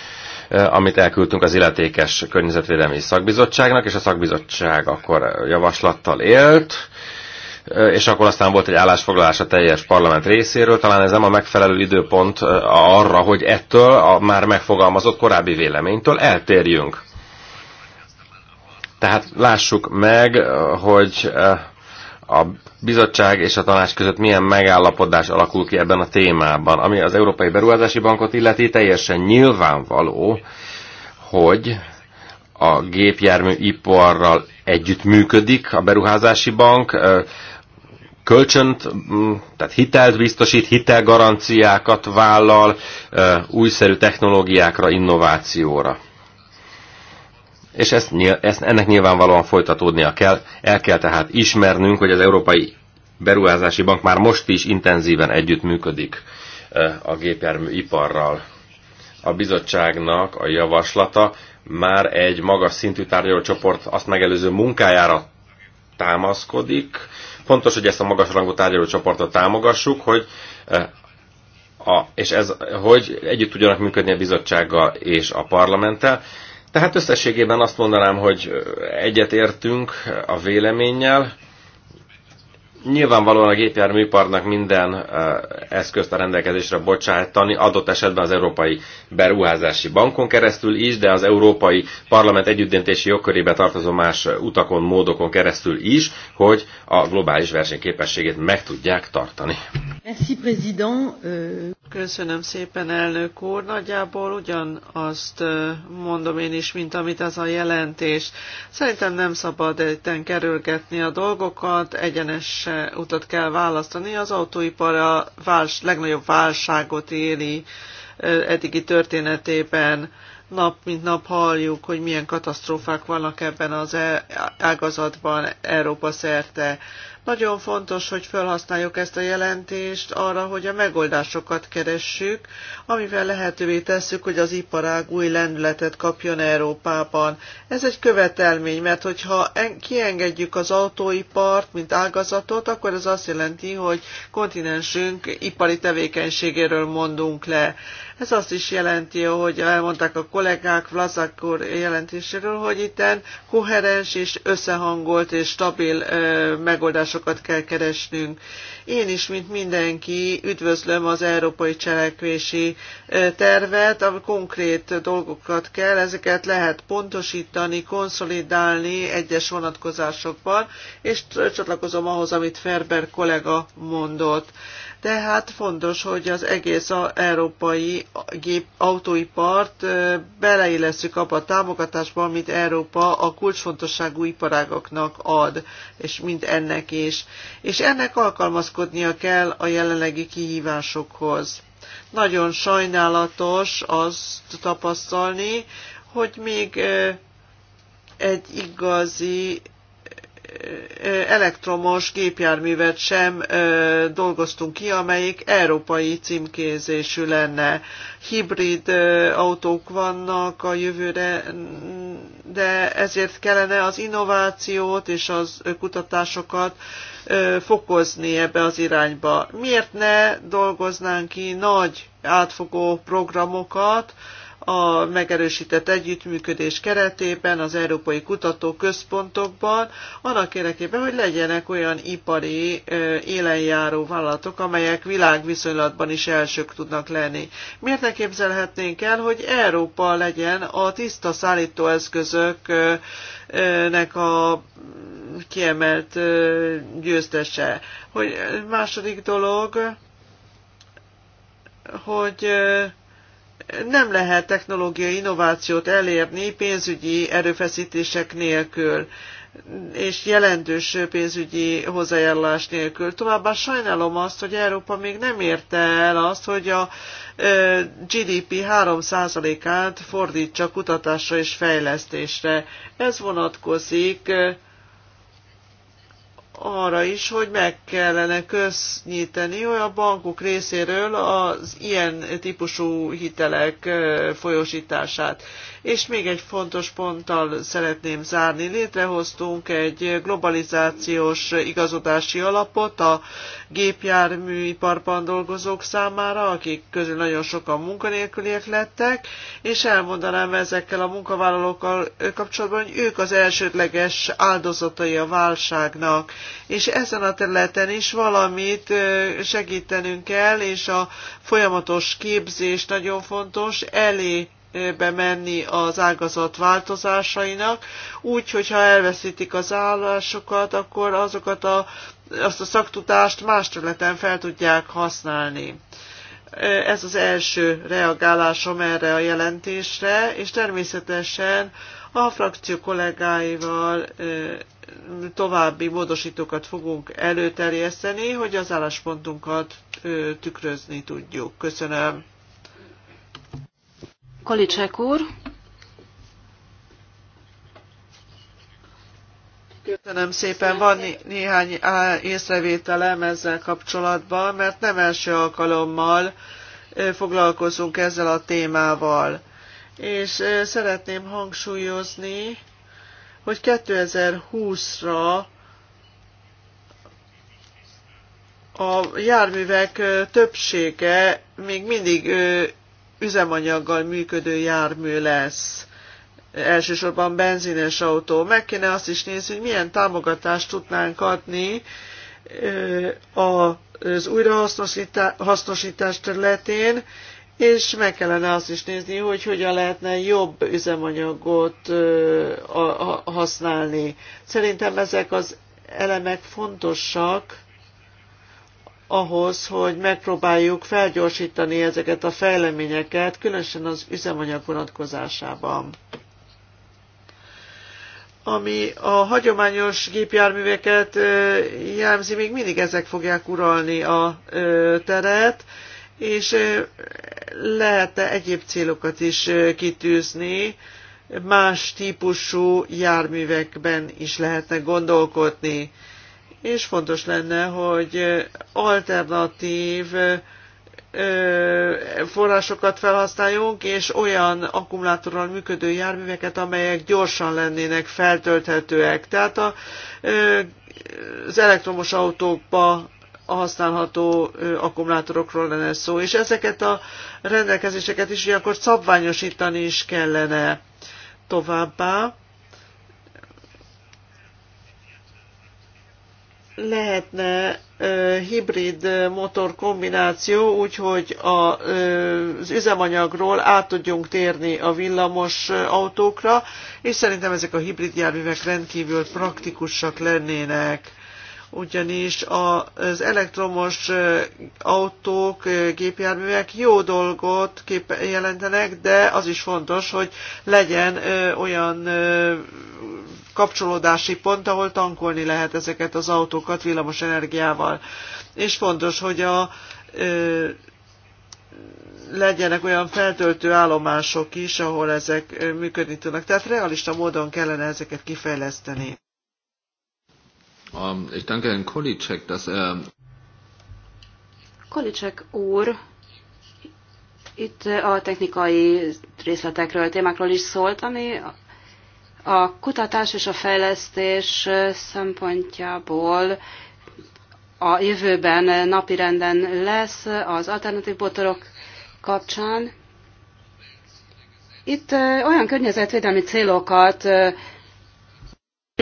eh, amit elküldtünk az illetékes környezetvédelmi szakbizottságnak, és a szakbizottság akkor javaslattal élt, és akkor aztán volt egy állásfoglalás a teljes parlament részéről, talán ez nem a megfelelő időpont arra, hogy ettől a már megfogalmazott korábbi véleménytől eltérjünk. Tehát lássuk meg, hogy a bizottság és a tanács között milyen megállapodás alakul ki ebben a témában. Ami az Európai Beruházási Bankot illeti, teljesen nyilvánvaló, hogy a gépjárműiparral együtt működik a beruházási bank, kölcsönt, mm, tehát hitelt biztosít, hitelgaranciákat vállal, újszerű technológiákra, innovációra. És ezt, ezt, ennek nyilvánvalóan folytatódnia kell. El kell tehát ismernünk, hogy az Európai Beruházási Bank már most is intenzíven együttműködik a gépjárműiparral. A bizottságnak a javaslata már egy magas szintű tárgyalócsoport azt megelőző munkájára támaszkodik. Fontos, hogy ezt a magasrangú tárgyalócsoportot támogassuk, hogy eh, a, és ez, hogy együtt tudjanak működni a bizottsággal és a parlamenttel. Tehát összességében azt mondanám, hogy egyetértünk a véleménnyel, Nyilvánvalóan a gépjárműparnak minden eh, eszközt a rendelkezésre bocsátani, adott esetben az Európai Beruházási Bankon keresztül is, de az Európai Parlament együttdöntési jogkörébe tartozó más utakon, módokon keresztül is, hogy a globális versenyképességét meg tudják tartani. Euh, Köszönöm szépen, elnök úr. Nagyjából ugyanazt mondom én is, mint amit ez a jelentés. Szerintem nem szabad egyten kerülgetni a dolgokat, egyenesen Eh, utat kell választani. Az autóipar a váls, legnagyobb válságot éli eh, eddigi történetében. Nap mint nap halljuk, hogy milyen katasztrófák vannak ebben az e-, ágazatban Európa szerte. Nagyon fontos, hogy felhasználjuk ezt a jelentést arra, hogy a megoldásokat keressük amivel lehetővé tesszük, hogy az iparág új lendületet kapjon Európában. Ez egy követelmény, mert hogyha kiengedjük az autóipart, mint ágazatot, akkor ez azt jelenti, hogy kontinensünk ipari tevékenységéről mondunk le. Ez azt is jelenti, hogy elmondták a kollégák Vlazak úr jelentéséről, hogy itten koherens és összehangolt és stabil ö, megoldásokat kell keresnünk. Én is, mint mindenki, üdvözlöm az Európai Cselekvési tervet, ami konkrét dolgokat kell, ezeket lehet pontosítani, konszolidálni egyes vonatkozásokban, és csatlakozom ahhoz, amit Ferber kollega mondott. Tehát fontos, hogy az egész a európai gép, autóipart beleillesszük abba a támogatásba, amit Európa a kulcsfontosságú iparágaknak ad, és mind ennek is. És ennek alkalmazkodnia kell a jelenlegi kihívásokhoz. Nagyon sajnálatos azt tapasztalni, hogy még egy igazi elektromos gépjárművet sem dolgoztunk ki, amelyik európai címkézésű lenne. Hibrid autók vannak a jövőre, de ezért kellene az innovációt és az kutatásokat fokozni ebbe az irányba. Miért ne dolgoznánk ki nagy átfogó programokat, a megerősített együttműködés keretében az európai kutatóközpontokban, annak érdekében, hogy legyenek olyan ipari élenjáró vállalatok, amelyek világviszonylatban is elsők tudnak lenni. Miért ne képzelhetnénk el, hogy Európa legyen a tiszta szállítóeszközöknek a kiemelt győztese? Hogy második dolog, hogy nem lehet technológiai innovációt elérni pénzügyi erőfeszítések nélkül és jelentős pénzügyi hozzájárulás nélkül. Továbbá sajnálom azt, hogy Európa még nem érte el azt, hogy a GDP 3%-át fordítsa kutatásra és fejlesztésre. Ez vonatkozik arra is, hogy meg kellene köznyíteni olyan bankok részéről az ilyen típusú hitelek folyosítását. És még egy fontos ponttal szeretném zárni. Létrehoztunk egy globalizációs igazodási alapot a gépjárműiparban dolgozók számára, akik közül nagyon sokan munkanélküliek lettek, és elmondanám ezekkel a munkavállalókkal kapcsolatban, hogy ők az elsődleges áldozatai a válságnak, és ezen a területen is valamit segítenünk kell, és a folyamatos képzés nagyon fontos, elé bemenni az ágazat változásainak, úgy, hogyha elveszítik az állásokat, akkor azokat a, azt a szaktudást más területen fel tudják használni ez az első reagálásom erre a jelentésre, és természetesen a frakció kollégáival további módosítókat fogunk előterjeszteni, hogy az álláspontunkat tükrözni tudjuk. Köszönöm. Kalicsek úr. Köszönöm szépen, van néhány észrevételem ezzel kapcsolatban, mert nem első alkalommal foglalkozunk ezzel a témával. És szeretném hangsúlyozni, hogy 2020-ra a járművek többsége még mindig üzemanyaggal működő jármű lesz elsősorban benzines autó. Meg kéne azt is nézni, hogy milyen támogatást tudnánk adni az újrahasznosítás területén, és meg kellene azt is nézni, hogy hogyan lehetne jobb üzemanyagot használni. Szerintem ezek az elemek fontosak, ahhoz, hogy megpróbáljuk felgyorsítani ezeket a fejleményeket, különösen az üzemanyag vonatkozásában ami a hagyományos gépjárműveket jelzi, még mindig ezek fogják uralni a teret, és lehetne egyéb célokat is kitűzni, más típusú járművekben is lehetne gondolkodni és fontos lenne, hogy alternatív forrásokat felhasználjunk, és olyan akkumulátorral működő járműveket, amelyek gyorsan lennének feltölthetőek. Tehát a, az elektromos autókba használható akkumulátorokról lenne szó, és ezeket a rendelkezéseket is ilyenkor szabványosítani is kellene továbbá lehetne hibrid motor kombináció, úgyhogy az üzemanyagról át tudjunk térni a villamos autókra, és szerintem ezek a hibrid járművek rendkívül praktikusak lennének ugyanis az elektromos autók, gépjárművek jó dolgot jelentenek, de az is fontos, hogy legyen olyan kapcsolódási pont, ahol tankolni lehet ezeket az autókat villamos energiával. És fontos, hogy a legyenek olyan feltöltő állomások is, ahol ezek működni tudnak. Tehát realista módon kellene ezeket kifejleszteni. Um, ich danke Herrn Kolicek, dass er... úr itt a technikai részletekről, témákról is szólt, ami a kutatás és a fejlesztés szempontjából a jövőben napirenden lesz az alternatív botorok kapcsán. Itt olyan környezetvédelmi célokat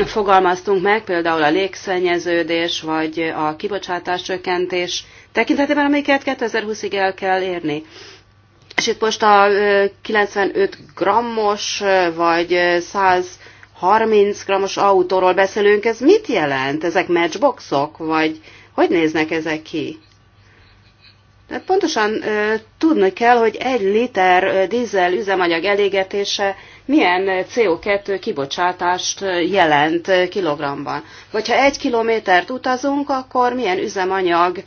fogalmaztunk meg, például a légszennyeződés vagy a kibocsátás csökkentés tekintetében, amiket 2020-ig el kell érni. És itt most a 95 grammos vagy 130 grammos autóról beszélünk, ez mit jelent? Ezek matchboxok, vagy hogy néznek ezek ki? De pontosan tudni kell, hogy egy liter dízel üzemanyag elégetése milyen CO2 kibocsátást jelent kilogramban. Vagy ha egy kilométert utazunk, akkor milyen üzemanyag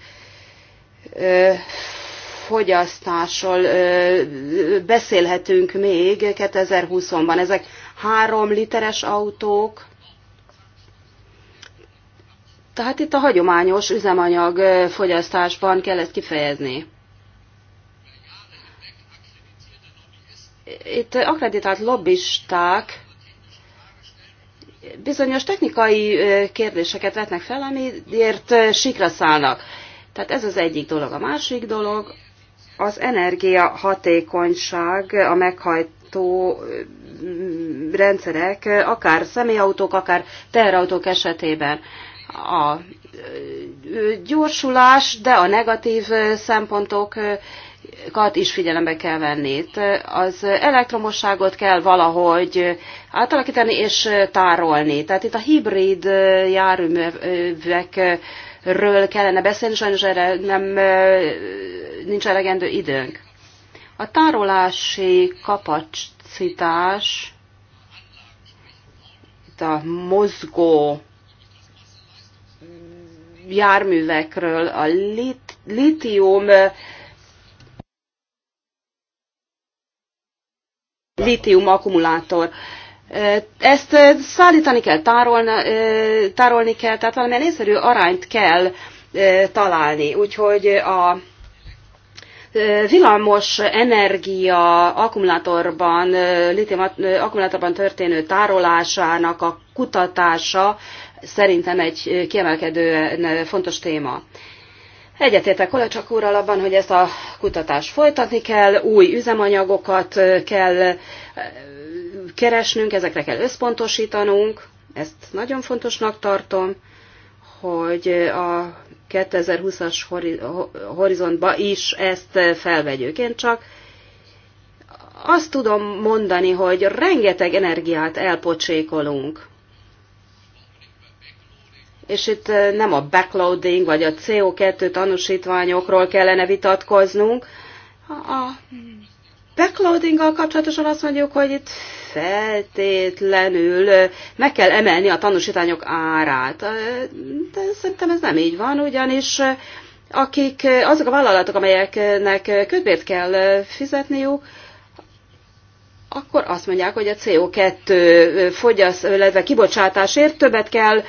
fogyasztásról beszélhetünk még 2020-ban. Ezek három literes autók, tehát itt a hagyományos üzemanyag fogyasztásban kell ezt kifejezni. itt akreditált lobbisták bizonyos technikai kérdéseket vetnek fel, amiért sikra szállnak. Tehát ez az egyik dolog. A másik dolog az energia hatékonyság, a meghajtó rendszerek, akár személyautók, akár teherautók esetében a gyorsulás, de a negatív szempontok kat is figyelembe kell venni. Az elektromosságot kell valahogy átalakítani és tárolni. Tehát itt a hibrid járművekről kellene beszélni, sajnos erre nem, nincs elegendő időnk. A tárolási kapacitás, itt a mozgó járművekről, a lit, litium litium akkumulátor. Ezt szállítani kell, tárolni, tárolni kell, tehát valamilyen észszerű arányt kell találni. Úgyhogy a villamos energia akkumulátorban, litium akkumulátorban történő tárolásának a kutatása szerintem egy kiemelkedően fontos téma. Egyetértek Olacsak úrral abban, hogy ezt a kutatást folytatni kell, új üzemanyagokat kell eh, keresnünk, ezekre kell összpontosítanunk. Ezt nagyon fontosnak tartom, hogy a 2020-as horizontba is ezt felvegyük. Én csak azt tudom mondani, hogy rengeteg energiát elpocsékolunk és itt nem a backloading vagy a CO2 tanúsítványokról kellene vitatkoznunk. A backloadinggal kapcsolatosan azt mondjuk, hogy itt feltétlenül meg kell emelni a tanúsítványok árát. De szerintem ez nem így van, ugyanis akik, azok a vállalatok, amelyeknek kötbért kell fizetniük, akkor azt mondják, hogy a CO2 fogyasz, illetve kibocsátásért többet kell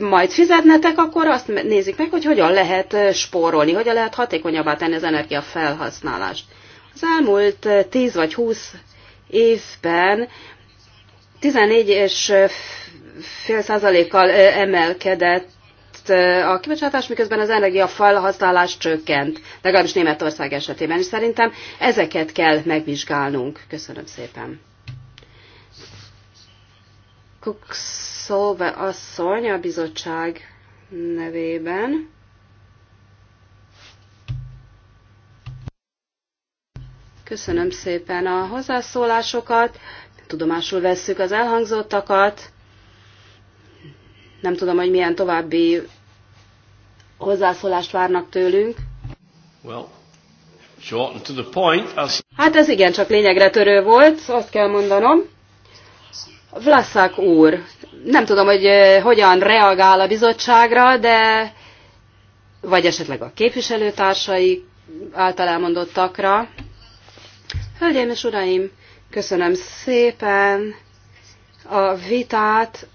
majd fizetnetek, akkor azt nézik meg, hogy hogyan lehet spórolni, hogyan lehet hatékonyabbá tenni az energiafelhasználást. Az elmúlt 10 vagy 20 évben 14 és fél százalékkal emelkedett a kibocsátás, miközben az energiafelhasználás csökkent, legalábbis Németország esetében, és szerintem ezeket kell megvizsgálnunk. Köszönöm szépen. Kuksz. Szóve asszony a bizottság nevében. Köszönöm szépen a hozzászólásokat, tudomásul vesszük az elhangzottakat. Nem tudom, hogy milyen további hozzászólást várnak tőlünk. Well, short and to the point, as... Hát ez igen csak lényegre törő volt, azt kell mondanom. Vlaszák úr nem tudom, hogy hogyan reagál a bizottságra, de vagy esetleg a képviselőtársai által elmondottakra. Hölgyeim és uraim, köszönöm szépen a vitát.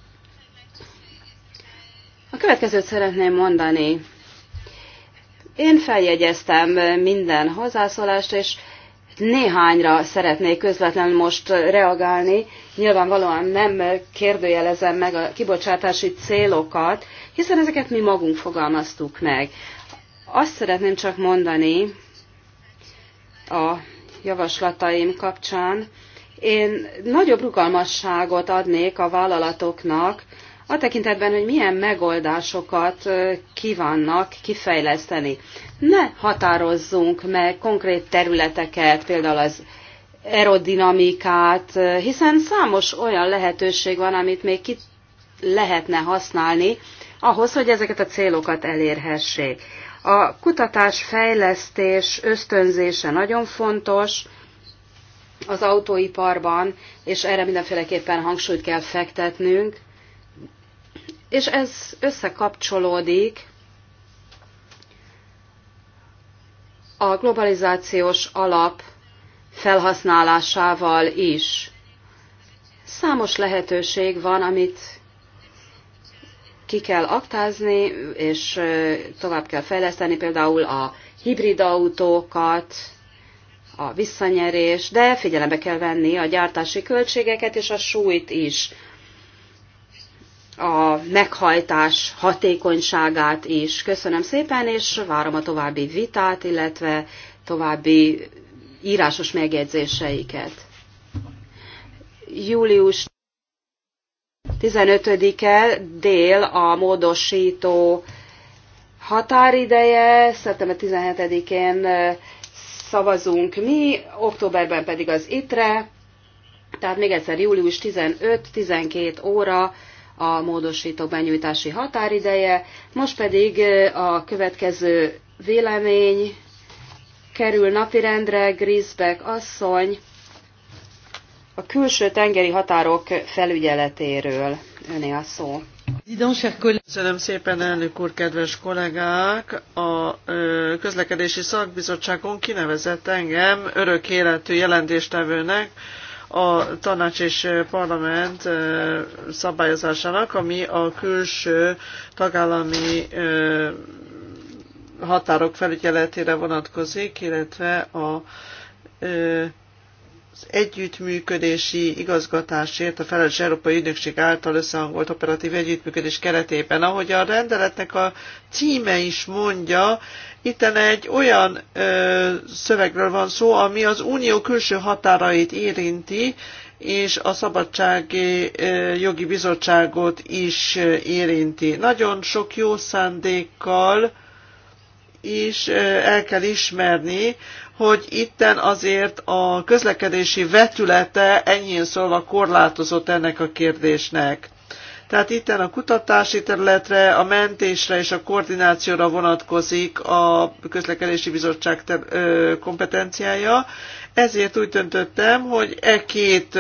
A következőt szeretném mondani. Én feljegyeztem minden hozzászólást, és Néhányra szeretnék közvetlenül most reagálni. Nyilvánvalóan nem kérdőjelezem meg a kibocsátási célokat, hiszen ezeket mi magunk fogalmaztuk meg. Azt szeretném csak mondani a javaslataim kapcsán, én nagyobb rugalmasságot adnék a vállalatoknak a tekintetben, hogy milyen megoldásokat kívánnak kifejleszteni ne határozzunk meg konkrét területeket, például az aerodinamikát, hiszen számos olyan lehetőség van, amit még ki lehetne használni ahhoz, hogy ezeket a célokat elérhessék. A kutatás, fejlesztés, ösztönzése nagyon fontos az autóiparban, és erre mindenféleképpen hangsúlyt kell fektetnünk. És ez összekapcsolódik a globalizációs alap felhasználásával is. Számos lehetőség van, amit ki kell aktázni, és tovább kell fejleszteni, például a hibrid autókat, a visszanyerés, de figyelembe kell venni a gyártási költségeket és a súlyt is a meghajtás hatékonyságát is. Köszönöm szépen, és várom a további vitát, illetve további írásos megjegyzéseiket. Július 15-e dél a módosító határideje, szeptember 17-én szavazunk mi, októberben pedig az ITRE, tehát még egyszer július 15-12 óra, a módosítók benyújtási határideje, most pedig a következő vélemény kerül napirendre Grisbeck asszony a külső tengeri határok felügyeletéről. Öné a szó. Köszönöm szépen, elnök úr, kedves kollégák! A közlekedési szakbizottságon kinevezett engem örök életű jelentéstevőnek, a tanács és parlament szabályozásának, ami a külső tagállami határok felügyeletére vonatkozik, illetve a az együttműködési igazgatásért a Felelős Európai Ügynökség által összehangolt operatív együttműködés keretében. Ahogy a rendeletnek a címe is mondja, Itten egy olyan ö, szövegről van szó, ami az unió külső határait érinti, és a Szabadsági Jogi Bizottságot is érinti. Nagyon sok jó szándékkal is el kell ismerni, hogy itten azért a közlekedési vetülete enyhén szólva korlátozott ennek a kérdésnek. Tehát itt a kutatási területre, a mentésre és a koordinációra vonatkozik a közlekedési bizottság kompetenciája. Ezért úgy döntöttem, hogy e két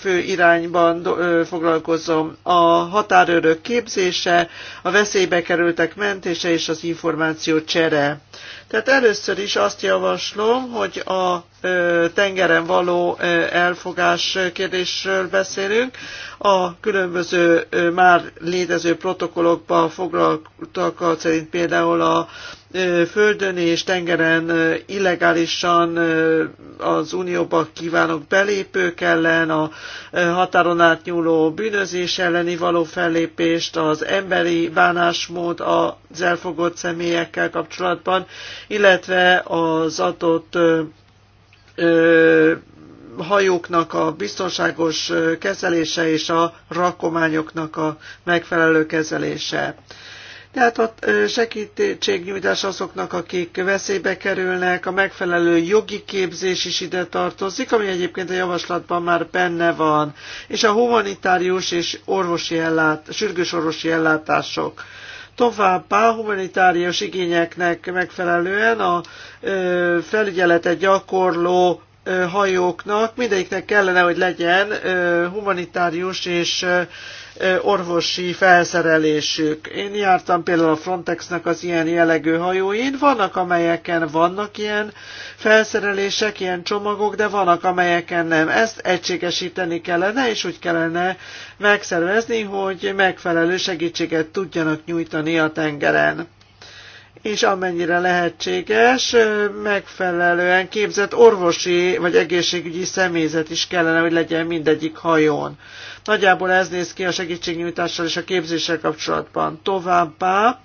fő irányban foglalkozom. A határőrök képzése, a veszélybe kerültek mentése és az információ csere. Tehát először is azt javaslom, hogy a tengeren való elfogás kérdésről beszélünk. A különböző már létező protokollokba foglaltak szerint például a földön és tengeren illegálisan az unióba kívánok belépők ellen, ellen, a határon átnyúló bűnözés elleni való fellépést, az emberi bánásmód az elfogott személyekkel kapcsolatban, illetve az adott hajóknak a biztonságos kezelése és a rakományoknak a megfelelő kezelése. Tehát ott segítségnyújtás azoknak, akik veszélybe kerülnek, a megfelelő jogi képzés is ide tartozik, ami egyébként a javaslatban már benne van, és a humanitárius és orvosi ellát, sürgős orvosi ellátások. Továbbá humanitárius igényeknek megfelelően a ö, felügyeletet gyakorló hajóknak, mindegyiknek kellene, hogy legyen humanitárius és orvosi felszerelésük. Én jártam például a Frontexnek az ilyen jellegű hajóin, vannak amelyeken vannak ilyen felszerelések, ilyen csomagok, de vannak amelyeken nem. Ezt egységesíteni kellene, és úgy kellene megszervezni, hogy megfelelő segítséget tudjanak nyújtani a tengeren és amennyire lehetséges, megfelelően képzett orvosi vagy egészségügyi személyzet is kellene, hogy legyen mindegyik hajón. Nagyjából ez néz ki a segítségnyújtással és a képzéssel kapcsolatban. Továbbá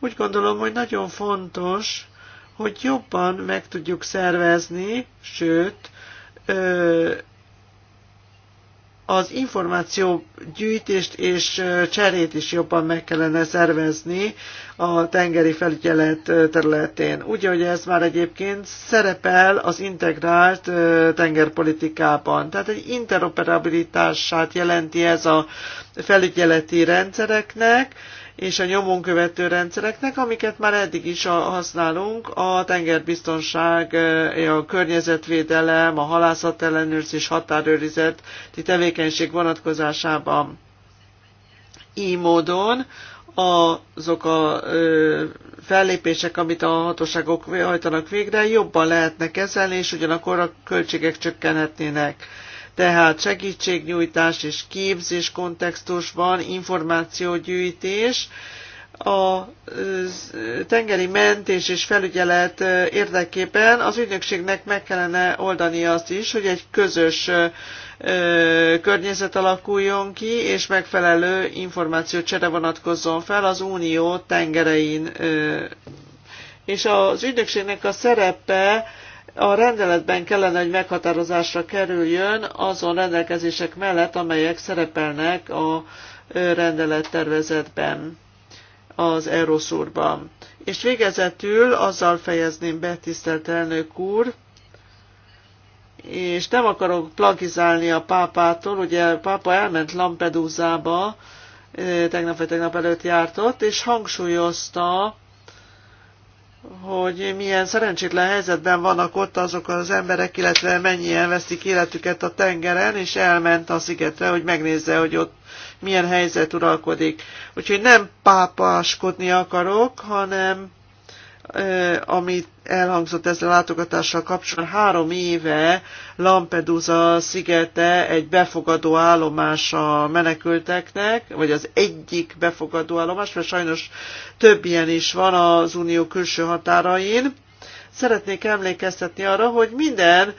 úgy gondolom, hogy nagyon fontos, hogy jobban meg tudjuk szervezni, sőt, az információ gyűjtést és cserét is jobban meg kellene szervezni a tengeri felügyelet területén. Úgy, hogy ez már egyébként szerepel az integrált tengerpolitikában. Tehát egy interoperabilitását jelenti ez a felügyeleti rendszereknek, és a nyomon követő rendszereknek, amiket már eddig is használunk, a tengerbiztonság, a környezetvédelem, a halászat ellenőrzés, határőrizeti tevékenység vonatkozásában. Így módon azok a fellépések, amit a hatóságok hajtanak végre, jobban lehetne kezelni, és ugyanakkor a költségek csökkenhetnének tehát segítségnyújtás és képzés kontextusban információgyűjtés, a tengeri mentés és felügyelet érdekében az ügynökségnek meg kellene oldani azt is, hogy egy közös környezet alakuljon ki, és megfelelő információcsere vonatkozzon fel az unió tengerein. És az ügynökségnek a szerepe a rendeletben kellene, hogy meghatározásra kerüljön azon rendelkezések mellett, amelyek szerepelnek a rendelettervezetben, az Eroszúrban. És végezetül azzal fejezném be, tisztelt elnök úr, és nem akarok plagizálni a pápától, ugye a pápa elment ba tegnap vagy tegnap előtt jártott, és hangsúlyozta, hogy milyen szerencsétlen helyzetben vannak ott azok az emberek, illetve mennyien veszik életüket a tengeren, és elment a szigetre, hogy megnézze, hogy ott milyen helyzet uralkodik. Úgyhogy nem pápáskodni akarok, hanem ami elhangzott ezzel a látogatással kapcsolatban, három éve Lampedusa szigete egy befogadó állomás a menekülteknek, vagy az egyik befogadó állomás, mert sajnos több ilyen is van az unió külső határain. Szeretnék emlékeztetni arra, hogy minden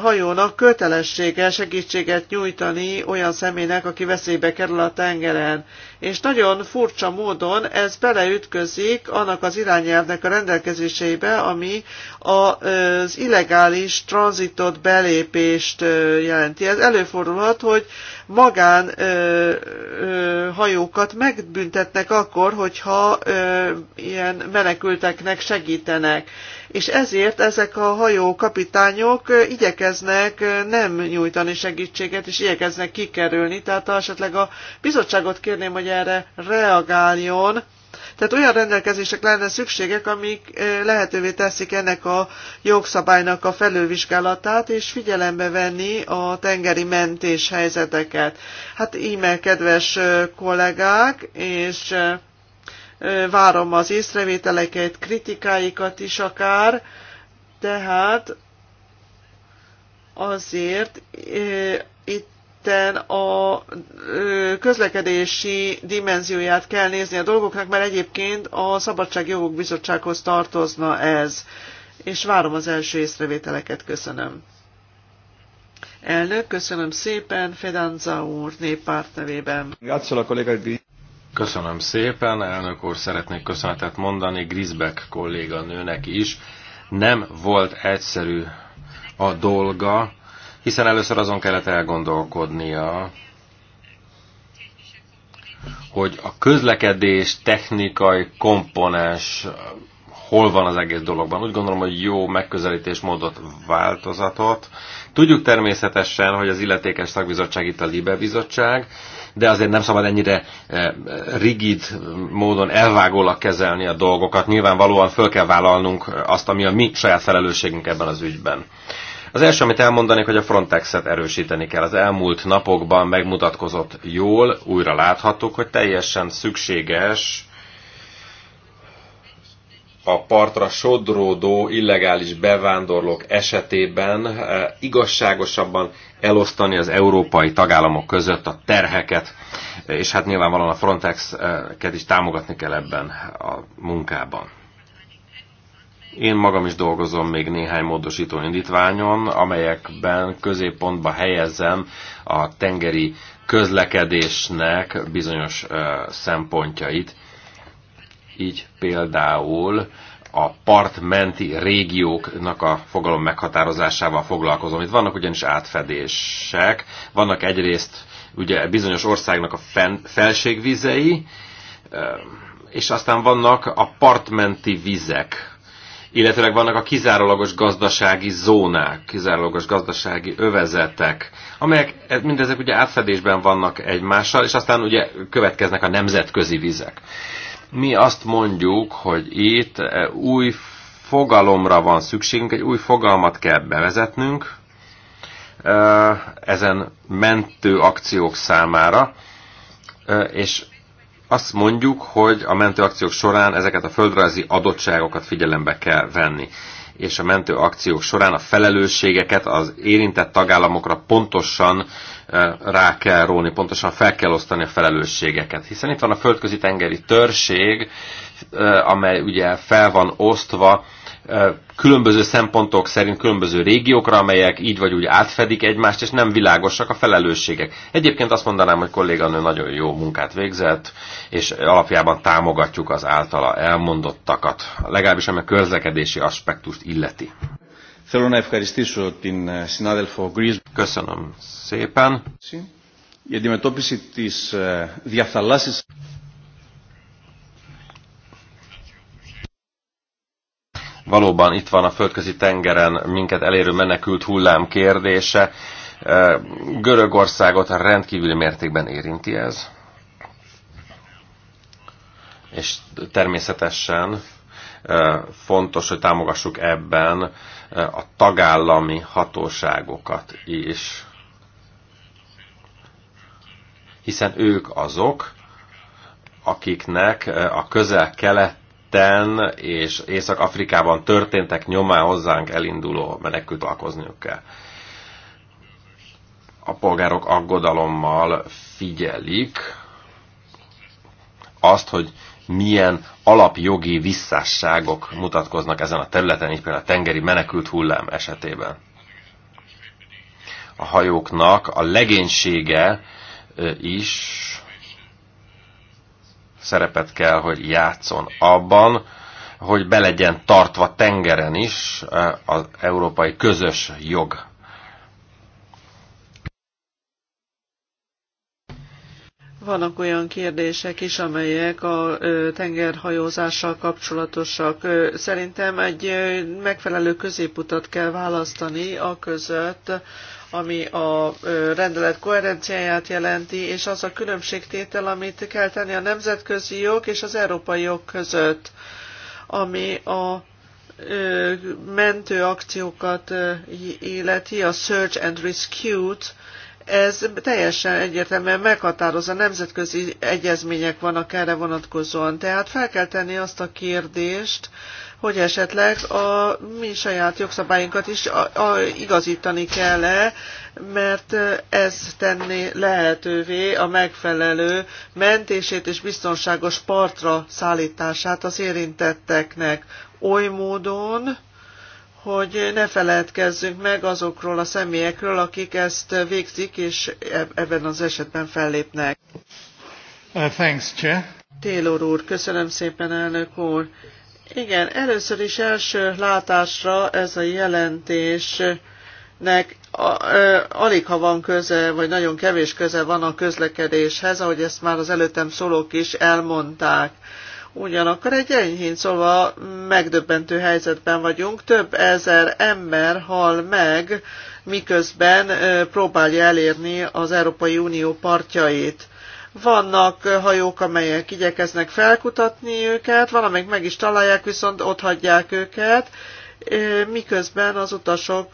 hajónak kötelessége segítséget nyújtani olyan személynek, aki veszélybe kerül a tengeren. És nagyon furcsa módon ez beleütközik annak az irányelvnek a rendelkezéseibe, ami az illegális tranzitot belépést jelenti. Ez előfordulhat, hogy magán ö, ö, hajókat megbüntetnek akkor, hogyha ö, ilyen menekülteknek segítenek. És ezért ezek a hajó kapitányok igyekeznek nem nyújtani segítséget, és igyekeznek kikerülni. Tehát esetleg a bizottságot kérném, hogy erre reagáljon, tehát olyan rendelkezések lenne szükségek, amik lehetővé teszik ennek a jogszabálynak a felülvizsgálatát, és figyelembe venni a tengeri mentés helyzeteket. Hát íme, kedves kollégák, és várom az észrevételeket, kritikáikat is akár, tehát azért területen a közlekedési dimenzióját kell nézni a dolgoknak, mert egyébként a Szabadságjogok Bizottsághoz tartozna ez. És várom az első észrevételeket. Köszönöm. Elnök, köszönöm szépen, Fedanza úr néppárt nevében. Köszönöm szépen, elnök úr, szeretnék köszönetet mondani Grisbeck kolléganőnek is. Nem volt egyszerű a dolga, hiszen először azon kellett elgondolkodnia, hogy a közlekedés technikai komponens hol van az egész dologban. Úgy gondolom, hogy jó megközelítésmódot változatot. Tudjuk természetesen, hogy az illetékes szakbizottság itt a Libe bizottság, de azért nem szabad ennyire eh, rigid módon elvágólag kezelni a dolgokat. Nyilvánvalóan föl kell vállalnunk azt, ami a mi saját felelősségünk ebben az ügyben. Az első, amit elmondanék, hogy a Frontexet erősíteni kell. Az elmúlt napokban megmutatkozott jól, újra láthatók, hogy teljesen szükséges a partra sodródó illegális bevándorlók esetében eh, igazságosabban elosztani az európai tagállamok között a terheket, és hát nyilvánvalóan a Frontex-ket eh, is támogatni kell ebben a munkában. Én magam is dolgozom még néhány módosító indítványon, amelyekben középpontba helyezem a tengeri közlekedésnek bizonyos szempontjait. Így például a partmenti régióknak a fogalom meghatározásával foglalkozom. Itt vannak ugyanis átfedések, vannak egyrészt ugye bizonyos országnak a fen, felségvizei, és aztán vannak a partmenti vizek, illetőleg vannak a kizárólagos gazdasági zónák, kizárólagos gazdasági övezetek, amelyek mindezek ugye átfedésben vannak egymással, és aztán ugye következnek a nemzetközi vizek. Mi azt mondjuk, hogy itt e, új fogalomra van szükségünk, egy új fogalmat kell bevezetnünk e, ezen mentő akciók számára, e, és azt mondjuk, hogy a mentőakciók során ezeket a földrajzi adottságokat figyelembe kell venni és a mentőakciók során a felelősségeket az érintett tagállamokra pontosan eh, rá kell róni, pontosan fel kell osztani a felelősségeket. Hiszen itt van a földközi tengeri törség, eh, amely ugye fel van osztva különböző szempontok szerint különböző régiókra, amelyek így vagy úgy átfedik egymást, és nem világosak a felelősségek. Egyébként azt mondanám, hogy kolléganő nagyon jó munkát végzett, és alapjában támogatjuk az általa elmondottakat, legalábbis ami a közlekedési aspektust illeti. Köszönöm szépen. Η αντιμετώπιση της διαφθαλάσσης Valóban itt van a földközi tengeren minket elérő menekült hullám kérdése. Görögországot rendkívüli mértékben érinti ez. És természetesen fontos, hogy támogassuk ebben a tagállami hatóságokat is. Hiszen ők azok, akiknek a közel-kelet Egyipten és Észak-Afrikában történtek nyomán hozzánk elinduló menekült alkozniuk kell. A polgárok aggodalommal figyelik azt, hogy milyen alapjogi visszásságok mutatkoznak ezen a területen, így például a tengeri menekült hullám esetében. A hajóknak a legénysége is szerepet kell, hogy játszon abban, hogy be legyen tartva tengeren is eh, az európai közös jog. Vannak olyan kérdések is, amelyek a tengerhajózással kapcsolatosak. Szerintem egy megfelelő középutat kell választani a között, ami a rendelet koherenciáját jelenti, és az a különbségtétel, amit kell tenni a nemzetközi jog és az európai jog között, ami a mentő akciókat illeti, a Search and Rescue-t, ez teljesen egyértelműen meghatározza, nemzetközi egyezmények vannak erre vonatkozóan. Tehát fel kell tenni azt a kérdést, hogy esetleg a mi saját jogszabályunkat is a, a, igazítani kell -e, mert ez tenni lehetővé a megfelelő mentését és biztonságos partra szállítását az érintetteknek oly módon, hogy ne feledkezzünk meg azokról a személyekről, akik ezt végzik, és ebben az esetben fellépnek. Uh, thanks, Chair. Taylor úr, köszönöm szépen, elnök úr. Igen, először is első látásra ez a jelentésnek alig ha van köze, vagy nagyon kevés köze van a közlekedéshez, ahogy ezt már az előttem szólók is elmondták. Ugyanakkor egy enyhén szóval megdöbbentő helyzetben vagyunk, több ezer ember hal meg, miközben próbálja elérni az Európai Unió partjait. Vannak hajók, amelyek igyekeznek felkutatni őket, valamelyik meg is találják, viszont ott hagyják őket, miközben az utasok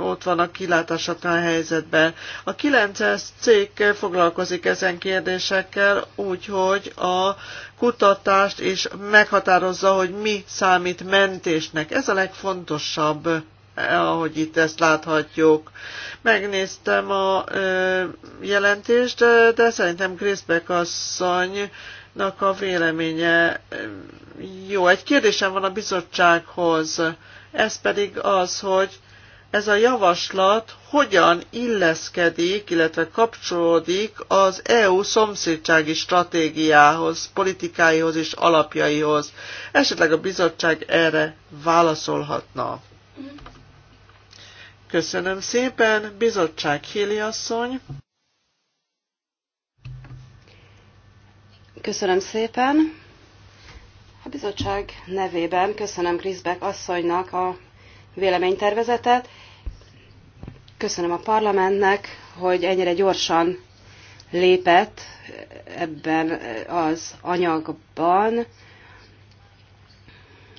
ott vannak kilátásatlan helyzetben. A 9-es cég foglalkozik ezen kérdésekkel úgyhogy a kutatást is meghatározza, hogy mi számít mentésnek. Ez a legfontosabb ahogy itt ezt láthatjuk. Megnéztem a jelentést, de szerintem Griszbek asszonynak a véleménye jó. Egy kérdésem van a bizottsághoz, ez pedig az, hogy ez a javaslat hogyan illeszkedik, illetve kapcsolódik az EU szomszédsági stratégiához, politikáihoz és alapjaihoz. Esetleg a bizottság erre válaszolhatna. Mhm. Köszönöm szépen. Bizottság Héli asszony. Köszönöm szépen. A bizottság nevében köszönöm Kriszbek asszonynak a véleménytervezetet. Köszönöm a parlamentnek, hogy ennyire gyorsan lépett ebben az anyagban.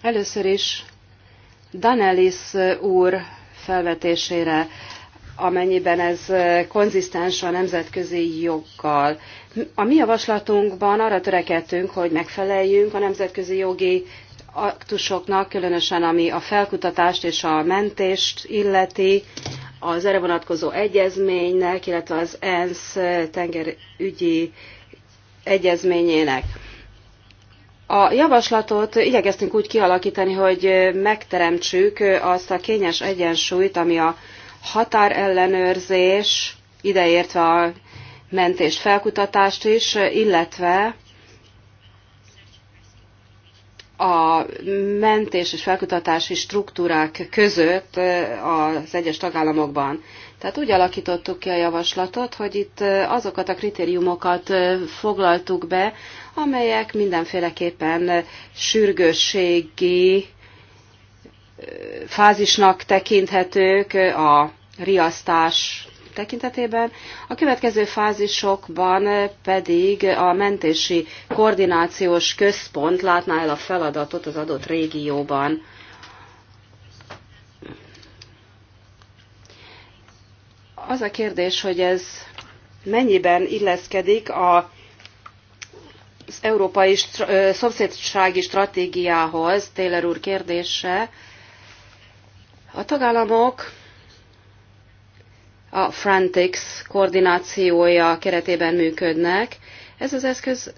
Először is Danelis úr felvetésére, amennyiben ez konzisztens a nemzetközi joggal. A mi javaslatunkban arra törekedtünk, hogy megfeleljünk a nemzetközi jogi aktusoknak, különösen ami a felkutatást és a mentést illeti, az erre vonatkozó egyezménynek, illetve az ENSZ tengerügyi egyezményének. A javaslatot igyekeztünk úgy kialakítani, hogy megteremtsük azt a kényes egyensúlyt, ami a határellenőrzés, ideértve a mentés felkutatást is, illetve a mentés és felkutatási struktúrák között eh, az egyes tagállamokban. Tehát úgy alakítottuk ki a javaslatot, hogy itt azokat a kritériumokat foglaltuk be, amelyek mindenféleképpen sürgősségi fázisnak tekinthetők a riasztás tekintetében, a következő fázisokban pedig a mentési koordinációs központ látná el a feladatot az adott régióban. Az a kérdés, hogy ez mennyiben illeszkedik a az európai szomszédsági stratégiához, Taylor úr kérdése, a tagállamok a Frontex koordinációja keretében működnek. Ez az eszköz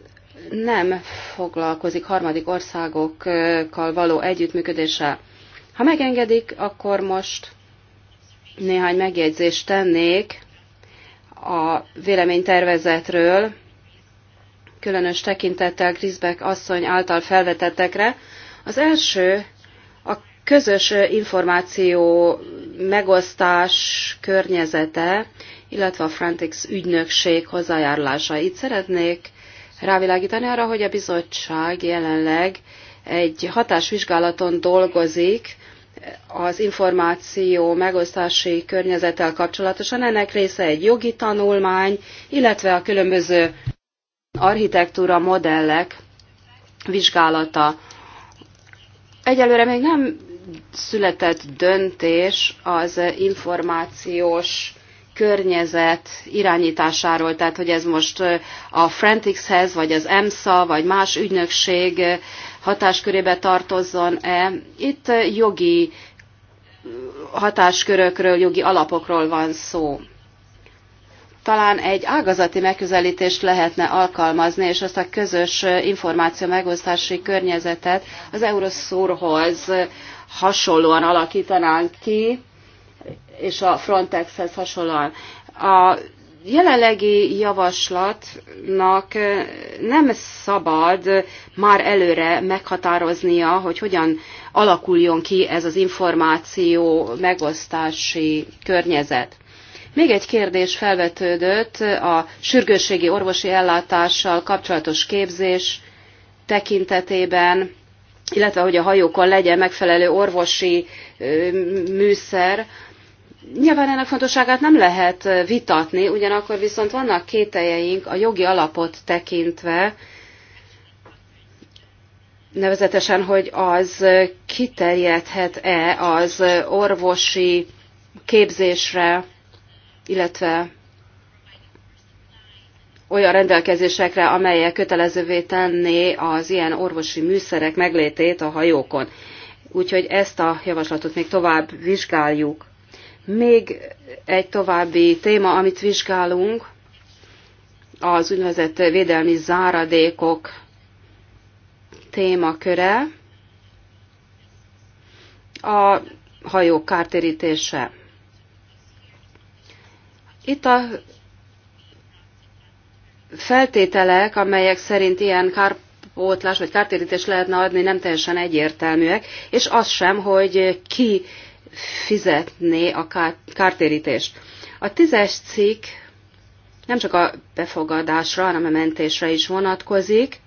nem foglalkozik harmadik országokkal való együttműködéssel. Ha megengedik, akkor most néhány megjegyzést tennék a véleménytervezetről, különös tekintettel Grisbeck asszony által felvetettekre. Az első a közös információ megosztás környezete, illetve a Frontex ügynökség hozzájárulása. Itt szeretnék rávilágítani arra, hogy a bizottság jelenleg egy hatásvizsgálaton dolgozik, az információ megosztási környezettel kapcsolatosan. Ennek része egy jogi tanulmány, illetve a különböző architektúra modellek vizsgálata. Egyelőre még nem született döntés az információs környezet irányításáról, tehát hogy ez most a Frantixhez, vagy az EMSA, vagy más ügynökség hatáskörébe tartozzon-e. Itt eh, jogi eh, hatáskörökről, jogi alapokról van szó. Talán egy ágazati megközelítést lehetne alkalmazni, és azt a közös eh, információ megosztási környezetet az Euroszurhoz hasonlóan alakítanánk ki, és a Frontexhez hasonlóan. A jelenlegi javaslatnak eh, nem szabad már előre meghatároznia, hogy hogyan alakuljon ki ez az információ megosztási környezet. Még egy kérdés felvetődött a sürgősségi orvosi ellátással kapcsolatos képzés tekintetében, illetve hogy a hajókon legyen megfelelő orvosi eh, műszer, Nyilván ennek fontosságát nem lehet vitatni, ugyanakkor viszont vannak kételjeink a jogi alapot tekintve, nevezetesen, hogy az kiterjedhet-e az orvosi képzésre, illetve olyan rendelkezésekre, amelyek kötelezővé tenné az ilyen orvosi műszerek meglétét a hajókon. Úgyhogy ezt a javaslatot még tovább vizsgáljuk. Még egy további téma, amit vizsgálunk, az úgynevezett védelmi záradékok témaköre, a hajók kártérítése. Itt a feltételek, amelyek szerint ilyen kárpótlás vagy kártérítés lehetne adni, nem teljesen egyértelműek, és az sem, hogy ki fizetni a kártérítést. A tízes cikk nem csak a befogadásra, hanem a mentésre is vonatkozik.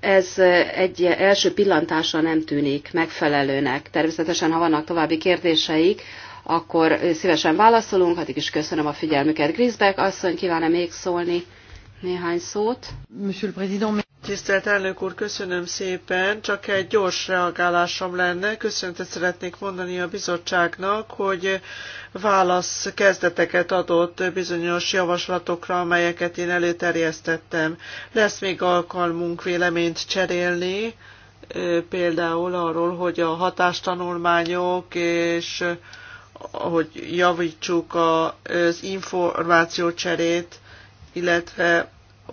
Ez egy első pillantásra nem tűnik megfelelőnek. Természetesen, ha vannak további kérdéseik, akkor szívesen válaszolunk. Addig is köszönöm a figyelmüket. Grisbeck asszony, kívánna még szólni néhány szót? Monsieur le Président, Tisztelt elnök úr, köszönöm szépen. Csak egy gyors reagálásom lenne. Köszöntet szeretnék mondani a bizottságnak, hogy válasz kezdeteket adott bizonyos javaslatokra, amelyeket én előterjesztettem. Lesz még alkalmunk véleményt cserélni, például arról, hogy a hatástanulmányok és hogy javítsuk az információcserét, illetve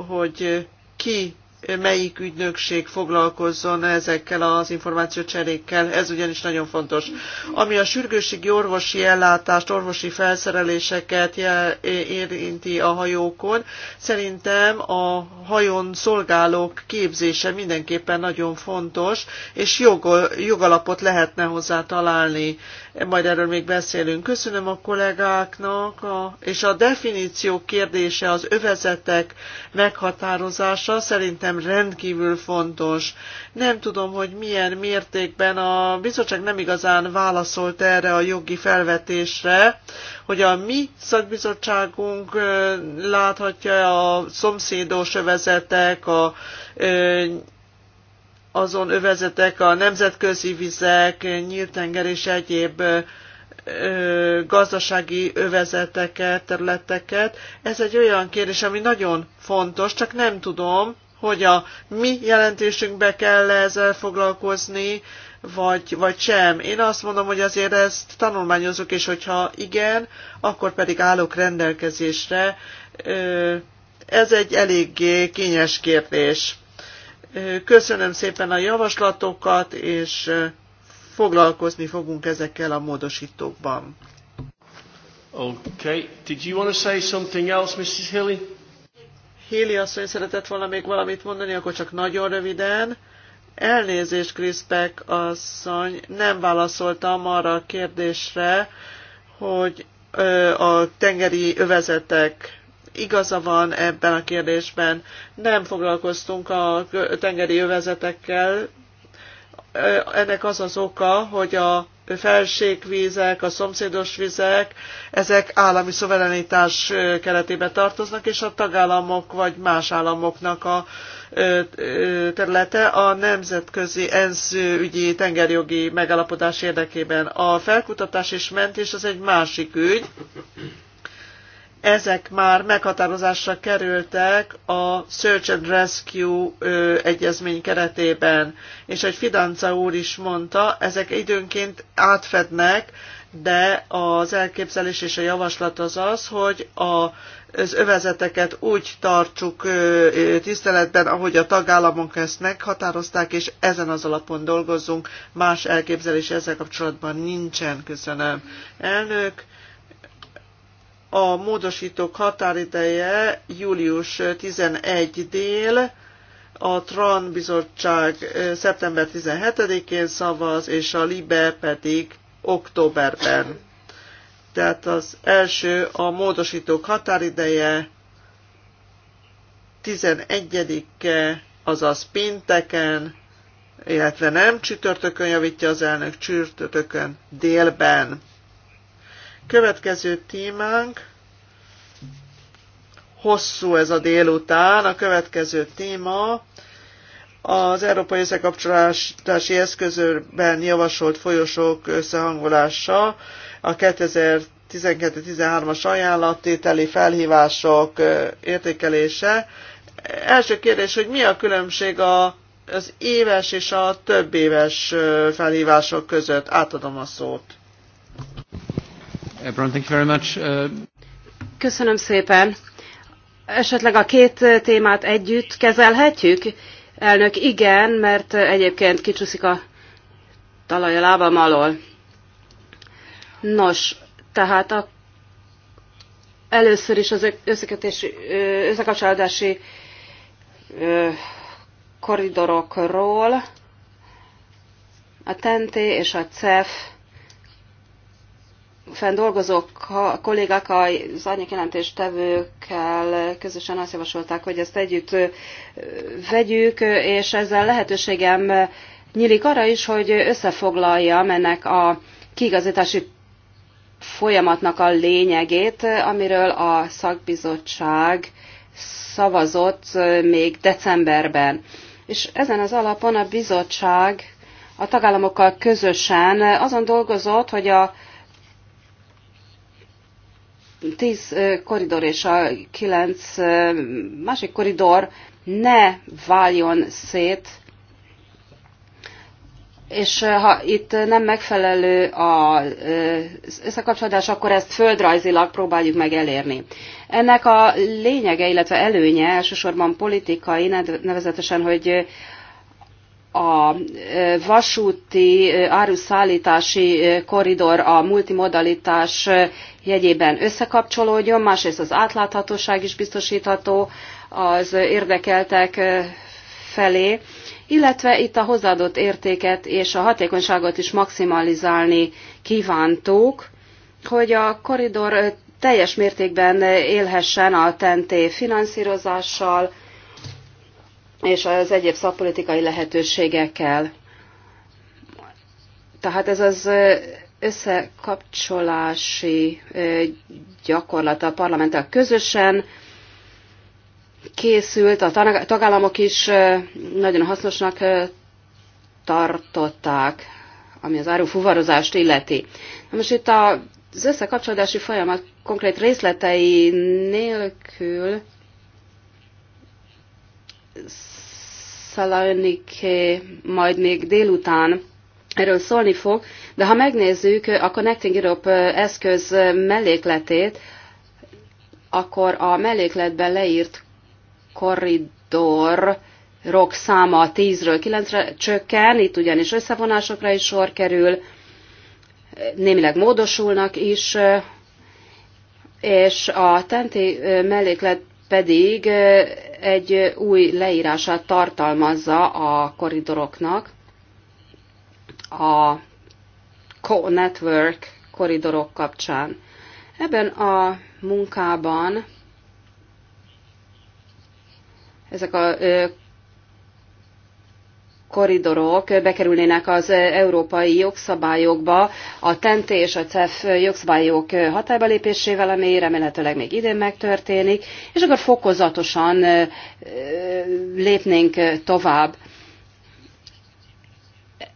hogy ki melyik ügynökség foglalkozzon ezekkel az információcserékkel, ez ugyanis nagyon fontos. Ami a sürgőségi orvosi ellátást, orvosi felszereléseket érinti a hajókon, szerintem a hajón szolgálók képzése mindenképpen nagyon fontos, és jogalapot lehetne hozzá találni. Majd erről még beszélünk. Köszönöm a kollégáknak, a, és a definíció kérdése, az övezetek meghatározása szerintem rendkívül fontos. Nem tudom, hogy milyen mértékben a bizottság nem igazán válaszolt erre a jogi felvetésre, hogy a mi szakbizottságunk láthatja a szomszédos övezetek, a azon övezetek, a nemzetközi vizek, nyíltenger és egyéb gazdasági övezeteket, területeket. Ez egy olyan kérdés, ami nagyon fontos, csak nem tudom, hogy a mi jelentésünkbe kell ezzel foglalkozni, vagy, vagy sem. Én azt mondom, hogy azért ezt tanulmányozok, és hogyha igen, akkor pedig állok rendelkezésre. Ez egy eléggé kényes kérdés. Köszönöm szépen a javaslatokat, és foglalkozni fogunk ezekkel a módosítókban. Okay. Did you want to say something else, Mrs. Hilly? Héli asszony szeretett volna még valamit mondani, akkor csak nagyon röviden. Elnézést, Kriszpek asszony, nem válaszoltam arra a kérdésre, hogy a tengeri övezetek igaza van ebben a kérdésben. Nem foglalkoztunk a tengeri övezetekkel. Ennek az az oka, hogy a felségvizek, a szomszédos vizek, ezek állami szuverenitás keretében tartoznak, és a tagállamok vagy más államoknak a területe a nemzetközi ENSZ ügyi tengerjogi megállapodás érdekében. A felkutatás és mentés az egy másik ügy, ezek már meghatározásra kerültek a Search and Rescue ö, egyezmény keretében, és egy Fidanca úr is mondta, ezek időnként átfednek, de az elképzelés és a javaslat az az, hogy a, az övezeteket úgy tartsuk ö, tiszteletben, ahogy a tagállamok ezt meghatározták, és ezen az alapon dolgozzunk. Más elképzelés ezzel kapcsolatban nincsen. Köszönöm. Elnök. A módosítók határideje július 11 dél, a TRAN bizottság szeptember 17-én szavaz, és a LIBE pedig októberben. Tehát az első a módosítók határideje 11-e, azaz pénteken, illetve nem csütörtökön javítja az elnök, csütörtökön délben. Következő témánk, hosszú ez a délután, a következő téma az Európai Összekapcsolási Eszközörben javasolt folyosók összehangolása, a 2012-13-as ajánlattételi felhívások értékelése. Első kérdés, hogy mi a különbség a az éves és a több éves felhívások között. Átadom a szót. Ebron, thank you very much. Uh... Köszönöm szépen. Esetleg a két témát együtt kezelhetjük? Elnök, igen, mert egyébként kicsúszik a talaj a lábam alól. Nos, tehát a, először is az összekötési, összekapcsolódási koridorokról a TENTE és a CEF fenn dolgozók, a kollégák az árnyékjelentéstevőkkel közösen azt javasolták, hogy ezt együtt vegyük, és ezzel lehetőségem nyílik arra is, hogy összefoglaljam ennek a kiigazítási folyamatnak a lényegét, amiről a szakbizottság szavazott még decemberben. És ezen az alapon a bizottság a tagállamokkal közösen azon dolgozott, hogy a tíz koridor és a kilenc másik koridor ne váljon szét, és ha itt nem megfelelő az összekapcsolódás, akkor ezt földrajzilag próbáljuk meg elérni. Ennek a lényege, illetve előnye elsősorban politikai, nevezetesen, hogy a vasúti áruszállítási koridor a multimodalitás jegyében összekapcsolódjon, másrészt az átláthatóság is biztosítható az érdekeltek felé, illetve itt a hozzáadott értéket és a hatékonyságot is maximalizálni kívántuk, hogy a koridor teljes mértékben élhessen a TNT finanszírozással, és az egyéb szakpolitikai lehetőségekkel. Tehát ez az összekapcsolási gyakorlat a parlamenttel közösen készült, a tagállamok is nagyon hasznosnak tartották, ami az árufuvarozást illeti. Na most itt az összekapcsolási folyamat konkrét részletei nélkül Szaloniki eh, majd még délután erről szólni fog, de ha megnézzük eh, a Connecting Europe eh, eszköz mellékletét, akkor a mellékletben leírt rok száma 10-ről 9-re csökken, itt ugyanis összevonásokra is sor kerül, némileg módosulnak is, és a tenti melléklet pedig egy új leírását tartalmazza a koridoroknak, a co-network koridorok kapcsán. Ebben a munkában ezek a koridorok bekerülnének az európai jogszabályokba a TENT e és a CEF jogszabályok hatályba lépésével, ami remélhetőleg még idén megtörténik, és akkor fokozatosan lépnénk tovább.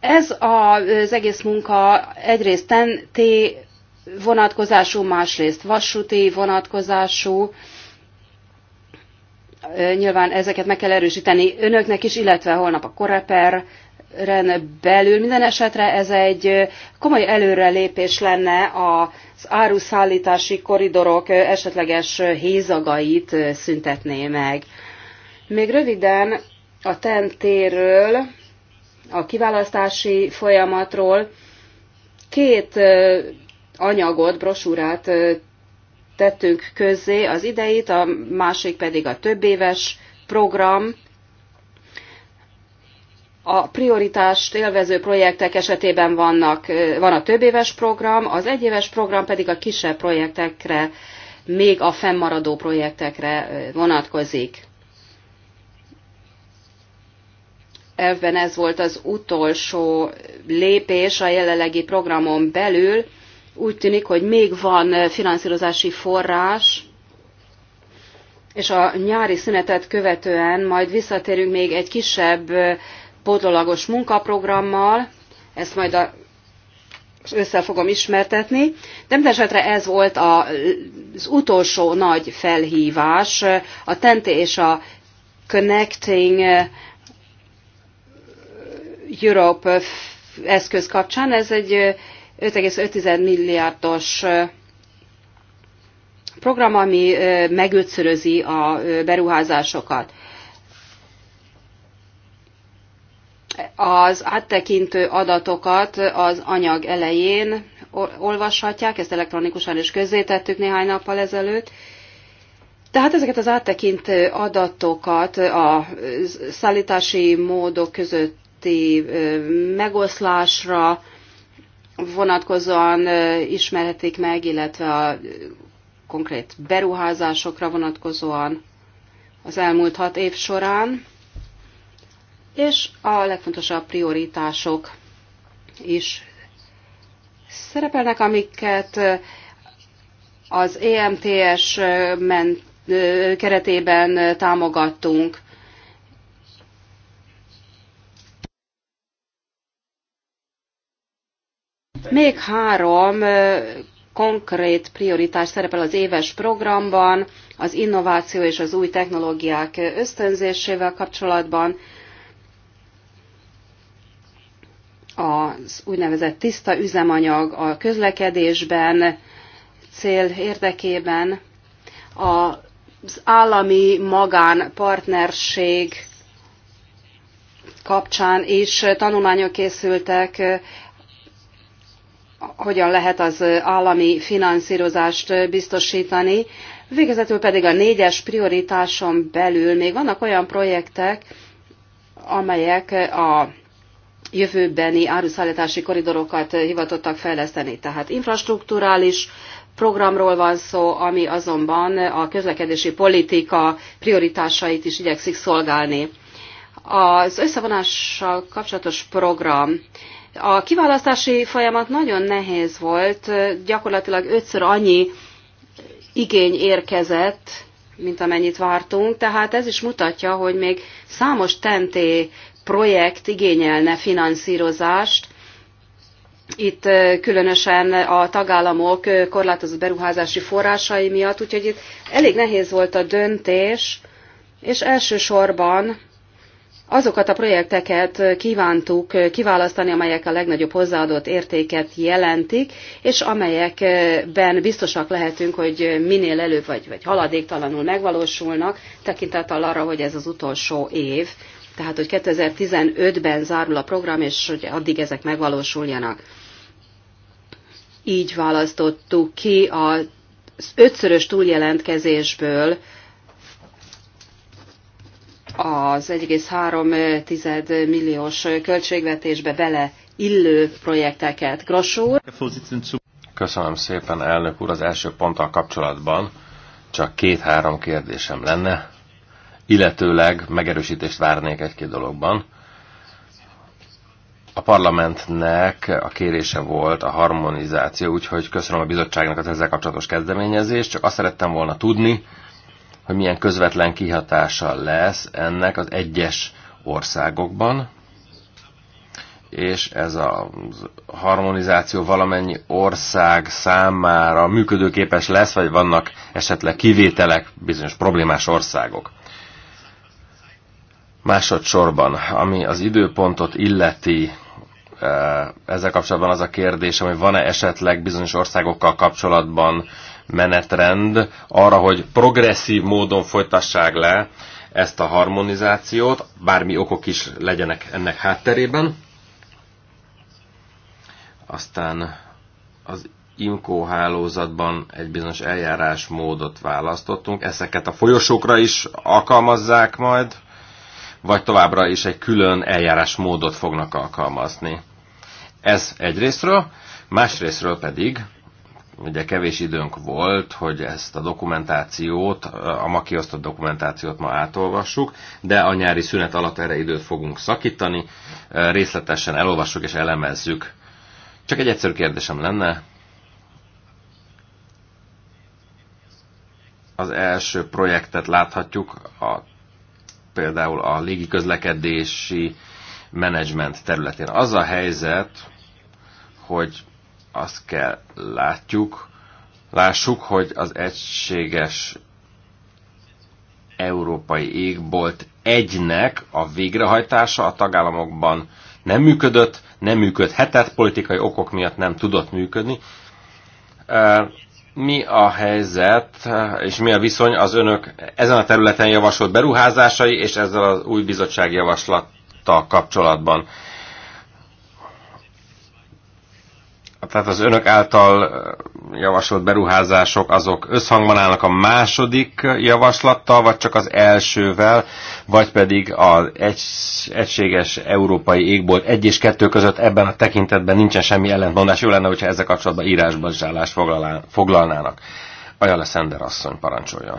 Ez az egész munka egyrészt TEN-T e vonatkozású, másrészt vasúti vonatkozású, nyilván ezeket meg kell erősíteni önöknek is, illetve holnap a Koreper belül. Minden esetre ez egy komoly előrelépés lenne az áruszállítási koridorok esetleges hézagait szüntetné meg. Még röviden a tentéről, a kiválasztási folyamatról két anyagot, brosúrát tettünk közzé az ideit, a másik pedig a többéves program, a prioritást élvező projektek esetében vannak, van a többéves program, az egyéves program pedig a kisebb projektekre, még a fennmaradó projektekre vonatkozik. Elvben ez volt az utolsó lépés a jelenlegi programon belül, úgy tűnik, hogy még van finanszírozási forrás, és a nyári szünetet követően majd visszatérünk még egy kisebb pótlólagos munkaprogrammal, ezt majd a össze fogom ismertetni, de esetre ez volt a, az utolsó nagy felhívás, a TENTE e és a Connecting Europe eszköz kapcsán. Ez egy 5,5 milliárdos program, ami megötszörözi a beruházásokat. Az áttekintő adatokat az anyag elején olvashatják, ezt elektronikusan is közzétettük néhány nappal ezelőtt. Tehát ezeket az áttekintő adatokat a szállítási módok közötti megoszlásra, vonatkozóan ismerhetik meg, illetve a konkrét beruházásokra vonatkozóan az elmúlt hat év során, és a legfontosabb prioritások is szerepelnek, amiket az EMTS ment, keretében támogattunk. Még három konkrét prioritás szerepel az éves programban, az innováció és az új technológiák ösztönzésével kapcsolatban, az úgynevezett tiszta üzemanyag a közlekedésben cél érdekében, az állami magánpartnerség kapcsán is tanulmányok készültek hogyan lehet az állami finanszírozást biztosítani. Végezetül pedig a négyes prioritáson belül még vannak olyan projektek, amelyek a jövőbeni áruszállítási koridorokat hivatottak fejleszteni. Tehát infrastruktúrális programról van szó, ami azonban a közlekedési politika prioritásait is igyekszik szolgálni. Az összevonással kapcsolatos program a kiválasztási folyamat nagyon nehéz volt, gyakorlatilag ötször annyi igény érkezett, mint amennyit vártunk, tehát ez is mutatja, hogy még számos tenté projekt igényelne finanszírozást. Itt különösen a tagállamok korlátozott beruházási forrásai miatt, úgyhogy itt elég nehéz volt a döntés, és elsősorban azokat a projekteket kívántuk kiválasztani, amelyek a legnagyobb hozzáadott értéket jelentik, és amelyekben biztosak lehetünk, hogy minél előbb vagy, vagy haladéktalanul megvalósulnak, tekintettel arra, hogy ez az utolsó év, tehát hogy 2015-ben zárul a program, és hogy addig ezek megvalósuljanak. Így választottuk ki az ötszörös túljelentkezésből az 1,3 milliós költségvetésbe bele illő projekteket. Grossúr. Köszönöm szépen, elnök úr, az első ponttal kapcsolatban csak két-három kérdésem lenne, illetőleg megerősítést várnék egy-két dologban. A parlamentnek a kérése volt a harmonizáció, úgyhogy köszönöm a bizottságnak az ezzel kapcsolatos kezdeményezést, csak azt szerettem volna tudni, hogy milyen közvetlen kihatása lesz ennek az egyes országokban, és ez a harmonizáció valamennyi ország számára működőképes lesz, vagy vannak esetleg kivételek, bizonyos problémás országok. Másodszorban, ami az időpontot illeti, eh, ezzel kapcsolatban az a kérdés, hogy van-e esetleg bizonyos országokkal kapcsolatban menetrend arra, hogy progresszív módon folytassák le ezt a harmonizációt, bármi okok is legyenek ennek hátterében. Aztán az IMCO hálózatban egy bizonyos eljárásmódot választottunk. Ezeket a folyosókra is alkalmazzák majd, vagy továbbra is egy külön eljárásmódot fognak alkalmazni. Ez egyrésztről, másrésztről pedig Ugye kevés időnk volt, hogy ezt a dokumentációt, a ma kiosztott dokumentációt ma átolvassuk, de a nyári szünet alatt erre időt fogunk szakítani, részletesen elolvassuk és elemezzük. Csak egy egyszerű kérdésem lenne, az első projektet láthatjuk, a, például a légiközlekedési menedzsment területén. Az a helyzet, hogy azt kell látjuk, lássuk, hogy az egységes európai égbolt egynek a végrehajtása a tagállamokban nem működött, nem működhetett, politikai okok miatt nem tudott működni. Mi a helyzet, és mi a viszony az önök ezen a területen javasolt beruházásai, és ezzel az új bizottság javaslattal kapcsolatban? tehát az önök által javasolt beruházások azok összhangban állnak a második javaslattal, vagy csak az elsővel, vagy pedig az egy, egységes európai égbolt egy és kettő között ebben a tekintetben nincsen semmi ellentmondás. Jó lenne, hogyha ezzel kapcsolatban írásban is állást foglalnának. Ajala Szender asszony parancsoljon.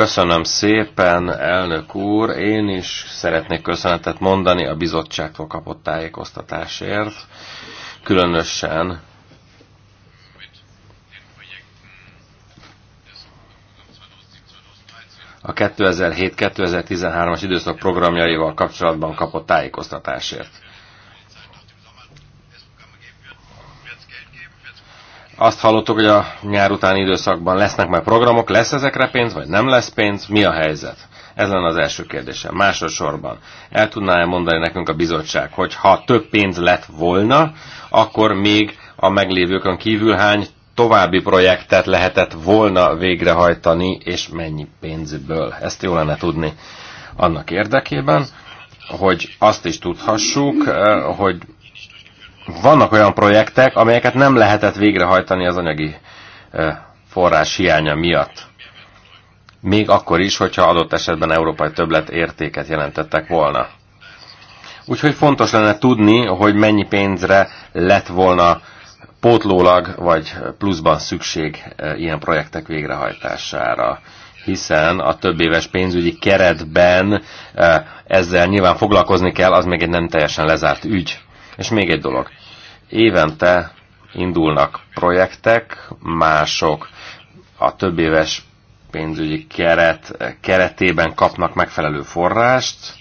Köszönöm szépen, elnök úr. Én is szeretnék köszönetet mondani a bizottságtól kapott tájékoztatásért, különösen a 2007-2013-as időszak programjaival kapcsolatban kapott tájékoztatásért. Azt hallottuk, hogy a nyár utáni időszakban lesznek már programok, lesz ezekre pénz, vagy nem lesz pénz, mi a helyzet? Ez lenne az első kérdésem. Másodszorban el tudná -e mondani nekünk a bizottság, hogy ha több pénz lett volna, akkor még a meglévőkön kívül hány további projektet lehetett volna végrehajtani, és mennyi pénzből. Ezt jó lenne tudni annak érdekében, hogy azt is tudhassuk, eh, hogy vannak olyan projektek, amelyeket nem lehetett végrehajtani az anyagi forrás hiánya miatt. Még akkor is, hogyha adott esetben európai többlet értéket jelentettek volna. Úgyhogy fontos lenne tudni, hogy mennyi pénzre lett volna pótlólag vagy pluszban szükség ilyen projektek végrehajtására hiszen a több éves pénzügyi keretben ezzel nyilván foglalkozni kell, az még egy nem teljesen lezárt ügy. És még egy dolog. Évente indulnak projektek, mások a több éves pénzügyi keret keretében kapnak megfelelő forrást.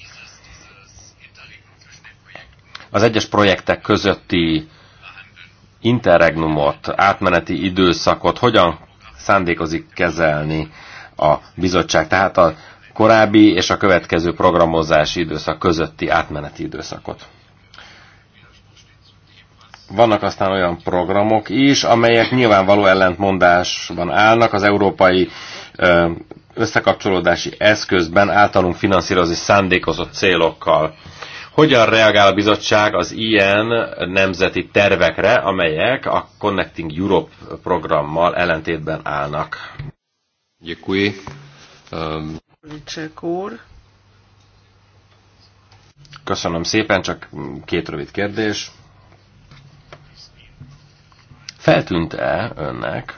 Az egyes projektek közötti interregnumot, átmeneti időszakot hogyan szándékozik kezelni a bizottság, tehát a korábbi és a következő programozási időszak közötti átmeneti időszakot. Vannak aztán olyan programok is, amelyek nyilvánvaló ellentmondásban állnak az európai összekapcsolódási eszközben általunk finanszírozni szándékozott célokkal. Hogyan reagál a bizottság az ilyen nemzeti tervekre, amelyek a Connecting Europe programmal ellentétben állnak? Děkuji. Um... úr. Köszönöm szépen, csak két rövid kérdés. Feltűnt-e önnek,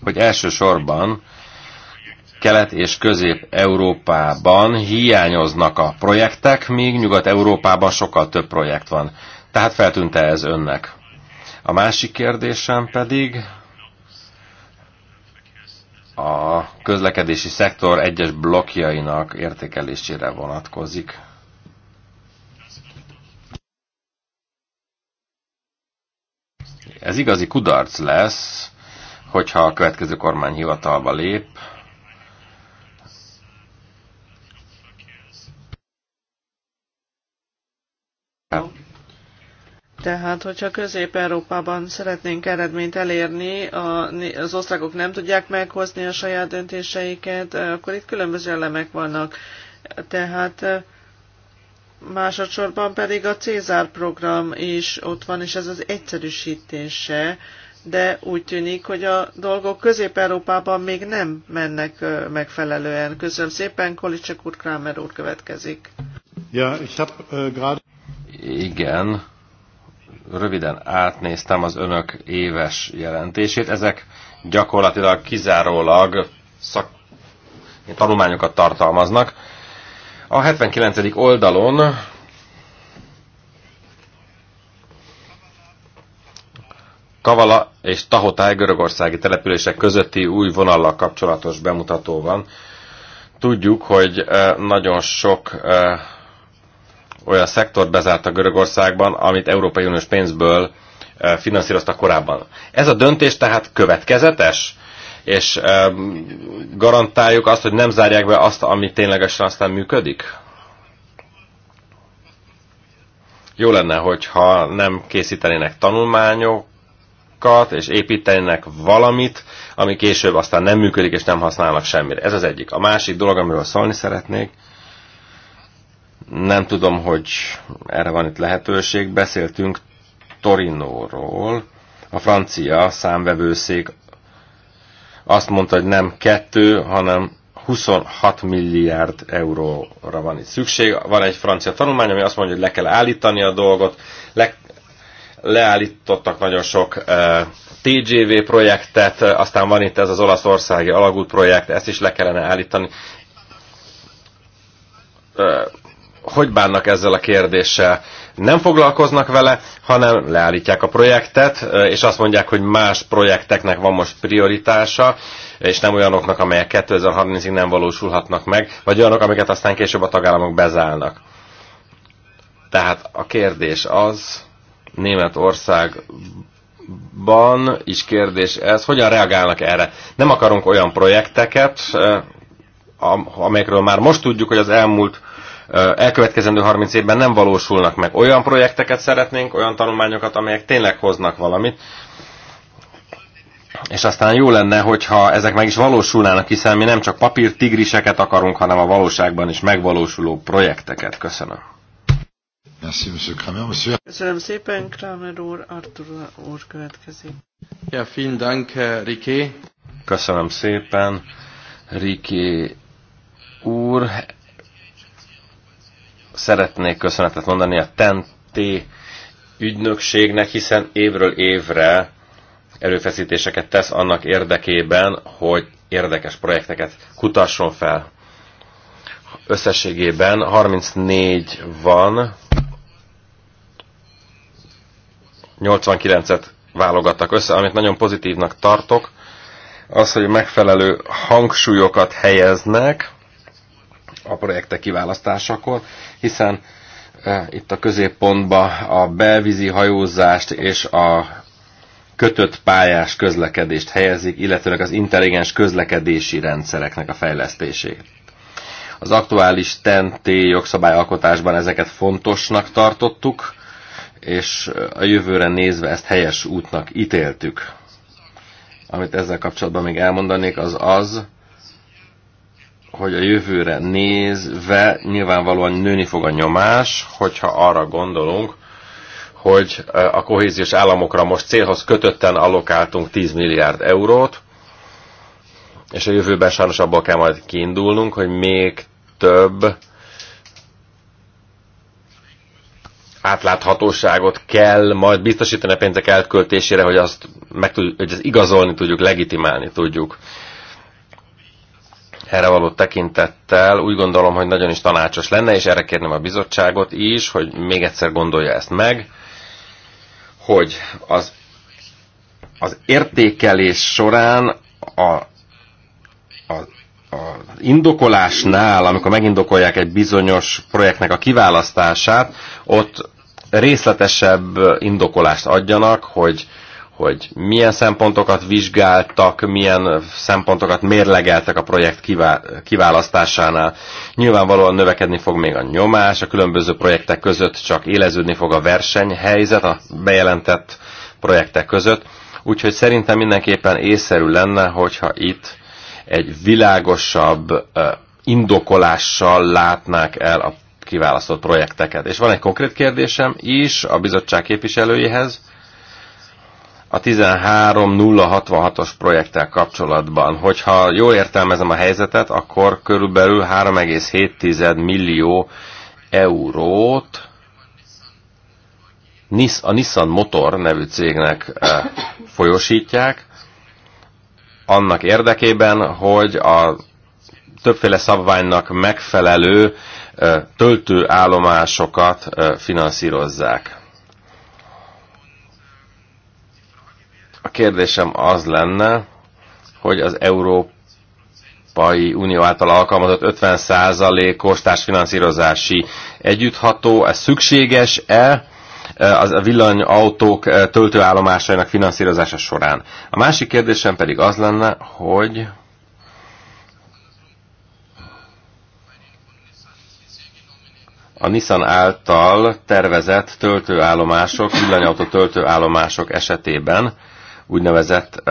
hogy elsősorban Kelet- és Közép-Európában hiányoznak a projektek, míg Nyugat-Európában sokkal több projekt van. Tehát feltűnt-e ez önnek? A másik kérdésem pedig a közlekedési szektor egyes blokkjainak értékelésére vonatkozik. Ez igazi kudarc lesz, hogyha a következő kormány hivatalba lép, Tehát, hogyha Közép-Európában szeretnénk eredményt elérni, a, az osztrákok nem tudják meghozni a saját döntéseiket, akkor itt különböző elemek vannak. Tehát másodszorban pedig a Cézár program is ott van, és ez az egyszerűsítése, de úgy tűnik, hogy a dolgok Közép-Európában még nem mennek megfelelően. Köszönöm szépen, Kolicsek úr, Krámer úr következik. Ja, ich hab, uh, grad... Igen, röviden átnéztem az önök éves jelentését. Ezek gyakorlatilag kizárólag szak... tanulmányokat tartalmaznak. A 79. oldalon Kavala és Tahotály görögországi települések közötti új vonallal kapcsolatos bemutató van. Tudjuk, hogy eh, nagyon sok eh, olyan szektort bezárt a Görögországban, amit Európai Uniós pénzből finanszíroztak korábban. Ez a döntés tehát következetes, és garantáljuk azt, hogy nem zárják be azt, ami ténylegesen aztán működik? Jó lenne, hogyha nem készítenének tanulmányokat, és építenének valamit, ami később aztán nem működik, és nem használnak semmire. Ez az egyik. A másik dolog, amiről szólni szeretnék, nem tudom, hogy erre van itt lehetőség. Beszéltünk Torinóról. A francia számvevőszék azt mondta, hogy nem kettő, hanem 26 milliárd euróra van itt szükség. Van egy francia tanulmány, ami azt mondja, hogy le kell állítani a dolgot. Le, leállítottak nagyon sok uh, e, TGV projektet, aztán van itt ez az olaszországi alagút projekt, ezt is le kellene állítani. Uh, hogy bánnak ezzel a kérdéssel? Nem foglalkoznak vele, hanem leállítják a projektet, és azt mondják, hogy más projekteknek van most prioritása, és nem olyanoknak, amelyek 2030-ig nem valósulhatnak meg, vagy olyanok, amiket aztán később a tagállamok bezállnak. Tehát a kérdés az, Németországban is kérdés ez, hogyan reagálnak erre? Nem akarunk olyan projekteket, amelyekről már most tudjuk, hogy az elmúlt elkövetkezendő 30 évben nem valósulnak meg. Olyan projekteket szeretnénk, olyan tanulmányokat, amelyek tényleg hoznak valamit, és aztán jó lenne, hogyha ezek meg is valósulnának, hiszen mi nem csak papír tigriseket akarunk, hanem a valóságban is megvalósuló projekteket. Köszönöm. Köszönöm szépen, Kramer úr, Artur úr következik. Ja, vielen Dank, Riki. Köszönöm szépen, Riki úr szeretnék köszönetet mondani a TNT ügynökségnek, hiszen évről évre erőfeszítéseket tesz annak érdekében, hogy érdekes projekteket kutasson fel. Összességében 34 van, 89-et válogattak össze, amit nagyon pozitívnak tartok, az, hogy megfelelő hangsúlyokat helyeznek a projektek kiválasztásakor, hiszen e, itt a középpontba a belvízi hajózást és a kötött pályás közlekedést helyezik, illetőleg az intelligens közlekedési rendszereknek a fejlesztését. Az aktuális TNT jogszabályalkotásban ezeket fontosnak tartottuk, és a jövőre nézve ezt helyes útnak ítéltük. Amit ezzel kapcsolatban még elmondanék, az az, hogy a jövőre nézve nyilvánvalóan nőni fog a nyomás, hogyha arra gondolunk, hogy a kohéziós államokra most célhoz kötötten allokáltunk 10 milliárd eurót, és a jövőben sajnos abból kell majd kiindulnunk, hogy még több átláthatóságot kell majd biztosítani a pénzek elköltésére, hogy azt meg tudjuk, hogy ezt igazolni tudjuk, legitimálni tudjuk. Erre való tekintettel úgy gondolom, hogy nagyon is tanácsos lenne, és erre kérném a bizottságot is, hogy még egyszer gondolja ezt meg, hogy az, az értékelés során a, a az indokolásnál, amikor megindokolják egy bizonyos projektnek a kiválasztását, ott részletesebb indokolást adjanak, hogy hogy milyen szempontokat vizsgáltak, milyen szempontokat mérlegeltek a projekt kiválasztásánál. Nyilvánvalóan növekedni fog még a nyomás, a különböző projektek között csak éleződni fog a versenyhelyzet a bejelentett projektek között. Úgyhogy szerintem mindenképpen észszerű lenne, hogyha itt egy világosabb indokolással látnák el a kiválasztott projekteket. És van egy konkrét kérdésem is a bizottság képviselőjéhez a 13.066-os projekttel kapcsolatban. Hogyha jól értelmezem a helyzetet, akkor körülbelül 3,7 millió eurót a Nissan Motor nevű cégnek folyosítják, annak érdekében, hogy a többféle szabványnak megfelelő töltőállomásokat finanszírozzák. A kérdésem az lenne, hogy az Európai Unió által alkalmazott 50%-os társfinanszírozási együttható, ez szükséges-e e, az a villanyautók e, töltőállomásainak finanszírozása során? A másik kérdésem pedig az lenne, hogy a Nissan által tervezett töltőállomások, villanyautó töltőállomások esetében úgynevezett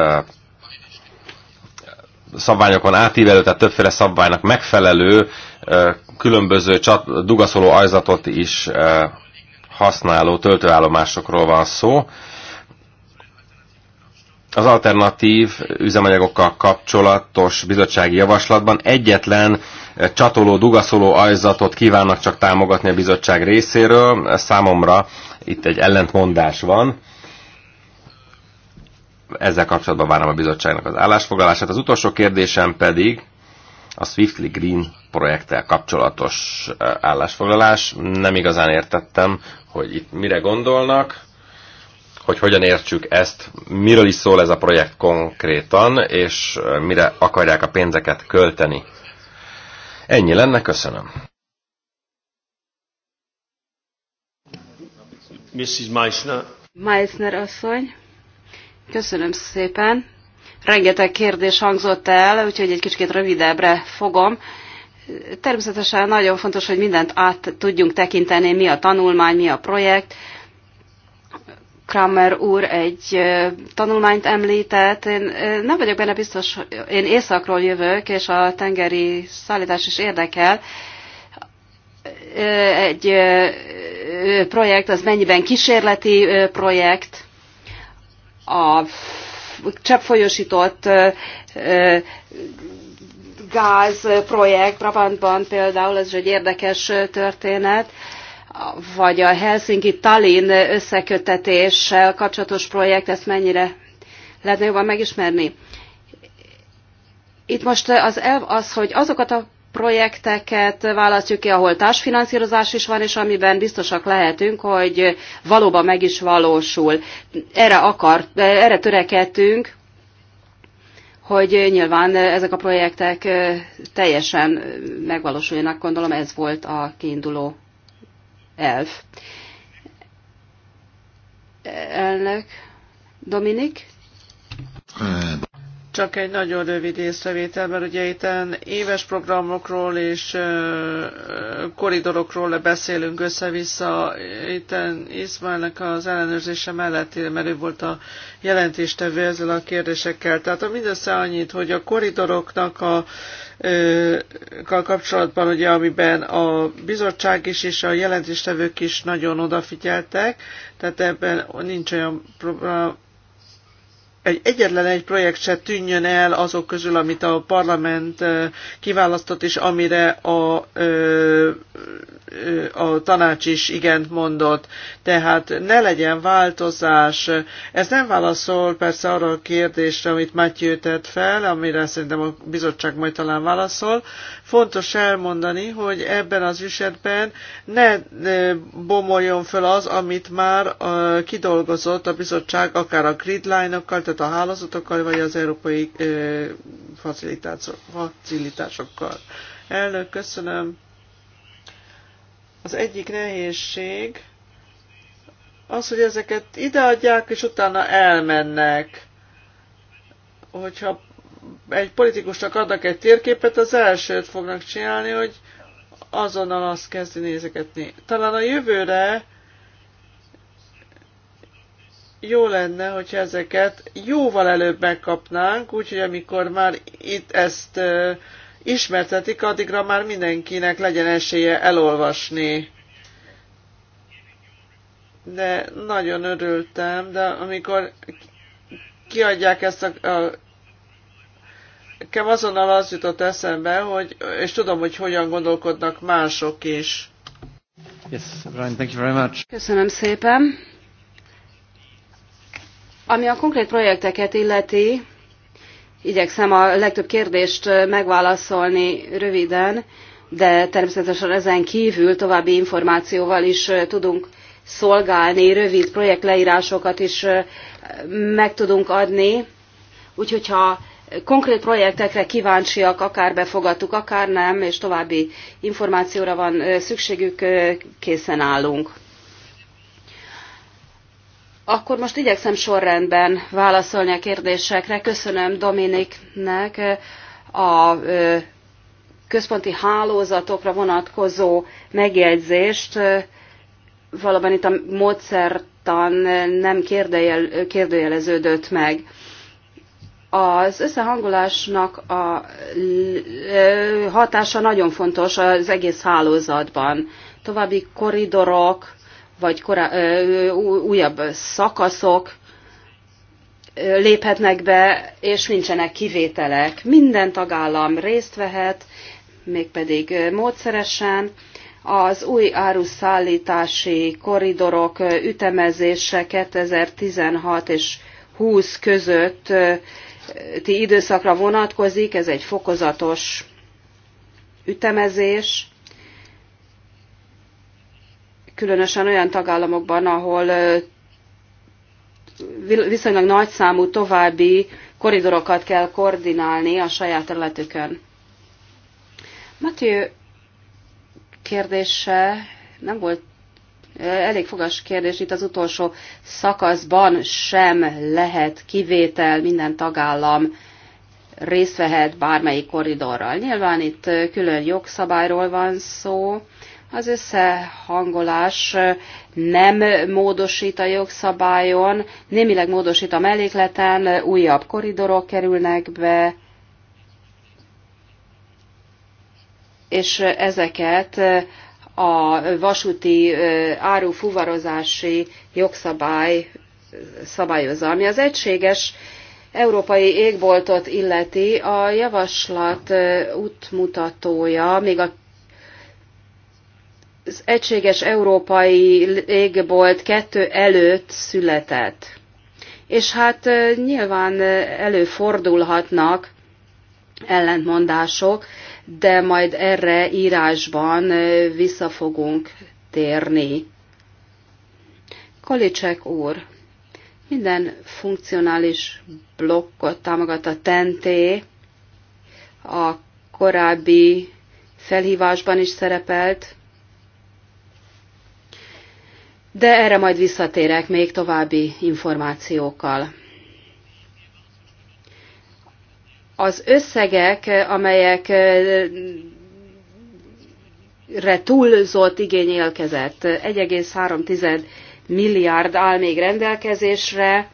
szabványokon átívelő, tehát többféle szabványnak megfelelő különböző dugaszoló ajzatot is használó töltőállomásokról van szó. Az alternatív üzemanyagokkal kapcsolatos bizottsági javaslatban egyetlen csatoló, dugaszoló ajzatot kívánnak csak támogatni a bizottság részéről. Számomra itt egy ellentmondás van ezzel kapcsolatban várom a bizottságnak az állásfoglalását. Az utolsó kérdésem pedig a Swiftly Green projekttel kapcsolatos állásfoglalás. Nem igazán értettem, hogy itt mire gondolnak, hogy hogyan értsük ezt, miről is szól ez a projekt konkrétan, és mire akarják a pénzeket költeni. Ennyi lenne, köszönöm. Mrs. Meissner. Meissner asszony. Köszönöm szépen. Rengeteg kérdés hangzott el, úgyhogy egy kicsit rövidebbre fogom. Természetesen nagyon fontos, hogy mindent át tudjunk tekinteni, mi a tanulmány, mi a projekt. Kramer úr egy tanulmányt említett. Én nem vagyok benne biztos, én északról jövök, és a tengeri szállítás is érdekel. Egy projekt, az mennyiben kísérleti projekt, a cseppfolyósított gázprojekt Brabantban például, ez is egy érdekes történet, vagy a Helsinki-Tallinn összekötetéssel kapcsolatos projekt, ezt mennyire lehetne jobban megismerni? Itt most az elv az, hogy azokat a projekteket választjuk ki, ahol társfinanszírozás is van, és amiben biztosak lehetünk, hogy valóban meg is valósul. Erre, akar, erre törekedtünk, hogy nyilván ezek a projektek teljesen megvalósuljanak, gondolom ez volt a kiinduló elv. Elnök Dominik? Eh, csak egy nagyon rövid észrevétel, mert ugye itt éves programokról és koridorokról beszélünk össze-vissza. Itt Ismailnek az ellenőrzése mellett, mert ő volt a jelentéstevő ezzel a kérdésekkel. Tehát a mindössze annyit, hogy a koridoroknak a kapcsolatban, ugye, amiben a bizottság is és a jelentéstevők is nagyon odafigyeltek, tehát ebben nincs olyan egy, egyetlen egy projekt se tűnjön el azok közül, amit a parlament kiválasztott, és amire a, a tanács is igent mondott. Tehát ne legyen változás. Ez nem válaszol persze arra a kérdésre, amit Matthew tett fel, amire szerintem a bizottság majd talán válaszol. Fontos elmondani, hogy ebben az esetben ne bomoljon föl az, amit már kidolgozott a bizottság, akár a gridline-okkal, tehát a hálózatokkal, vagy az európai facilitásokkal. Elnök, köszönöm. Az egyik nehézség az, hogy ezeket ideadják, és utána elmennek. Hogyha egy politikusnak adnak egy térképet, az elsőt fognak csinálni, hogy azonnal azt kezdi nézegetni. Talán a jövőre jó lenne, hogyha ezeket jóval előbb megkapnánk, úgyhogy amikor már itt ezt ismertetik, addigra már mindenkinek legyen esélye elolvasni. De nagyon örültem, de amikor kiadják ezt a, a Kem azonnal az jutott eszembe, hogy, és tudom, hogy hogyan gondolkodnak mások is. Yes, Brian, thank you very much. Köszönöm szépen. Ami a konkrét projekteket illeti, igyekszem a legtöbb kérdést megválaszolni röviden, de természetesen ezen kívül további információval is tudunk szolgálni, rövid projektleírásokat is meg tudunk adni. Úgyhogy ha konkrét projektekre kíváncsiak, akár befogadtuk, akár nem, és további információra van szükségük, készen állunk. Akkor most igyekszem sorrendben válaszolni a kérdésekre. Köszönöm Dominiknek a központi hálózatokra vonatkozó megjegyzést. Valóban itt a módszertan nem kérdőjeleződött meg. Az összehangolásnak a hatása nagyon fontos az egész hálózatban. További koridorok, vagy korá, újabb szakaszok léphetnek be, és nincsenek kivételek. Minden tagállam részt vehet, mégpedig módszeresen. Az új áruszállítási koridorok ütemezése 2016 és 20 közötti időszakra vonatkozik, ez egy fokozatos ütemezés, különösen olyan tagállamokban, ahol viszonylag nagy számú további koridorokat kell koordinálni a saját területükön. Matthew kérdése nem volt elég fogas kérdés, itt az utolsó szakaszban sem lehet kivétel, minden tagállam részt vehet bármelyik koridorral. Nyilván itt külön jogszabályról van szó, az összehangolás nem módosít a jogszabályon, némileg módosít a mellékleten, újabb koridorok kerülnek be, és ezeket a vasúti árufuvarozási jogszabály szabályozza. Ami az egységes európai égboltot illeti, a javaslat útmutatója még a az egységes európai légbolt kettő előtt született. És hát nyilván előfordulhatnak ellentmondások, de majd erre írásban vissza fogunk térni. Kolicsek úr, minden funkcionális blokkot támogat a TNT, a korábbi felhívásban is szerepelt, de erre majd visszatérek még további információkkal. Az összegek, amelyekre eh, túlzott igény élkezett, 1,3 milliárd áll még rendelkezésre,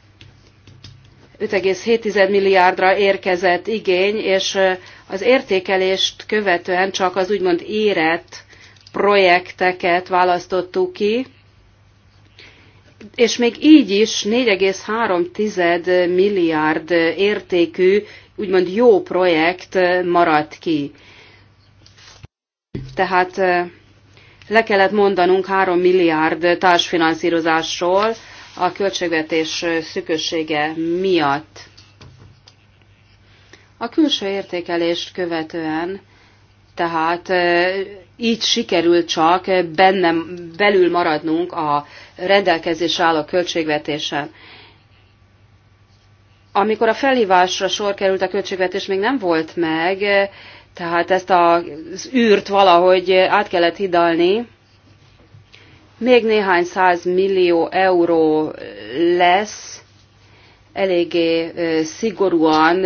5,7 milliárdra érkezett igény, és eh, az értékelést követően csak az úgymond érett projekteket választottuk ki, és még így is 4,3 milliárd értékű, úgymond jó projekt maradt ki. Tehát le kellett mondanunk 3 milliárd társfinanszírozásról a költségvetés szükössége miatt. A külső értékelést követően tehát így sikerül csak bennem belül maradnunk a rendelkezés álló költségvetésen. Amikor a felhívásra sor került a költségvetés, még nem volt meg, tehát ezt az űrt valahogy át kellett hidalni. Még néhány száz millió euró lesz, eléggé szigorúan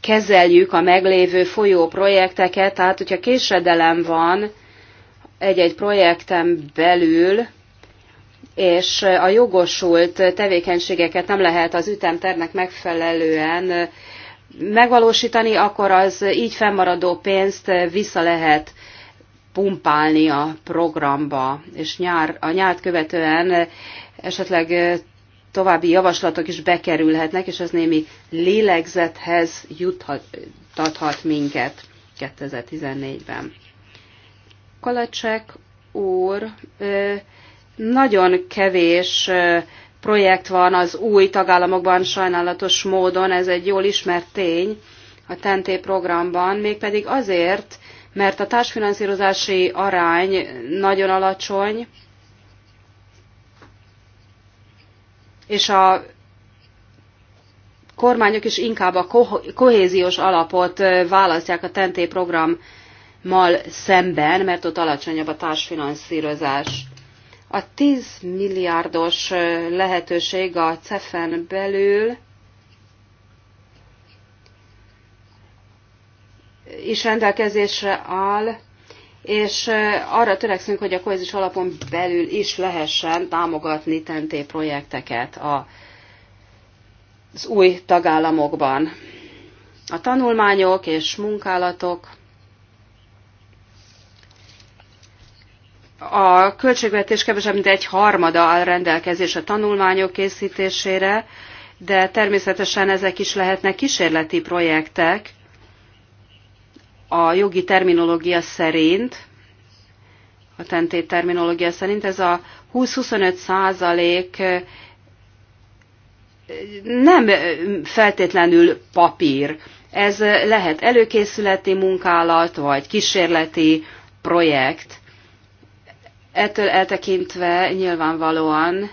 kezeljük a meglévő folyó projekteket, tehát hogyha késedelem van, egy-egy projekten belül, és a jogosult tevékenységeket nem lehet az ütemtervnek megfelelően megvalósítani, akkor az így fennmaradó pénzt vissza lehet pumpálni a programba, és nyár, a nyárt követően esetleg további javaslatok is bekerülhetnek, és ez némi lélegzethez juthat minket 2014-ben. Kalacsek úr, nagyon kevés projekt van az új tagállamokban sajnálatos módon, ez egy jól ismert tény a TENTÉ programban, mégpedig azért, mert a társfinanszírozási arány nagyon alacsony, és a kormányok is inkább a kohéziós alapot választják a TENTÉ program mal szemben, mert ott alacsonyabb a társfinanszírozás. A 10 milliárdos lehetőség a CEFEN belül is rendelkezésre áll, és arra törekszünk, hogy a kohézis alapon belül is lehessen támogatni TNT projekteket a, az új tagállamokban. A tanulmányok és munkálatok a költségvetés kevesebb mint egy harmada áll rendelkezés a tanulmányok készítésére, de természetesen ezek is lehetnek kísérleti projektek a jogi terminológia szerint, a tentét terminológia szerint ez a 20-25 százalék nem feltétlenül papír. Ez lehet előkészületi munkálat, vagy kísérleti projekt Ettől eltekintve nyilvánvalóan,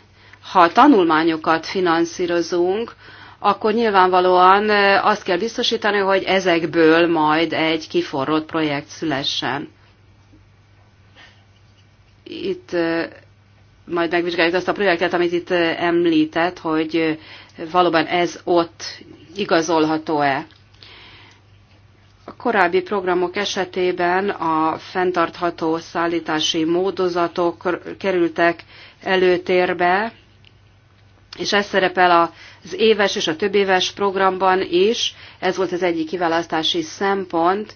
ha tanulmányokat finanszírozunk, akkor nyilvánvalóan azt kell biztosítani, hogy ezekből majd egy kiforrott projekt szülessen. Itt majd megvizsgáljuk azt a projektet, amit itt említett, hogy valóban ez ott igazolható-e korábbi programok esetében a fenntartható szállítási módozatok kerültek előtérbe, és ez szerepel az éves és a több éves programban is, ez volt az egyik kiválasztási szempont,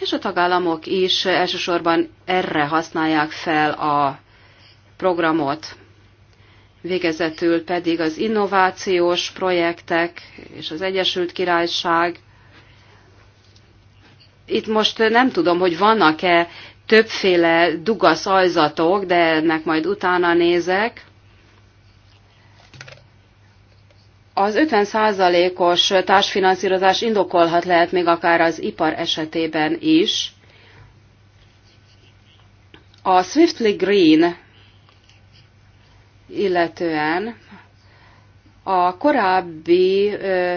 és a tagállamok is elsősorban erre használják fel a programot. Végezetül pedig az innovációs projektek és az Egyesült Királyság itt most nem tudom, hogy vannak-e többféle dugasz ajzatok, de ennek majd utána nézek. Az 50%-os társfinanszírozás indokolhat lehet még akár az ipar esetében is. A Swiftly Green illetően a korábbi ö,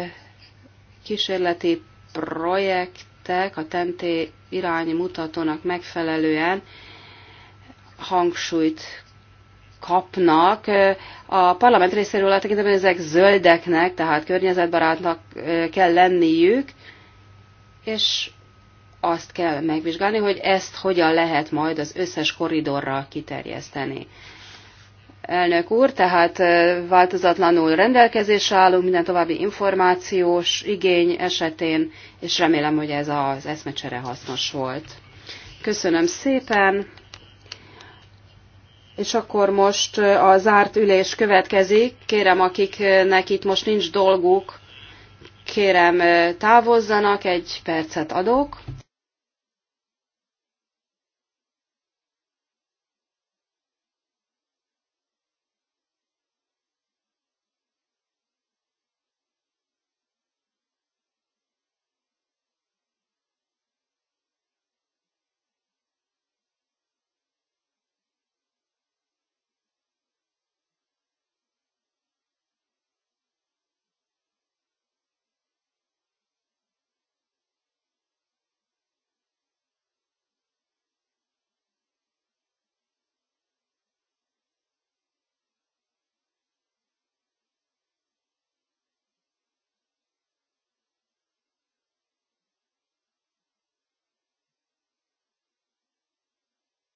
kísérleti projekt tettek a tenté irányi mutatónak megfelelően hangsúlyt kapnak. A parlament részéről a tekintetben ezek zöldeknek, tehát környezetbarátnak kell lenniük, és azt kell megvizsgálni, hogy ezt hogyan lehet majd az összes korridorra kiterjeszteni elnök úr, tehát változatlanul rendelkezésre állunk minden további információs igény esetén, és remélem, hogy ez az eszmecsere hasznos volt. Köszönöm szépen, és akkor most a zárt ülés következik. Kérem, akiknek itt most nincs dolguk, kérem távozzanak, egy percet adok.